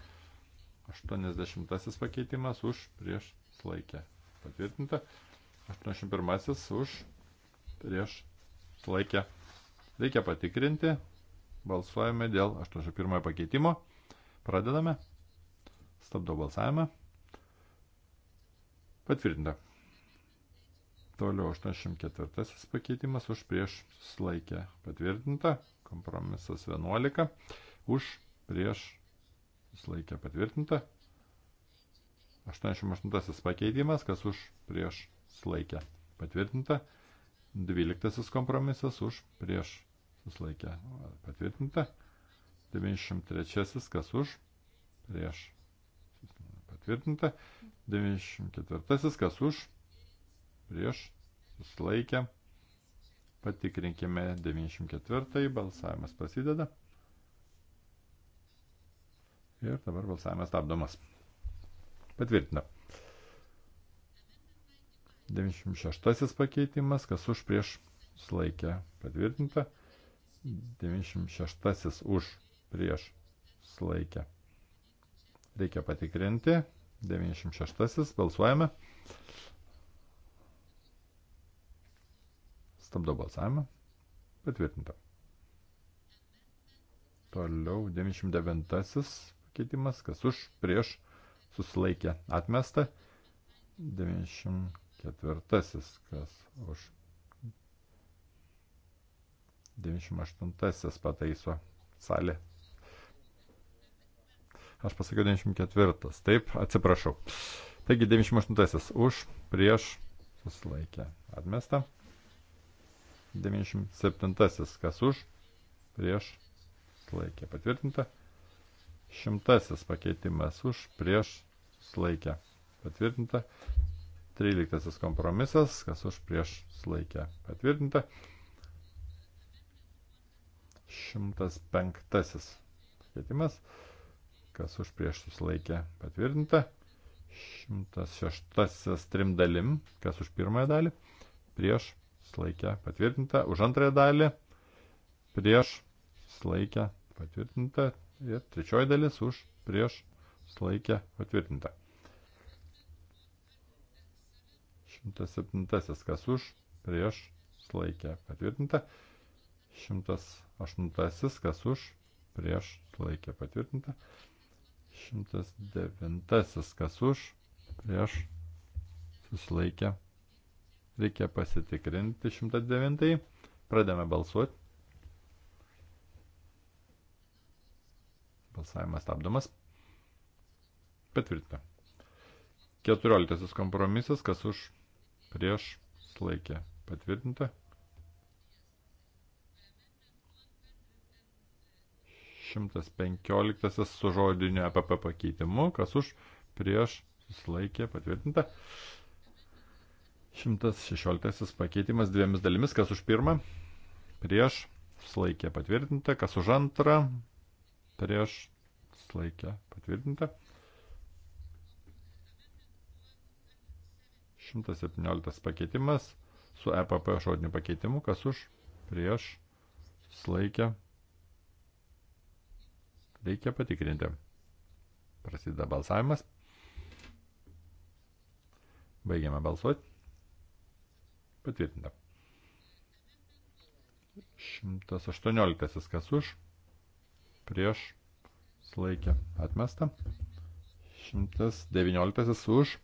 80 pakeitimas už, prieš, laikė patvirtinta. 81 už, prieš, laikė. Reikia patikrinti. Balsuojame dėl 81 pakeitimo. Pradedame. Stabdau balsavimą. Patvirtinta. Toliau 84 pakeitimas už prieš susilaikę patvirtinta. Kompromisas 11 už prieš susilaikę patvirtinta. 88 pakeitimas, kas už prieš susilaikę patvirtinta. 12 kompromisas už prieš susilaikę patvirtinta. 93 kas už prieš patvirtinta. 94. Kas už? Prieš. Susilaikė. Patikrinkime 94. Balsavimas prasideda. Ir dabar balsavimas stabdomas. Patvirtina. 96 pakeitimas, kas už prieš sulaikė patvirtinta. 96 už prieš sulaikė Reikia patikrinti. 96. Balsuojame. Stabdo balsavimą. Patvirtinta. Toliau 99 pakeitimas, kas už, prieš, susilaikė, atmesta. 94, kas už. 98 pataiso salė Aš pasakiau 94. Taip, atsiprašau. Taigi 98. Už, prieš, susilaikė. Atmesta. 97. Kas už, prieš, susilaikė. Patvirtinta. Šimtasis pakeitimas už, prieš, susilaikė. Patvirtinta. 13. Kompromisas. Kas už, prieš, susilaikė. Patvirtinta. 105. Pakeitimas kas už prieš susilaikė patvirtinta. 106 trim dalim, kas už pirmąją dalį, prieš susilaikė patvirtinta, už antrąją dalį, prieš susilaikė patvirtinta ir trečioji dalis už prieš susilaikė patvirtinta. 107 kas už prieš susilaikė patvirtinta. 108 kas už prieš susilaikė patvirtinta. 108, 109. Kas už, prieš, susilaikė. Reikia pasitikrinti 109. Pradėme balsuoti. Balsavimas stabdomas. Patvirtina. 14. Kompromisas. Kas už, prieš, susilaikė. Patvirtinta. 115 su žodiniu EPP pakeitimu, kas už prieš susilaikė patvirtinta. 116 pakeitimas dviemis dalimis, kas už pirmą prieš susilaikė patvirtinta, kas už antrą prieš susilaikė patvirtinta. 117 pakeitimas su EPP žodiniu pakeitimu, kas už prieš susilaikė Reikia patikrinti. Prasideda balsavimas. Baigiame balsuoti. Patvirtinta. 118 kas už. Prieš. Slaikė. Atmesta. 119 už.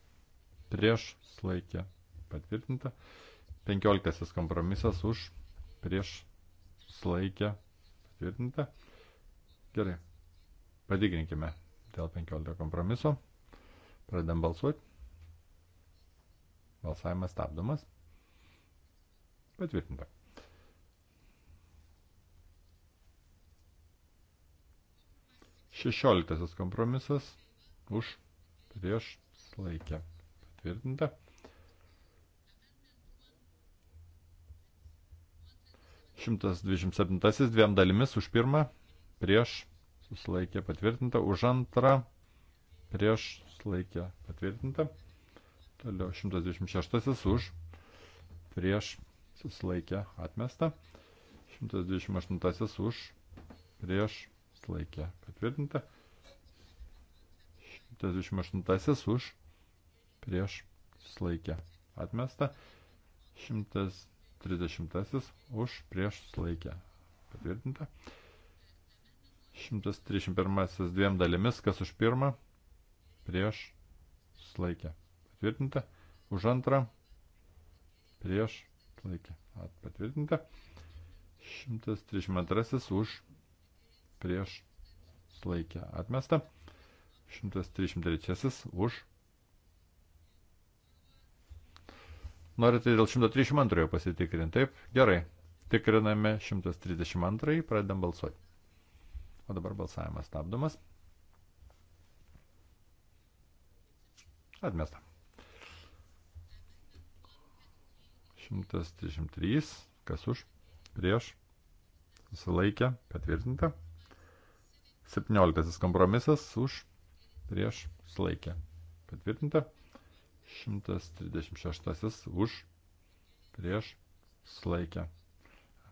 Prieš. Slaikė. Patvirtinta. 15 kompromisas už. Prieš. Slaikė. Patvirtinta. Gerai. Patikrinkime dėl 15 kompromiso. Pradedam balsuoti. Balsavimas stabdomas. Patvirtinta. Šešioliktasis kompromisas už prieš laikę. Patvirtinta. Šimtas dvidešimt septintasis dviem dalimis už pirmą prieš susilaikė patvirtinta, už antrą prieš susilaikė patvirtinta, toliau 126 už prieš susilaikė atmesta, 128 už prieš susilaikė patvirtinta, 128 už prieš susilaikė atmesta, 130 už prieš susilaikė patvirtinta. 131 dviem dalimis, kas už pirmą, prieš, susilaikė. Patvirtinta. Už antrą, prieš, susilaikė. Patvirtinta. 132 už, prieš, susilaikė. Atmesta. 133 už. Norite dėl 132 pasitikrinti? Taip, gerai. Tikriname 132, pradedam balsuoti. O dabar balsavimas stabdomas. Atmesta. 133, kas už, prieš, susilaikė, patvirtinta. 17 kompromisas už, prieš, susilaikė, patvirtinta. 136 už, prieš, susilaikė,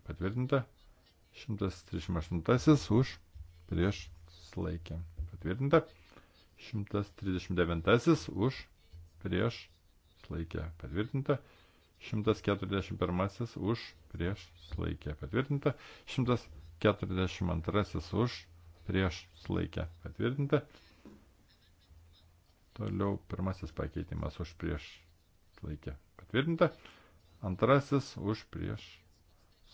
patvirtinta. 138 už, prieš susilaikė patvirtinta. 139 už prieš susilaikė patvirtinta. 141 už prieš susilaikė patvirtinta. 142 už prieš susilaikė patvirtinta. Toliau pirmasis pakeitimas už prieš laikė patvirtinta. Antrasis už prieš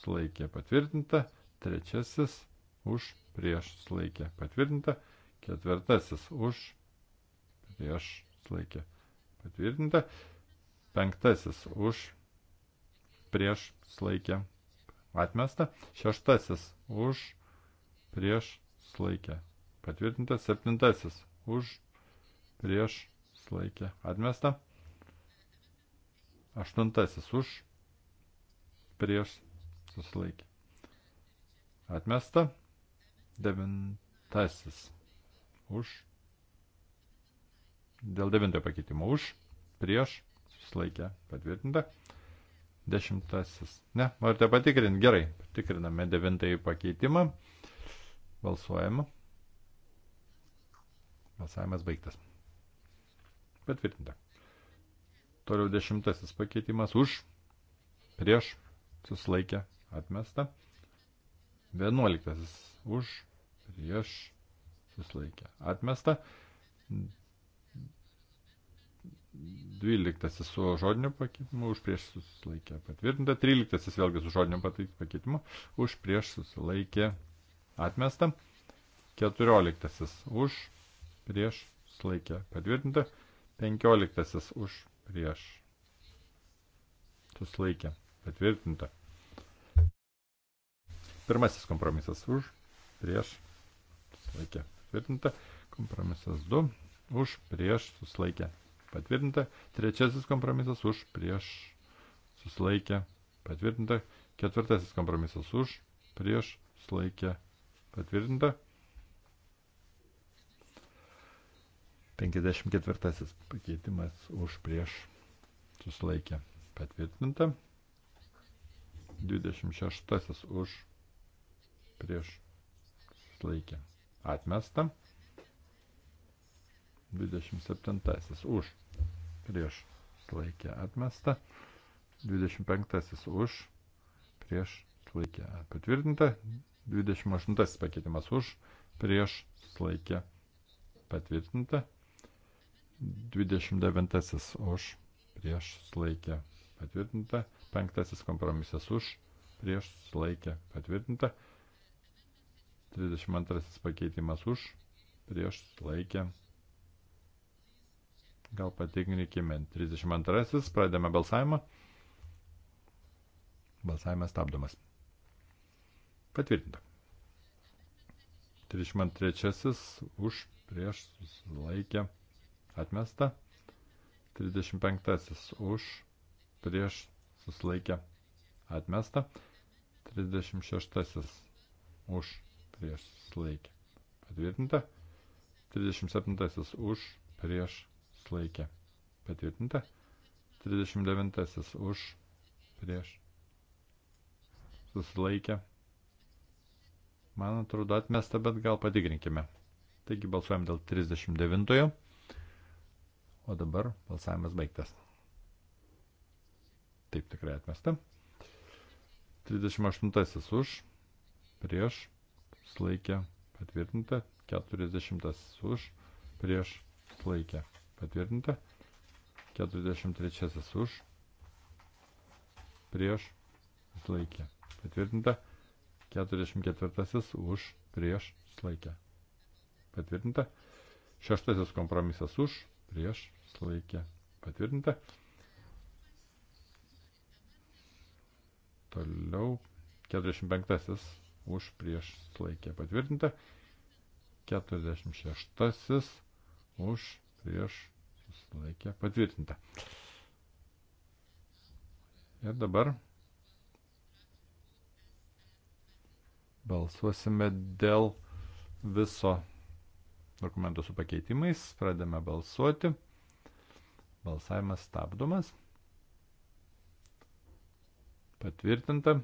laikė patvirtinta. Trečiasis už, prieš sulaikė patvirtinta, ketvirtasis už, prieš sulaikė patvirtinta, penktasis už, prieš sulaikė atmesta, šeštasis už, prieš sulaikė patvirtinta, septintasis už, prieš sulaikė atmesta, aštuntasis už, prieš susilaikė atmesta. Devintasis. Už. Dėl devintojo pakeitimo. Už. Prieš. Susilaikė. Patvirtinta. Dešimtasis. Ne, norite patikrinti? Gerai. Patikriname devintąjį pakeitimą. Balsuojama. Balsavimas baigtas. Patvirtinta. Toliau dešimtasis pakeitimas už, prieš, susilaikė, atmesta. Vienuoliktasis už, prieš susilaikę atmesta. Dvyliktasis su žodiniu pakeitimu, už prieš susilaikę patvirtinta. Tryliktasis vėlgi su žodiniu pakeitimu, už prieš susilaikę atmesta. Keturioliktasis už prieš susilaikę patvirtinta. Penkioliktasis už prieš susilaikę patvirtinta. Pirmasis kompromisas už prieš susilaikė patvirtinta, kompromisas 2 už prieš susilaikė patvirtinta, trečiasis kompromisas už prieš susilaikė patvirtinta, ketvirtasis kompromisas už prieš susilaikė patvirtinta. 54 pakeitimas už prieš susilaikė patvirtinta. 26 už prieš susilaikė Atmesta. 27. Už. Prieš. Laikė atmesta. 25. Už. Prieš. Laikė patvirtinta. 28. Pakeitimas už. Prieš. Laikė patvirtinta. 29. Už. Prieš. Laikė patvirtinta. 5. Kompromisas už. Prieš. Laikė patvirtinta. 22 pakeitimas už, prieš laikė. Gal patikrinkime. 32 pradėme balsavimą. Balsavimas stabdomas. Patvirtinta. 33 už, prieš laikė. Atmesta. 35 už, prieš susilaikė. Atmesta. 36 už, prieš slaikę. Patvirtinta. 37 už prieš slaikę. Patvirtinta. 39 už prieš susilaikę. Man atrodo atmesta, bet gal patikrinkime. Taigi balsuojam dėl 39. O dabar balsavimas baigtas. Taip tikrai atmesta. 38 už prieš slaikė patvirtinta, 40 už, prieš slaikė patvirtinta, 43 už, prieš slaikė patvirtinta, 44 už, prieš slaikė patvirtinta, 6 kompromisas už, prieš slaikė patvirtinta. Toliau 45 už prieš laikė patvirtinta, 46 už prieš laikė patvirtinta. Ir dabar balsuosime dėl viso dokumento su pakeitimais. Pradame balsuoti. Balsavimas stabdomas. Patvirtinta.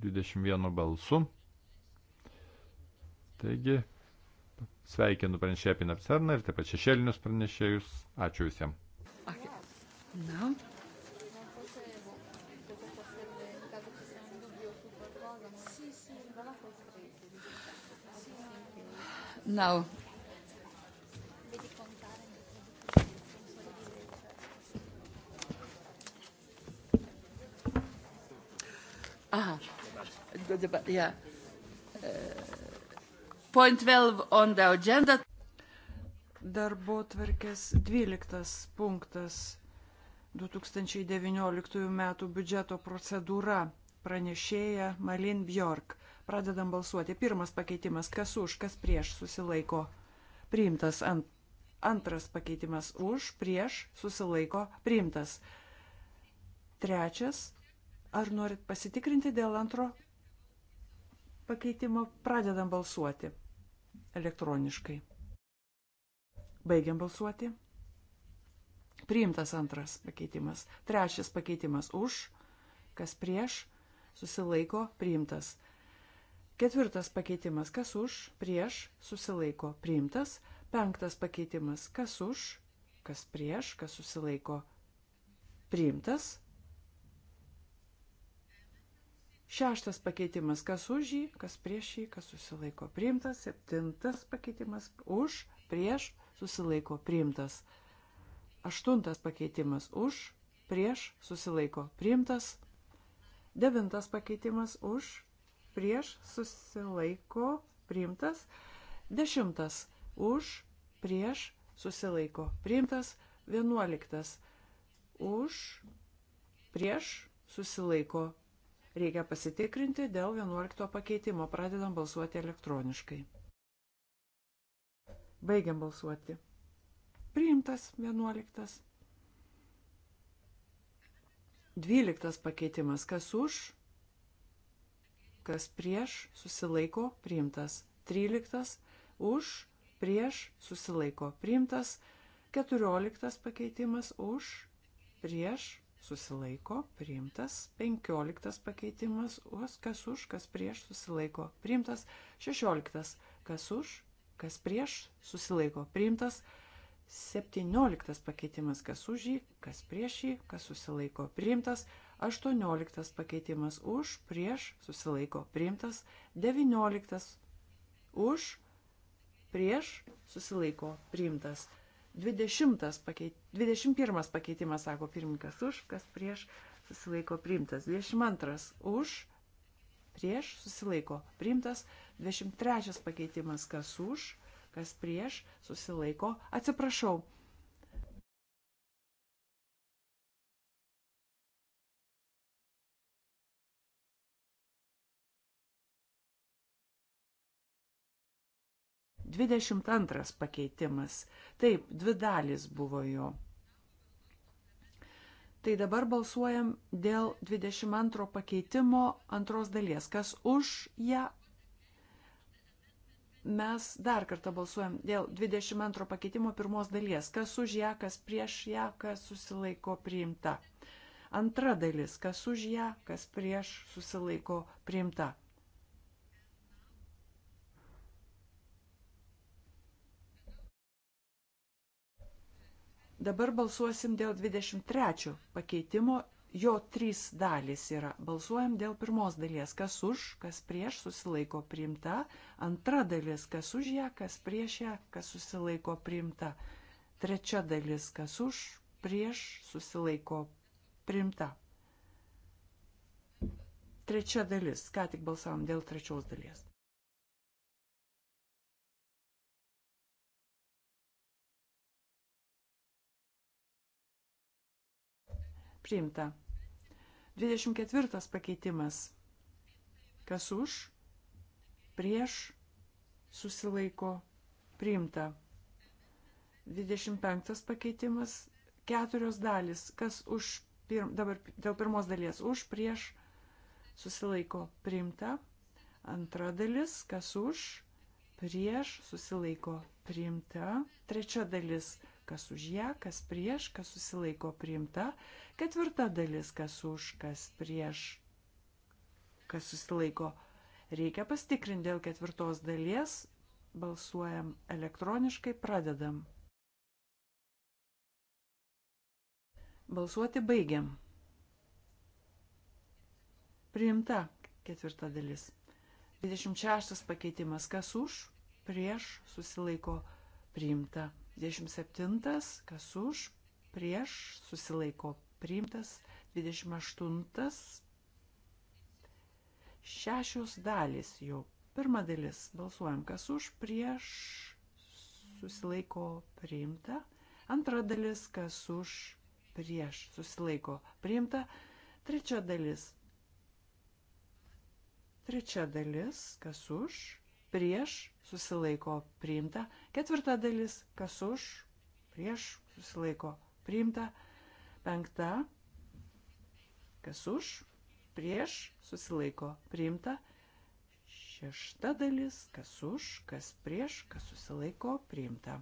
21 balsu. Taigi, sveikinu pranešėją Pinapserną ir taip pat šešėlinius pranešėjus. Ačiū visiems. Okay. No. Now, Aha go debate. Yeah. Uh, point 12 on the agenda. Darbo tvarkės 12 punktas 2019 m. biudžeto procedūra pranešėja Malin Bjork. Pradedam balsuoti. Pirmas pakeitimas - kas už, kas prieš susilaiko. Priimtas. Ant, antras pakeitimas - už, prieš susilaiko. Priimtas. Trečias. Ar norit pasitikrinti dėl antro pakeitimo pradedam balsuoti elektroniškai. Baigiam balsuoti. Priimtas antras pakeitimas. Trečias pakeitimas už, kas prieš, susilaiko, priimtas. Ketvirtas pakeitimas, kas už, prieš, susilaiko, priimtas. Penktas pakeitimas, kas už, kas prieš, kas susilaiko, priimtas. Šeštas pakeitimas, kas už jį, kas prieš jį, kas susilaiko priimtas. Septintas pakeitimas, už, prieš, susilaiko priimtas. Aštuntas pakeitimas, už, prieš, susilaiko priimtas. Devintas pakeitimas, už, prieš, susilaiko priimtas. Dešimtas, už, prieš, susilaiko priimtas. Vienuoliktas, už, prieš, susilaiko priimtas Reikia pasitikrinti dėl 11 pakeitimo. Pradedam balsuoti elektroniškai. Baigiam balsuoti. Priimtas 11. 12 pakeitimas. Kas už? Kas prieš? Susilaiko. Priimtas. 13. Už? Prieš? Susilaiko. Priimtas. 14 pakeitimas. Už? Prieš? susilaiko, priimtas. 15 pakeitimas, os kas už, kas prieš susilaiko, priimtas. 16 kas už, kas prieš susilaiko, priimtas. 17 pakeitimas, kas už jį, kas prieš jį, kas susilaiko, priimtas. 18 pakeitimas už, prieš susilaiko, priimtas. 19 už, prieš susilaiko, priimtas. 20 pakeit, 21 pakeitimas, sako pirmininkas, už, kas prieš susilaiko priimtas. 22 už, prieš susilaiko priimtas. 23 pakeitimas, kas už, kas prieš susilaiko. Atsiprašau, 22 pakeitimas. Taip, dvi dalys buvo jo. Tai dabar balsuojam dėl 22 pakeitimo antros dalies. Kas už ją? Mes dar kartą balsuojam dėl 22 pakeitimo pirmos dalies. Kas už ją, kas prieš ją, kas susilaiko priimta. Antra dalis. Kas už ją, kas prieš susilaiko priimta. Dabar balsuosim dėl 23 pakeitimo. Jo trys dalys yra. Balsuojam dėl pirmos dalies, kas už, kas prieš, susilaiko priimta. Antra dalis, kas už ją, kas prieš ją, kas susilaiko priimta. Trečia dalis, kas už, prieš, susilaiko priimta. Trečia dalis, ką tik balsavom dėl trečios dalies. Priimta. 24 pakeitimas. Kas už? Prieš? Susilaiko. Priimta. 25 pakeitimas. Keturios dalis. Kas už? Pirm, dabar dėl pirmos dalies. Už? Prieš? Susilaiko. Priimta. Antra dalis. Kas už? Prieš? Susilaiko. Priimta. Trečia dalis kas už ją, kas prieš, kas susilaiko priimta. Ketvirta dalis, kas už, kas prieš, kas susilaiko. Reikia pastikrinti dėl ketvirtos dalies. Balsuojam elektroniškai, pradedam. Balsuoti baigiam. Priimta ketvirta dalis. 26 pakeitimas, kas už, prieš, susilaiko priimta. 27. Kas už, prieš, susilaiko priimtas. 28. Šešios dalys jau. Pirma dalis. Balsuojam, kas už, prieš, susilaiko priimta. Antra dalis, kas už, prieš, susilaiko priimta. Trečia dalis. Trečia dalis, kas už, prieš susilaiko priimta. Ketvirta dalis, kas už, prieš susilaiko priimta. Penkta, kas už, prieš susilaiko priimta. Šešta dalis, kas už, kas prieš, kas susilaiko priimta.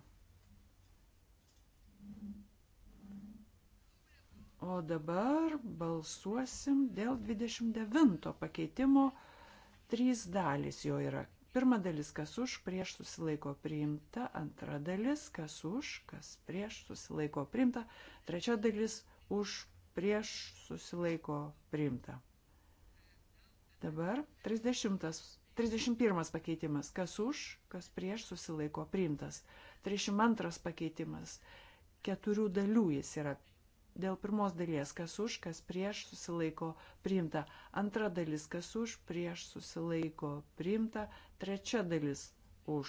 O dabar balsuosim dėl 29 pakeitimo. Trys dalys jo yra. Pirma dalis, kas už, prieš susilaiko priimta. Antra dalis, kas už, kas prieš susilaiko priimta. Trečia dalis, už, prieš susilaiko priimta. Dabar 30, 31 pakeitimas, kas už, kas prieš susilaiko priimtas. 32 pakeitimas, keturių dalių jis yra dėl pirmos dalies, kas už, kas prieš susilaiko priimta. Antra dalis, kas už, prieš susilaiko priimta. Trečia dalis, už,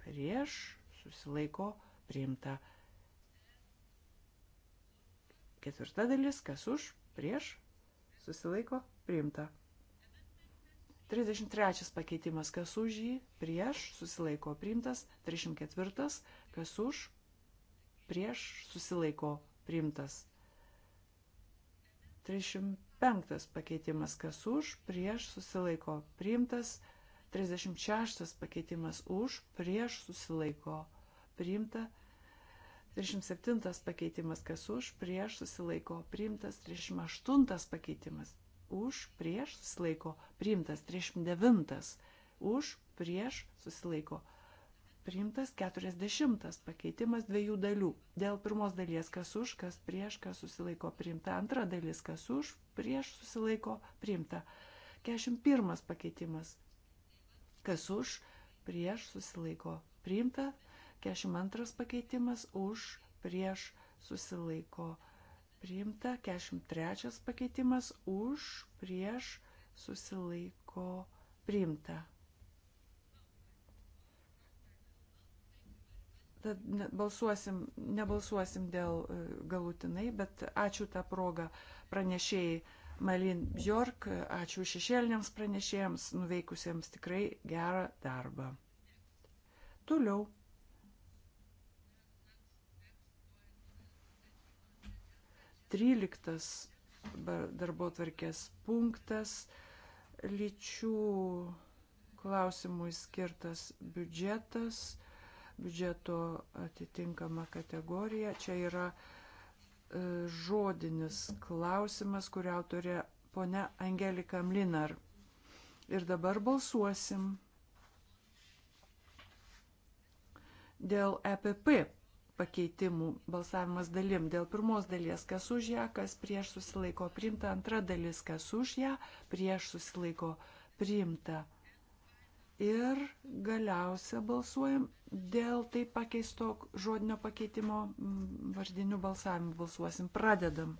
prieš susilaiko priimta. Ketvirta dalis, kas už, prieš susilaiko priimta. 33 pakeitimas, kas už jį, prieš susilaiko priimtas. 34, kas už, prieš susilaiko priimtas. 35 pakeitimas kas už, prieš susilaiko priimtas. 36 pakeitimas už, prieš susilaiko priimta. 37 pakeitimas kas už, prieš susilaiko priimtas. 38 pakeitimas už, prieš susilaiko priimtas. 39 už, prieš susilaiko priimtas priimtas 40 pakeitimas dviejų dalių. Dėl pirmos dalies kas už, kas prieš, kas susilaiko priimta. Antra dalis kas už, prieš susilaiko priimta. 41 pakeitimas kas už, prieš susilaiko priimta. 42 pakeitimas už, prieš susilaiko priimta. 43 pakeitimas už, prieš susilaiko priimta. Tad balsuosim, nebalsuosim dėl e, galutinai, bet ačiū tą progą pranešėjai Malin Bjork, ačiū šešėliniams pranešėjams, nuveikusiems tikrai gerą darbą. Toliau. Tryliktas darbo tvarkės punktas - lyčių klausimui skirtas biudžetas biudžeto atitinkamą kategoriją. Čia yra e, žodinis klausimas, kurio autorė ponia Angelika Mlinar. Ir dabar balsuosim dėl EPP pakeitimų balsavimas dalim. Dėl pirmos dalies, kas už ją, kas prieš susilaiko priimta, antra dalis, kas už ją, prieš susilaiko priimta. Ir galiausia balsuojam dėl taip pakeisto žodinio pakeitimo mm, vardiniu balsavimu balsuosim. Pradedam.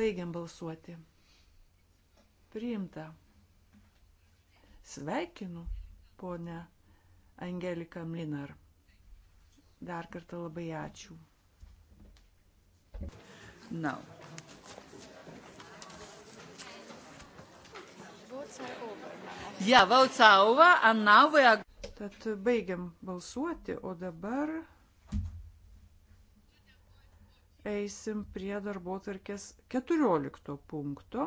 Baigiam balsuoti. Priimta. Sveikinu, ponę Angeliką Mlinar. Dar kartą labai ačiū. Now. Yeah, votes are over and now we are... Tad baigiam balsuoti, o dabar eisim prie darbo tarkės 14 punkto.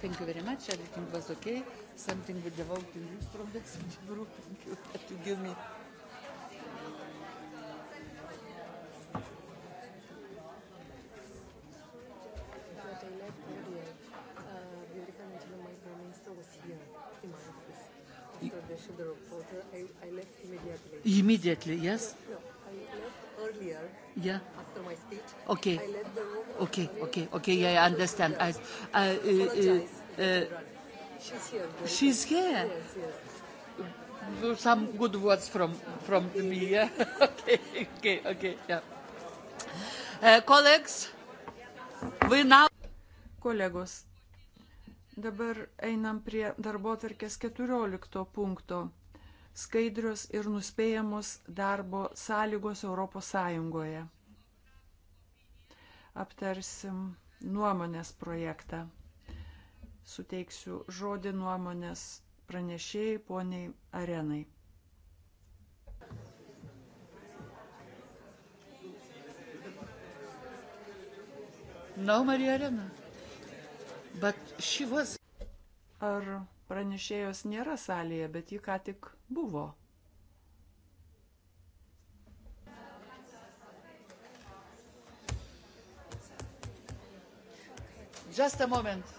Thank you very much. Everything was okay. Something with the voting list from the group. Thank you that you give me. to the reporter. I, I left immediately. Immediately, yes? No, I left earlier. Yeah. After my speech. Okay. I left the room. Okay, okay, okay. Yeah, yeah I understand. Yeah. I, I uh, uh, apologize. Uh, uh, she's here. Right? She's here. Yes, yes. Some good words from from me. Yeah. okay, okay, okay. Yeah. Uh, colleagues, we now. Kolegos, Dabar einam prie darbo tarkės 14 punkto. Skaidrios ir nuspėjamos darbo sąlygos Europos Sąjungoje. Aptarsim nuomonės projektą. Suteiksiu žodį nuomonės pranešėjai poniai Arenai. No, Marija Arena. Was... Ar pranešėjos nėra salėje, bet ji ką tik buvo? Just a moment.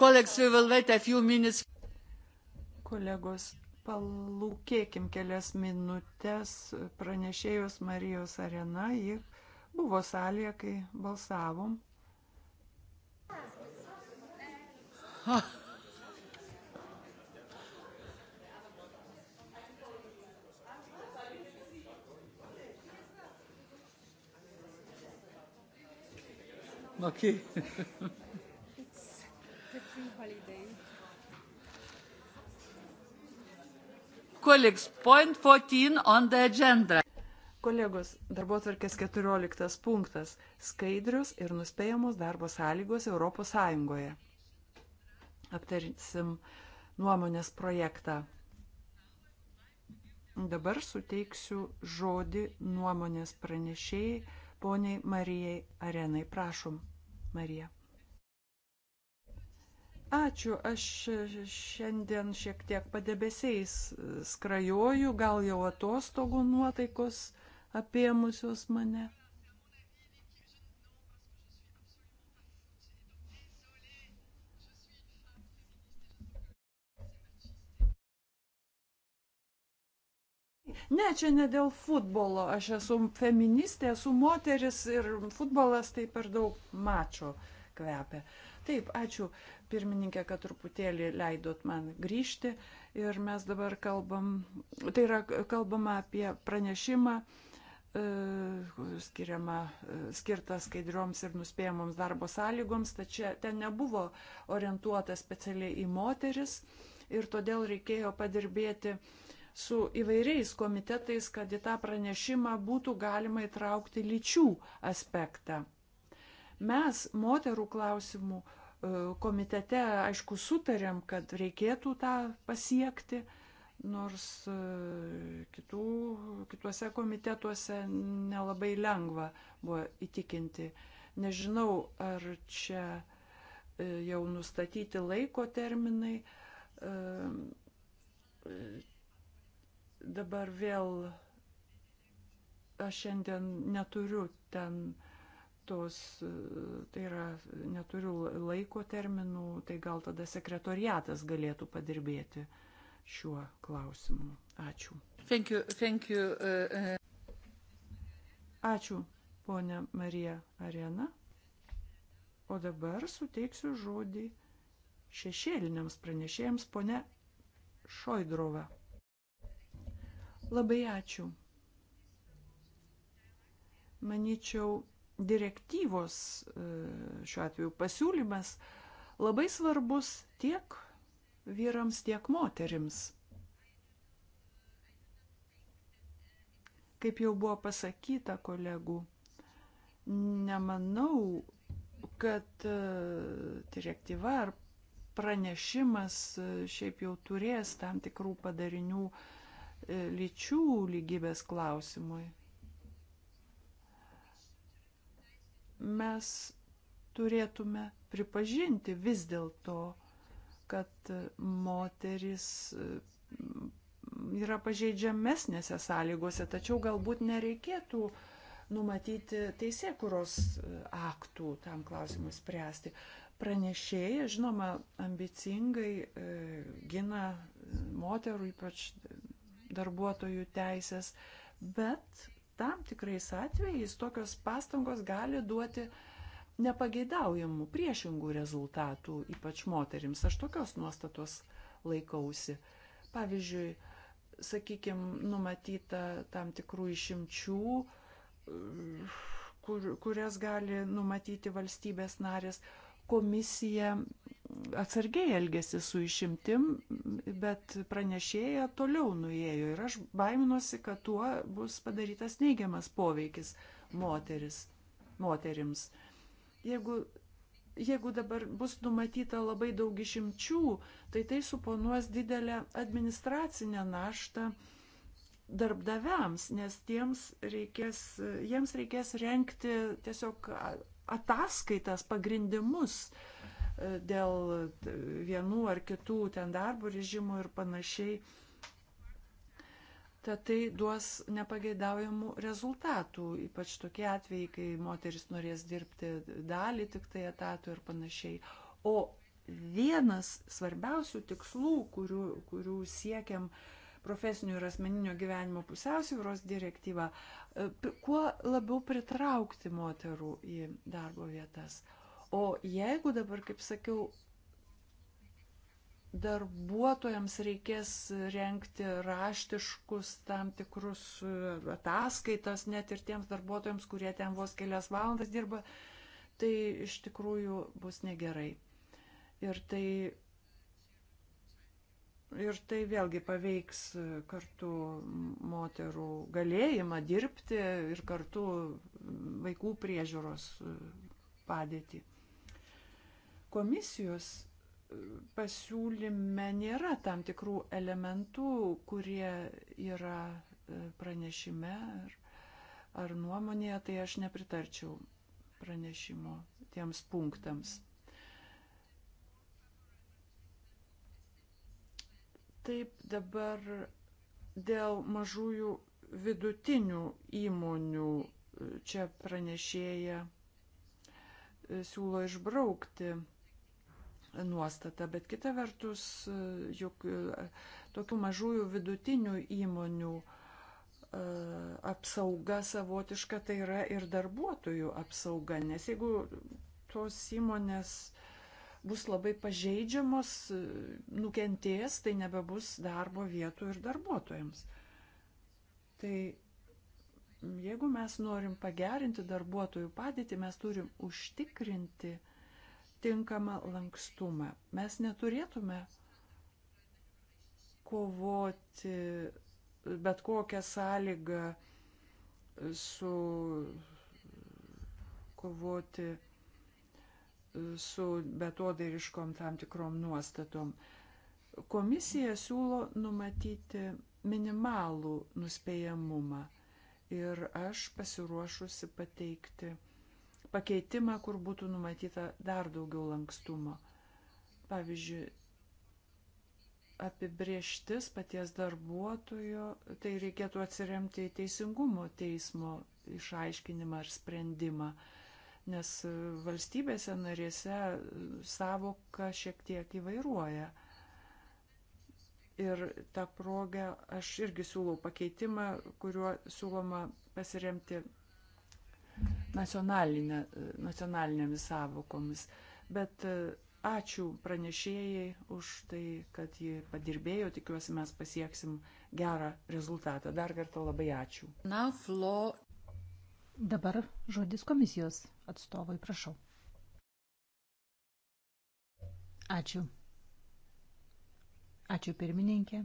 Colleagues, we will wait a few minutes. Kolegos, palūkėkim kelias minutės pranešėjos Marijos arena. Ji buvo salėje, kai balsavom. Ha. Okay holiday. Colleagues, point 14 on the agenda. Kolegos, darbo tvarkės 14 punktas - skaidrius ir nuspėjamos darbo sąlygos Europos Sąjungoje. Aptarinsim nuomonės projektą. Dabar suteiksiu žodį nuomonės pranešėjai poniai Marijai Arenai. Prašom, Marija. Ačiū, aš šiandien šiek tiek padebesiais skrajoju, gal jau atostogų nuotaikos apėmusios mane. Ne, čia ne dėl futbolo. Aš esu feministė, esu moteris ir futbolas tai per daug mačio kvepia. Uh, Taip, ačiū pirmininkė, kad truputėlį leidot man grįžti. Ir mes dabar kalbam, tai yra kalbama apie pranešimą e, skiriama, e, skirta skaidrioms ir nuspėjamoms darbo sąlygoms, tačiau ten nebuvo orientuota specialiai į moteris ir todėl reikėjo padirbėti su įvairiais komitetais, kad į tą pranešimą būtų galima įtraukti lyčių aspektą. Mes moterų klausimų e, komitete, aišku, sutarėm, kad reikėtų tą pasiekti, nors e, kitų, kituose komitetuose nelabai lengva buvo įtikinti. Nežinau, ar čia e, jau nustatyti laiko terminai. Dabar vėl aš šiandien neturiu ten uh, vietos, tai yra neturiu laiko terminų, tai gal tada sekretoriatas galėtų padirbėti šiuo klausimu. Ačiū. Thank you, thank you, uh, uh. Ačiū, ponia Marija Arena. O dabar suteiksiu žodį šešėliniams pranešėjams, ponia Šoidrova. Labai ačiū manyčiau, direktyvos e, šiuo atveju pasiūlymas labai svarbus tiek vyrams, tiek moterims. Kaip jau buvo pasakyta kolegų, nemanau, kad e, direktyva ar pranešimas e, šiaip jau turės tam tikrų padarinių lyčių lygybės klausimui. mes turėtume pripažinti vis dėlto, kad moteris mm, yra pažeidžiamesnėse sąlygose, tačiau galbūt nereikėtų numatyti teisėkuros e, aktų tam klausimui spręsti. Pranešėja, žinoma, ambicingai e, gina moterų, ypač darbuotojų teisės, bet tam tikrais atvejais tokios pastangos gali duoti nepageidaujamų priešingų rezultatų, ypač moterims. Aš tokios nuostatos laikausi. Pavyzdžiui, sakykime, numatyta tam tikrų išimčių, kur, kurias gali numatyti valstybės narės. Komisija atsargiai elgėsi su išimtim, bet pranešėja toliau nuėjo ir aš baiminuosi, kad tuo bus padarytas neigiamas poveikis moteris, moterims. Jeigu, jeigu dabar bus numatyta labai daug išimčių, tai tai suponuos didelę administracinę naštą darbdaviams, nes tiems reikės, jiems reikės renkti tiesiog ataskaitas, pagrindimus. Uh, dėl vienų ar kitų ten darbo režimų ir panašiai. Tad tai duos nepageidaujamų rezultatų, ypač tokie atvejai, kai moteris norės dirbti dalį tik tai etatų ir panašiai. O vienas svarbiausių tikslų, kurių, kurių siekiam profesinio ir asmeninio gyvenimo pusiausvyros direktyvą, e, kuo labiau pritraukti moterų į darbo vietas. O jeigu dabar, kaip sakiau, darbuotojams reikės renkti raštiškus tam tikrus e, ataskaitas, net ir tiems darbuotojams, kurie ten vos kelias valandas dirba, tai iš tikrųjų bus negerai. Ir tai, ir tai vėlgi paveiks e, kartu moterų galėjimą dirbti ir kartu vaikų priežiūros e, padėtį. Komisijos e, pasiūlyme nėra tam tikrų elementų, kurie yra e, pranešime ar, ar nuomonėje, tai aš nepritarčiau pranešimo tiems punktams. Taip dabar dėl mažųjų vidutinių įmonių e, čia pranešėja siūlo išbraukti nuostata, bet kita vertus, e, juk e, tokių mažųjų vidutinių įmonių e, apsauga savotiška tai yra ir darbuotojų apsauga, nes jeigu tos įmonės bus labai pažeidžiamos, nukentės, tai nebebus darbo vietų ir darbuotojams. Tai jeigu mes norim pagerinti darbuotojų padėtį, mes turim užtikrinti, tinkamą lankstumą. Mes neturėtume kovoti bet kokią sąlygą su kovoti su betodairiškom tam tikrom nuostatom. Komisija siūlo numatyti minimalų nuspėjamumą ir aš pasiruošusi pateikti pakeitimą, kur būtų numatyta dar daugiau lankstumo. Pavyzdžiui, apibrieštis paties darbuotojo, tai reikėtų atsiremti į teisingumo teismo išaiškinimą ar sprendimą, nes valstybėse narėse savoka šiek tiek įvairuoja. Ir tą progą aš irgi siūlau pakeitimą, kuriuo siūloma pasiremti nacionalinė, nacionalinėmis savokomis. Bet e, ačiū pranešėjai už tai, kad ji padirbėjo, tikiuosi mes pasieksim gerą rezultatą. Dar kartą labai ačiū. Na, Flo. Dabar žodis komisijos atstovai, prašau. Ačiū. Ačiū pirmininkė.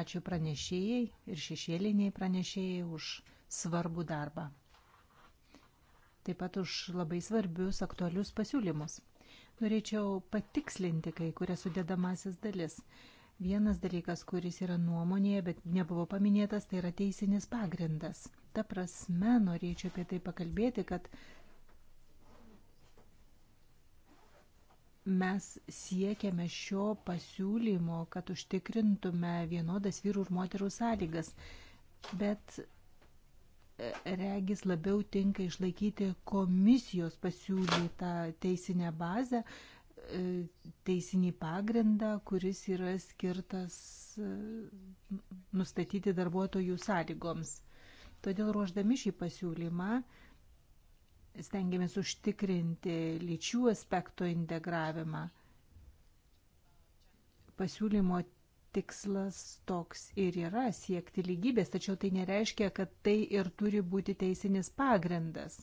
Ačiū pranešėjai ir šešėliniai pranešėjai už svarbų darbą taip pat už labai svarbius aktualius pasiūlymus. Norėčiau patikslinti kai kurias sudėdamasis dalis. Vienas dalykas, kuris yra nuomonėje, bet nebuvo paminėtas, tai yra teisinis pagrindas. Ta prasme, norėčiau apie tai pakalbėti, kad mes siekiame šio pasiūlymo, kad užtikrintume vienodas vyrų ir moterų sąlygas. Bet regis labiau tinka išlaikyti komisijos pasiūlytą teisinę bazę, e, teisinį pagrindą, kuris yra skirtas e, nustatyti darbuotojų sąlygoms. Todėl ruoždami šį pasiūlymą stengiamės užtikrinti lyčių aspekto integravimą. Pasiūlymo tikslas toks ir yra siekti lygybės, tačiau tai nereiškia, kad tai ir turi būti teisinis pagrindas.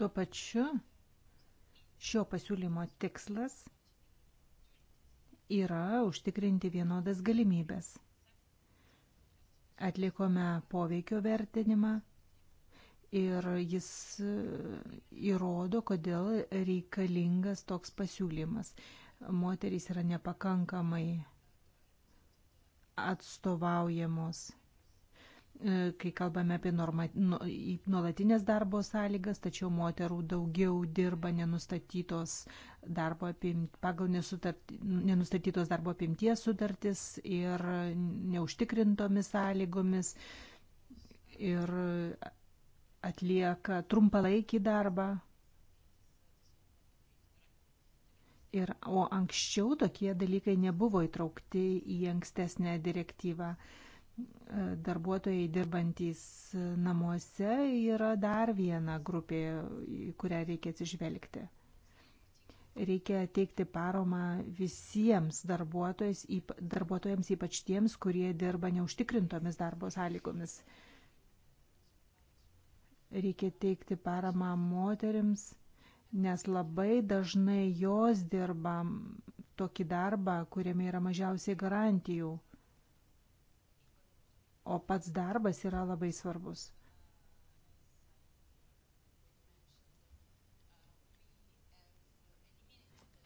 Tuo pačiu šio pasiūlymo tikslas yra užtikrinti vienodas galimybės. Atlikome poveikio vertinimą ir jis e, įrodo, kodėl reikalingas toks pasiūlymas. Moterys yra nepakankamai atstovaujamos e, kai kalbame apie norma, nu, nuolatinės darbo sąlygas, tačiau moterų daugiau dirba nenustatytos darbo apimt, pagal nesutart, nenustatytos darbo apimties sutartis ir neužtikrintomis sąlygomis. Ir atlieka trumpalaikį darbą. Ir, o anksčiau tokie dalykai nebuvo įtraukti į ankstesnę direktyvą. Darbuotojai dirbantys namuose yra dar viena grupė, į kurią reikia atsižvelgti. Reikia teikti paromą visiems darbuotojams, ypač tiems, kurie dirba neužtikrintomis darbo sąlygomis reikia teikti paramą moterims, nes labai dažnai jos dirba tokį darbą, kuriame yra mažiausiai garantijų. O pats darbas yra labai svarbus.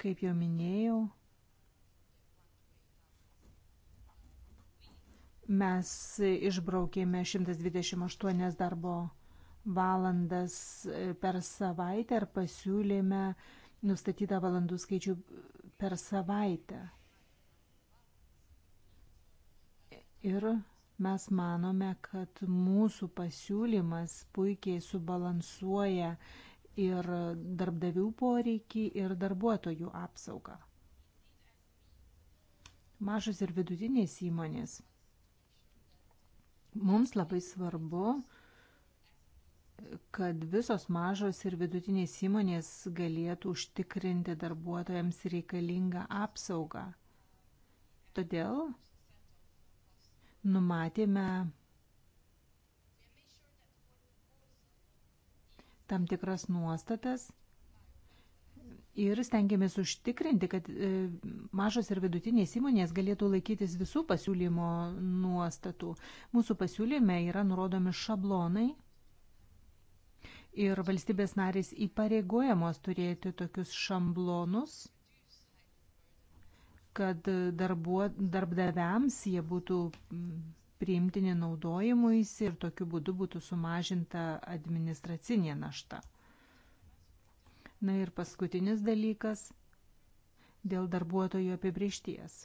Kaip jau minėjau, mes išbraukėme 128 darbo valandas e, per savaitę ar pasiūlėme nustatytą valandų skaičių per savaitę. Ir mes manome, kad mūsų pasiūlymas puikiai subalansuoja ir darbdavių poreikį, ir darbuotojų apsaugą. Mažos ir vidutinės įmonės. Mums labai svarbu, kad visos mažos ir vidutinės įmonės galėtų užtikrinti darbuotojams reikalingą apsaugą. Todėl numatėme tam tikras nuostatas ir stengiamės užtikrinti, kad e, mažos ir vidutinės įmonės galėtų laikytis visų pasiūlymo nuostatų. Mūsų pasiūlyme yra nurodomi šablonai ir valstybės narys įpareigojamos turėti tokius šamblonus, kad darbuo, darbdaviams jie būtų priimtini naudojimuisi ir tokiu būdu būtų sumažinta administracinė našta. Na ir paskutinis dalykas dėl darbuotojų apibriešties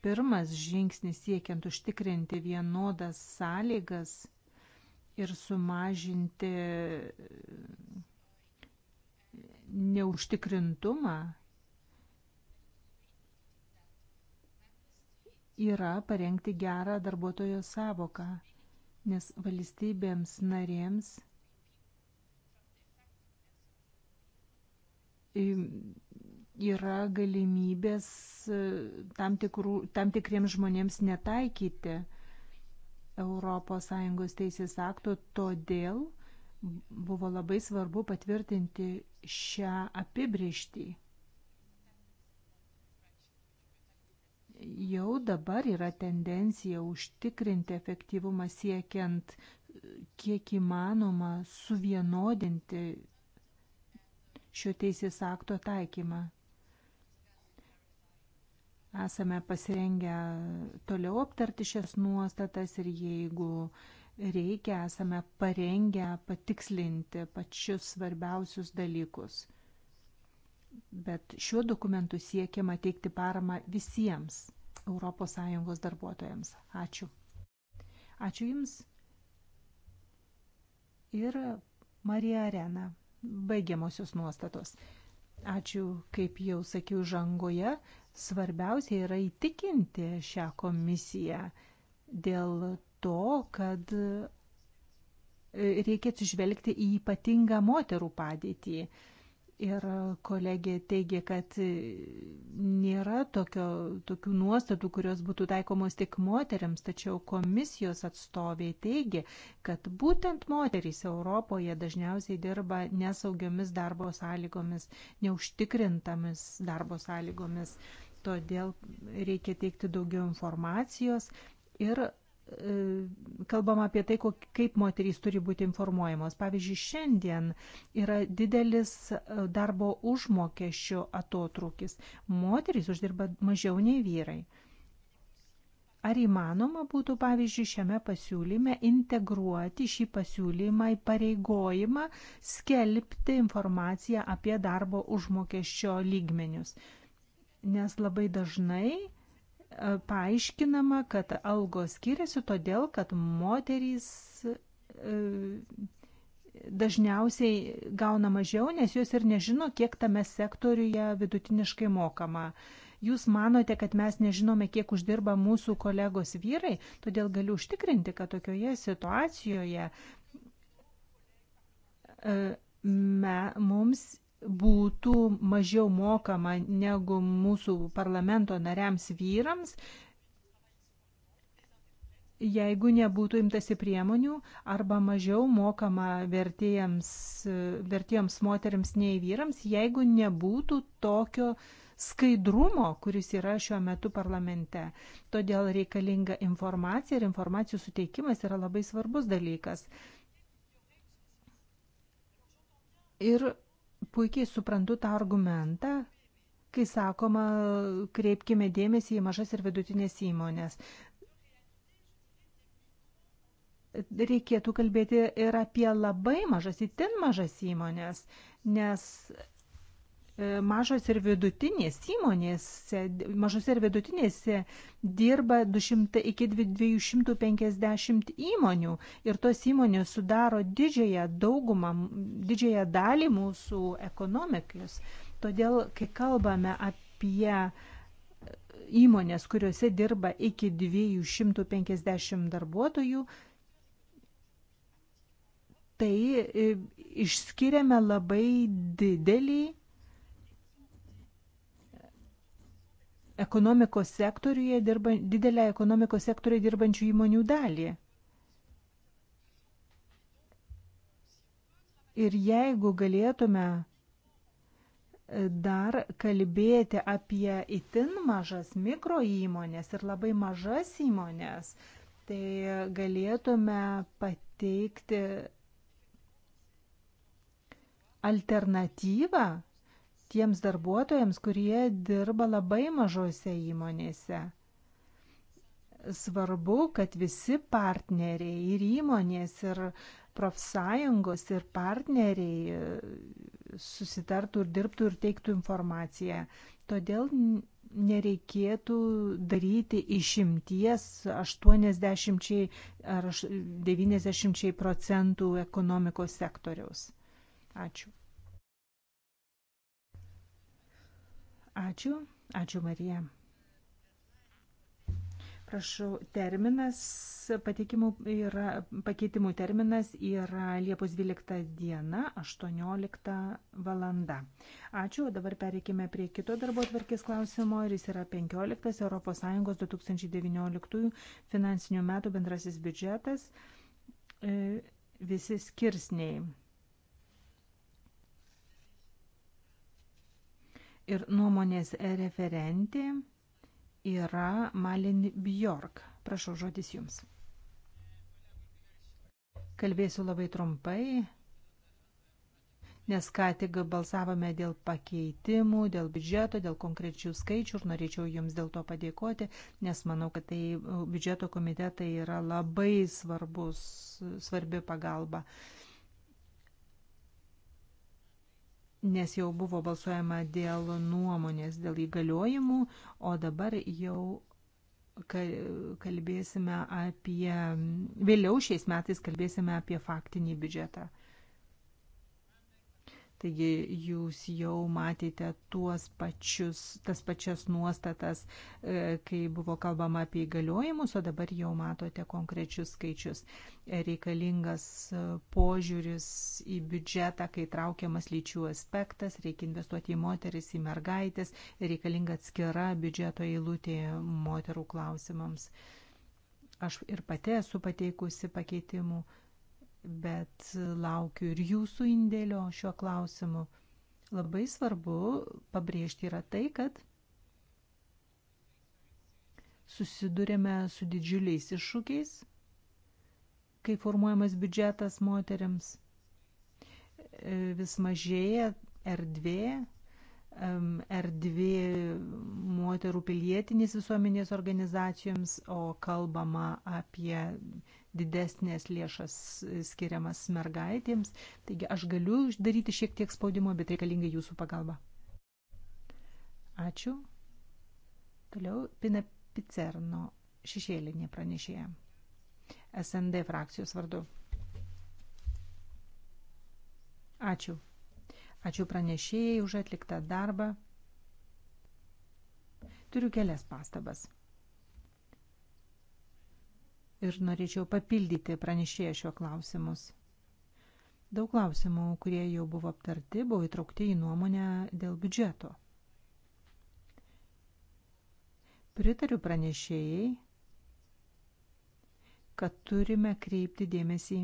pirmas žingsnis siekiant užtikrinti vienodas sąlygas ir sumažinti e, neužtikrintumą yra parengti gerą darbuotojo savoką, nes valstybėms narėms yra galimybės e, tam, tikrų, tam tikriems žmonėms netaikyti ES teisės akto, todėl buvo labai svarbu patvirtinti šią apibriežtį. Jau dabar yra tendencija užtikrinti efektyvumą siekiant kiek įmanoma suvienodinti šio teisės akto taikymą. Esame pasirengę toliau aptarti šias nuostatas ir jeigu reikia, esame parengę patikslinti pačius svarbiausius dalykus. Bet šiuo dokumentu siekiama teikti paramą visiems ES darbuotojams. Ačiū. Ačiū Jums. Ir Marija Arena. Baigiamosios nuostatos. Ačiū, kaip jau sakiau, žangoje. Svarbiausia yra įtikinti šią komisiją dėl to, kad reikia atsižvelgti į ypatingą moterų padėtį. Ir kolegė teigia, kad nėra tokio, tokių nuostatų, kurios būtų taikomos tik moteriams, tačiau komisijos atstoviai teigia, kad būtent moterys Europoje dažniausiai dirba nesaugiomis darbo sąlygomis, neužtikrintomis darbo sąlygomis. Todėl reikia teikti daugiau informacijos ir kalbama apie tai, kaip moterys turi būti informuojamos. Pavyzdžiui, šiandien yra didelis e, darbo užmokesčio atotrūkis. Moterys uždirba mažiau nei vyrai. Ar įmanoma būtų, pavyzdžiui, šiame pasiūlyme integruoti šį pasiūlymą į pareigojimą skelbti informaciją apie darbo užmokesčio lygmenius? Nes labai dažnai paaiškinama, kad algos skiriasi todėl, kad moterys e, dažniausiai gauna mažiau, nes jos ir nežino, kiek tame sektoriuje vidutiniškai mokama. Jūs manote, kad mes nežinome, kiek uždirba mūsų kolegos vyrai, todėl galiu užtikrinti, kad tokioje situacijoje e, me, mums būtų mažiau mokama negu mūsų parlamento nariams vyrams, jeigu nebūtų imtasi priemonių arba mažiau mokama vertėjams, vertėjams moteriams nei vyrams, jeigu nebūtų tokio skaidrumo, kuris yra šiuo metu parlamente. Todėl reikalinga informacija ir informacijų suteikimas yra labai svarbus dalykas. Ir puikiai suprantu tą argumentą, kai sakoma, kreipkime dėmesį į mažas ir vidutinės įmonės. Reikėtų kalbėti ir apie labai mažas, įtin mažas įmonės, nes E, mažos ir vidutinės įmonėse, mažose ir vidutinėse dirba 200 iki 250 įmonių ir tos įmonės sudaro didžiąją daugumą, didžiąją dalį mūsų ekonomikos. Todėl, kai kalbame apie įmonės, kuriuose dirba iki 250 darbuotojų, tai e, išskiriame labai didelį ekonomikos sektoriuje dirba, didelę ekonomikos sektoriuje dirbančių įmonių dalį. Ir jeigu galėtume e, dar kalbėti apie itin mažas mikro įmonės ir labai mažas įmonės, tai galėtume pateikti alternatyvą tiems darbuotojams, kurie dirba labai mažose įmonėse. Svarbu, kad visi partneriai ir įmonės ir profsąjungos ir partneriai susitartų ir dirbtų ir teiktų informaciją. Todėl nereikėtų daryti išimties 80 ar 90 procentų ekonomikos sektoriaus. Ačiū. Ačiū. Ačiū, Marija. Prašau, terminas pateikimų yra, pakeitimų terminas yra Liepos 12 diena, 18 valanda. Ačiū, dabar pereikime prie kito darbo atvarkės klausimo ir jis yra 15 ES 2019 finansinių metų bendrasis biudžetas. E, visi skirsniai. Ir nuomonės referentė yra Malin Bjork. Prašau, žodis jums. Kalbėsiu labai trumpai, nes ką tik balsavome dėl pakeitimų, dėl biudžeto, dėl konkrečių skaičių ir norėčiau jums dėl to padėkoti, nes manau, kad tai uh, biudžeto komitetai yra labai svarbus, svarbi pagalba. Uh, nes jau buvo balsuojama dėl nuomonės, dėl įgaliojimų, o dabar jau kalbėsime apie, vėliau šiais metais kalbėsime apie faktinį biudžetą. Taigi jūs jau matėte tuos pačius, tas pačias nuostatas, e, kai buvo kalbama apie įgaliojimus, o dabar jau matote konkrečius skaičius. Reikalingas požiūris į biudžetą, kai traukiamas lyčių aspektas, reikia investuoti į moteris, į mergaitės, reikalinga atskira biudžeto eilutė moterų klausimams. Aš ir pati esu pateikusi pakeitimų bet laukiu ir jūsų indėlio šiuo klausimu. Labai svarbu pabrėžti yra tai, kad susidurėme su didžiuliais iššūkiais, kai formuojamas biudžetas moteriams. E, vis mažėja erdvė, erdvė moterų pilietinės visuomenės organizacijoms, o kalbama apie didesnės lėšas skiriamas mergaitėms. Taigi aš galiu daryti šiek tiek spaudimo, bet reikalinga jūsų pagalba. Ačiū. Toliau Pina Picerno šešėlinė pranešėja. SND frakcijos vardu. Ačiū. Ačiū pranešėjai už atliktą darbą. Turiu kelias pastabas ir norėčiau papildyti pranešėją šio klausimus. Daug klausimų, kurie jau buvo aptarti, buvo įtraukti į nuomonę dėl biudžeto. Pritariu pranešėjai, kad turime kreipti dėmesį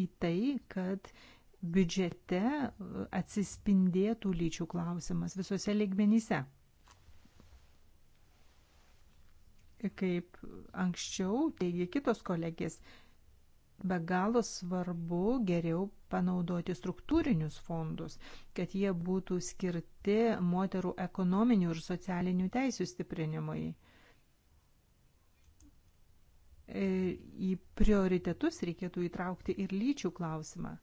į tai, kad biudžete atsispindėtų lyčių klausimas visose ligmenyse. kaip anksčiau teigia kitos kolegės, be galo svarbu geriau panaudoti struktūrinius fondus, kad jie būtų skirti moterų ekonominių ir socialinių teisų stiprinimui. E, į prioritetus reikėtų įtraukti ir lyčių klausimą.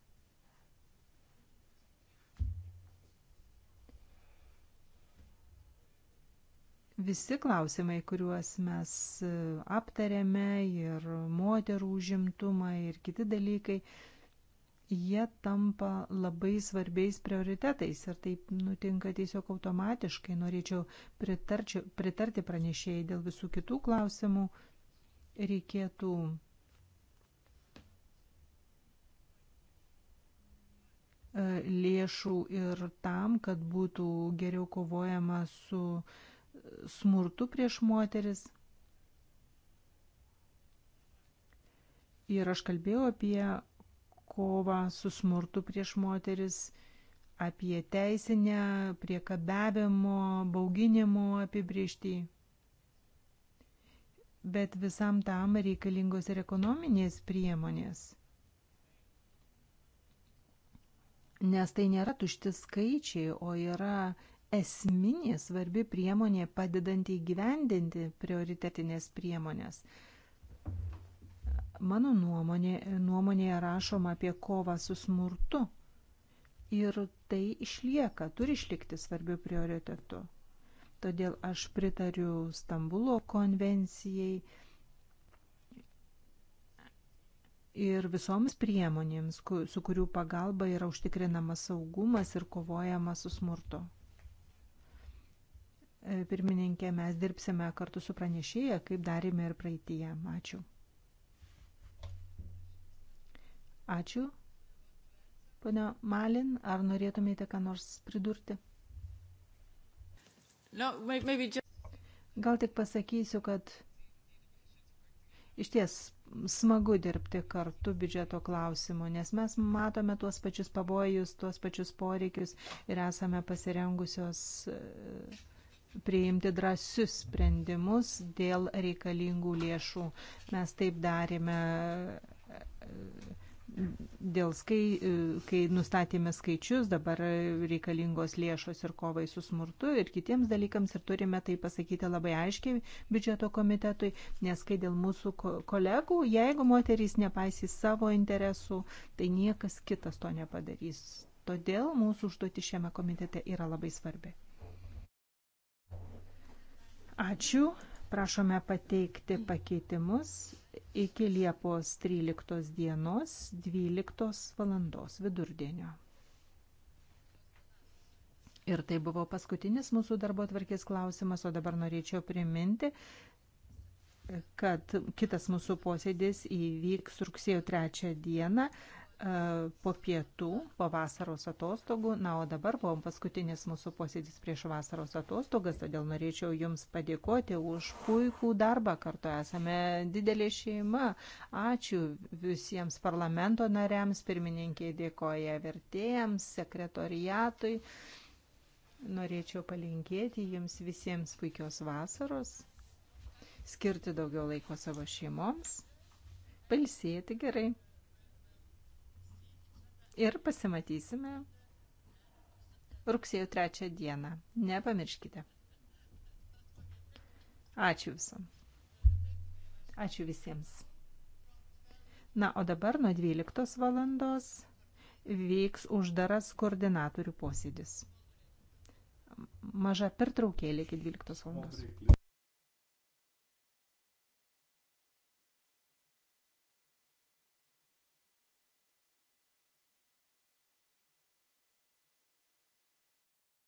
visi klausimai, kuriuos mes e, aptarėme ir moterų užimtumą ir kiti dalykai, jie tampa labai svarbiais prioritetais ir taip nutinka tiesiog automatiškai. Norėčiau pritarti pranešėjai dėl visų kitų klausimų. Reikėtų lėšų ir tam, kad būtų geriau kovojama su uh, smurtu prieš moteris. Ir aš kalbėjau apie kovą su smurtu prieš moteris, apie teisinę priekabiavimo, bauginimo apibriežtį. Bet visam tam reikalingos ir ekonominės priemonės. Nes tai nėra tušti skaičiai, o yra esminė svarbi priemonė padedanti įgyvendinti prioritetinės priemonės. Mano nuomonė, nuomonėje rašoma apie kovą su smurtu ir tai išlieka, turi išlikti svarbiu prioritetu. Todėl aš pritariu Stambulo konvencijai ir visoms priemonėms, su kurių pagalba yra užtikrinamas saugumas ir kovojama su smurtu. E, pirmininkė, mes dirbsime kartu su pranešėja, kaip darėme ir praeitie. Ačiū. Ačiū. Pane Malin, ar norėtumėte ką nors pridurti? No, maybe just... Gal tik pasakysiu, kad iš ties smagu dirbti kartu biudžeto klausimu, nes mes matome tuos pačius pavojus, tuos pačius poreikius ir esame pasirengusios uh, priimti drąsius sprendimus dėl reikalingų lėšų. Mes taip darėme dėl skai, kai nustatėme skaičius, dabar reikalingos lėšos ir kovai su smurtu ir kitiems dalykams ir turime tai pasakyti labai aiškiai biudžeto komitetui, nes kai dėl mūsų kolegų, jeigu moterys nepaisys savo interesų, tai niekas kitas to nepadarys. Todėl mūsų užduoti šiame komitete yra labai svarbi. Ačiū. Prašome pateikti pakeitimus iki Liepos 13 dienos 12 valandos vidurdienio. Ir tai buvo paskutinis mūsų darbo tvarkės klausimas, o dabar norėčiau priminti, kad kitas mūsų posėdis įvyks rugsėjo 3 dieną E, po pietų, po vasaros atostogų. Na, o dabar buvom paskutinis mūsų posėdis prieš vasaros atostogas, todėl norėčiau Jums padėkoti už puikų darbą. Kartu esame didelė šeima. Ačiū visiems parlamento nariams, pirmininkiai dėkoja vertėjams, sekretoriatui. Norėčiau palinkėti Jums visiems puikios vasaros, skirti daugiau laiko savo šeimoms, palsėti gerai ir pasimatysime rugsėjo 3 dieną. Nepamirškite. Ačiū visam. Ačiū visiems. Na, o dabar nuo 12 valandos vyks uždaras koordinatorių posėdis. Maža pertraukėlė iki 12 valandos.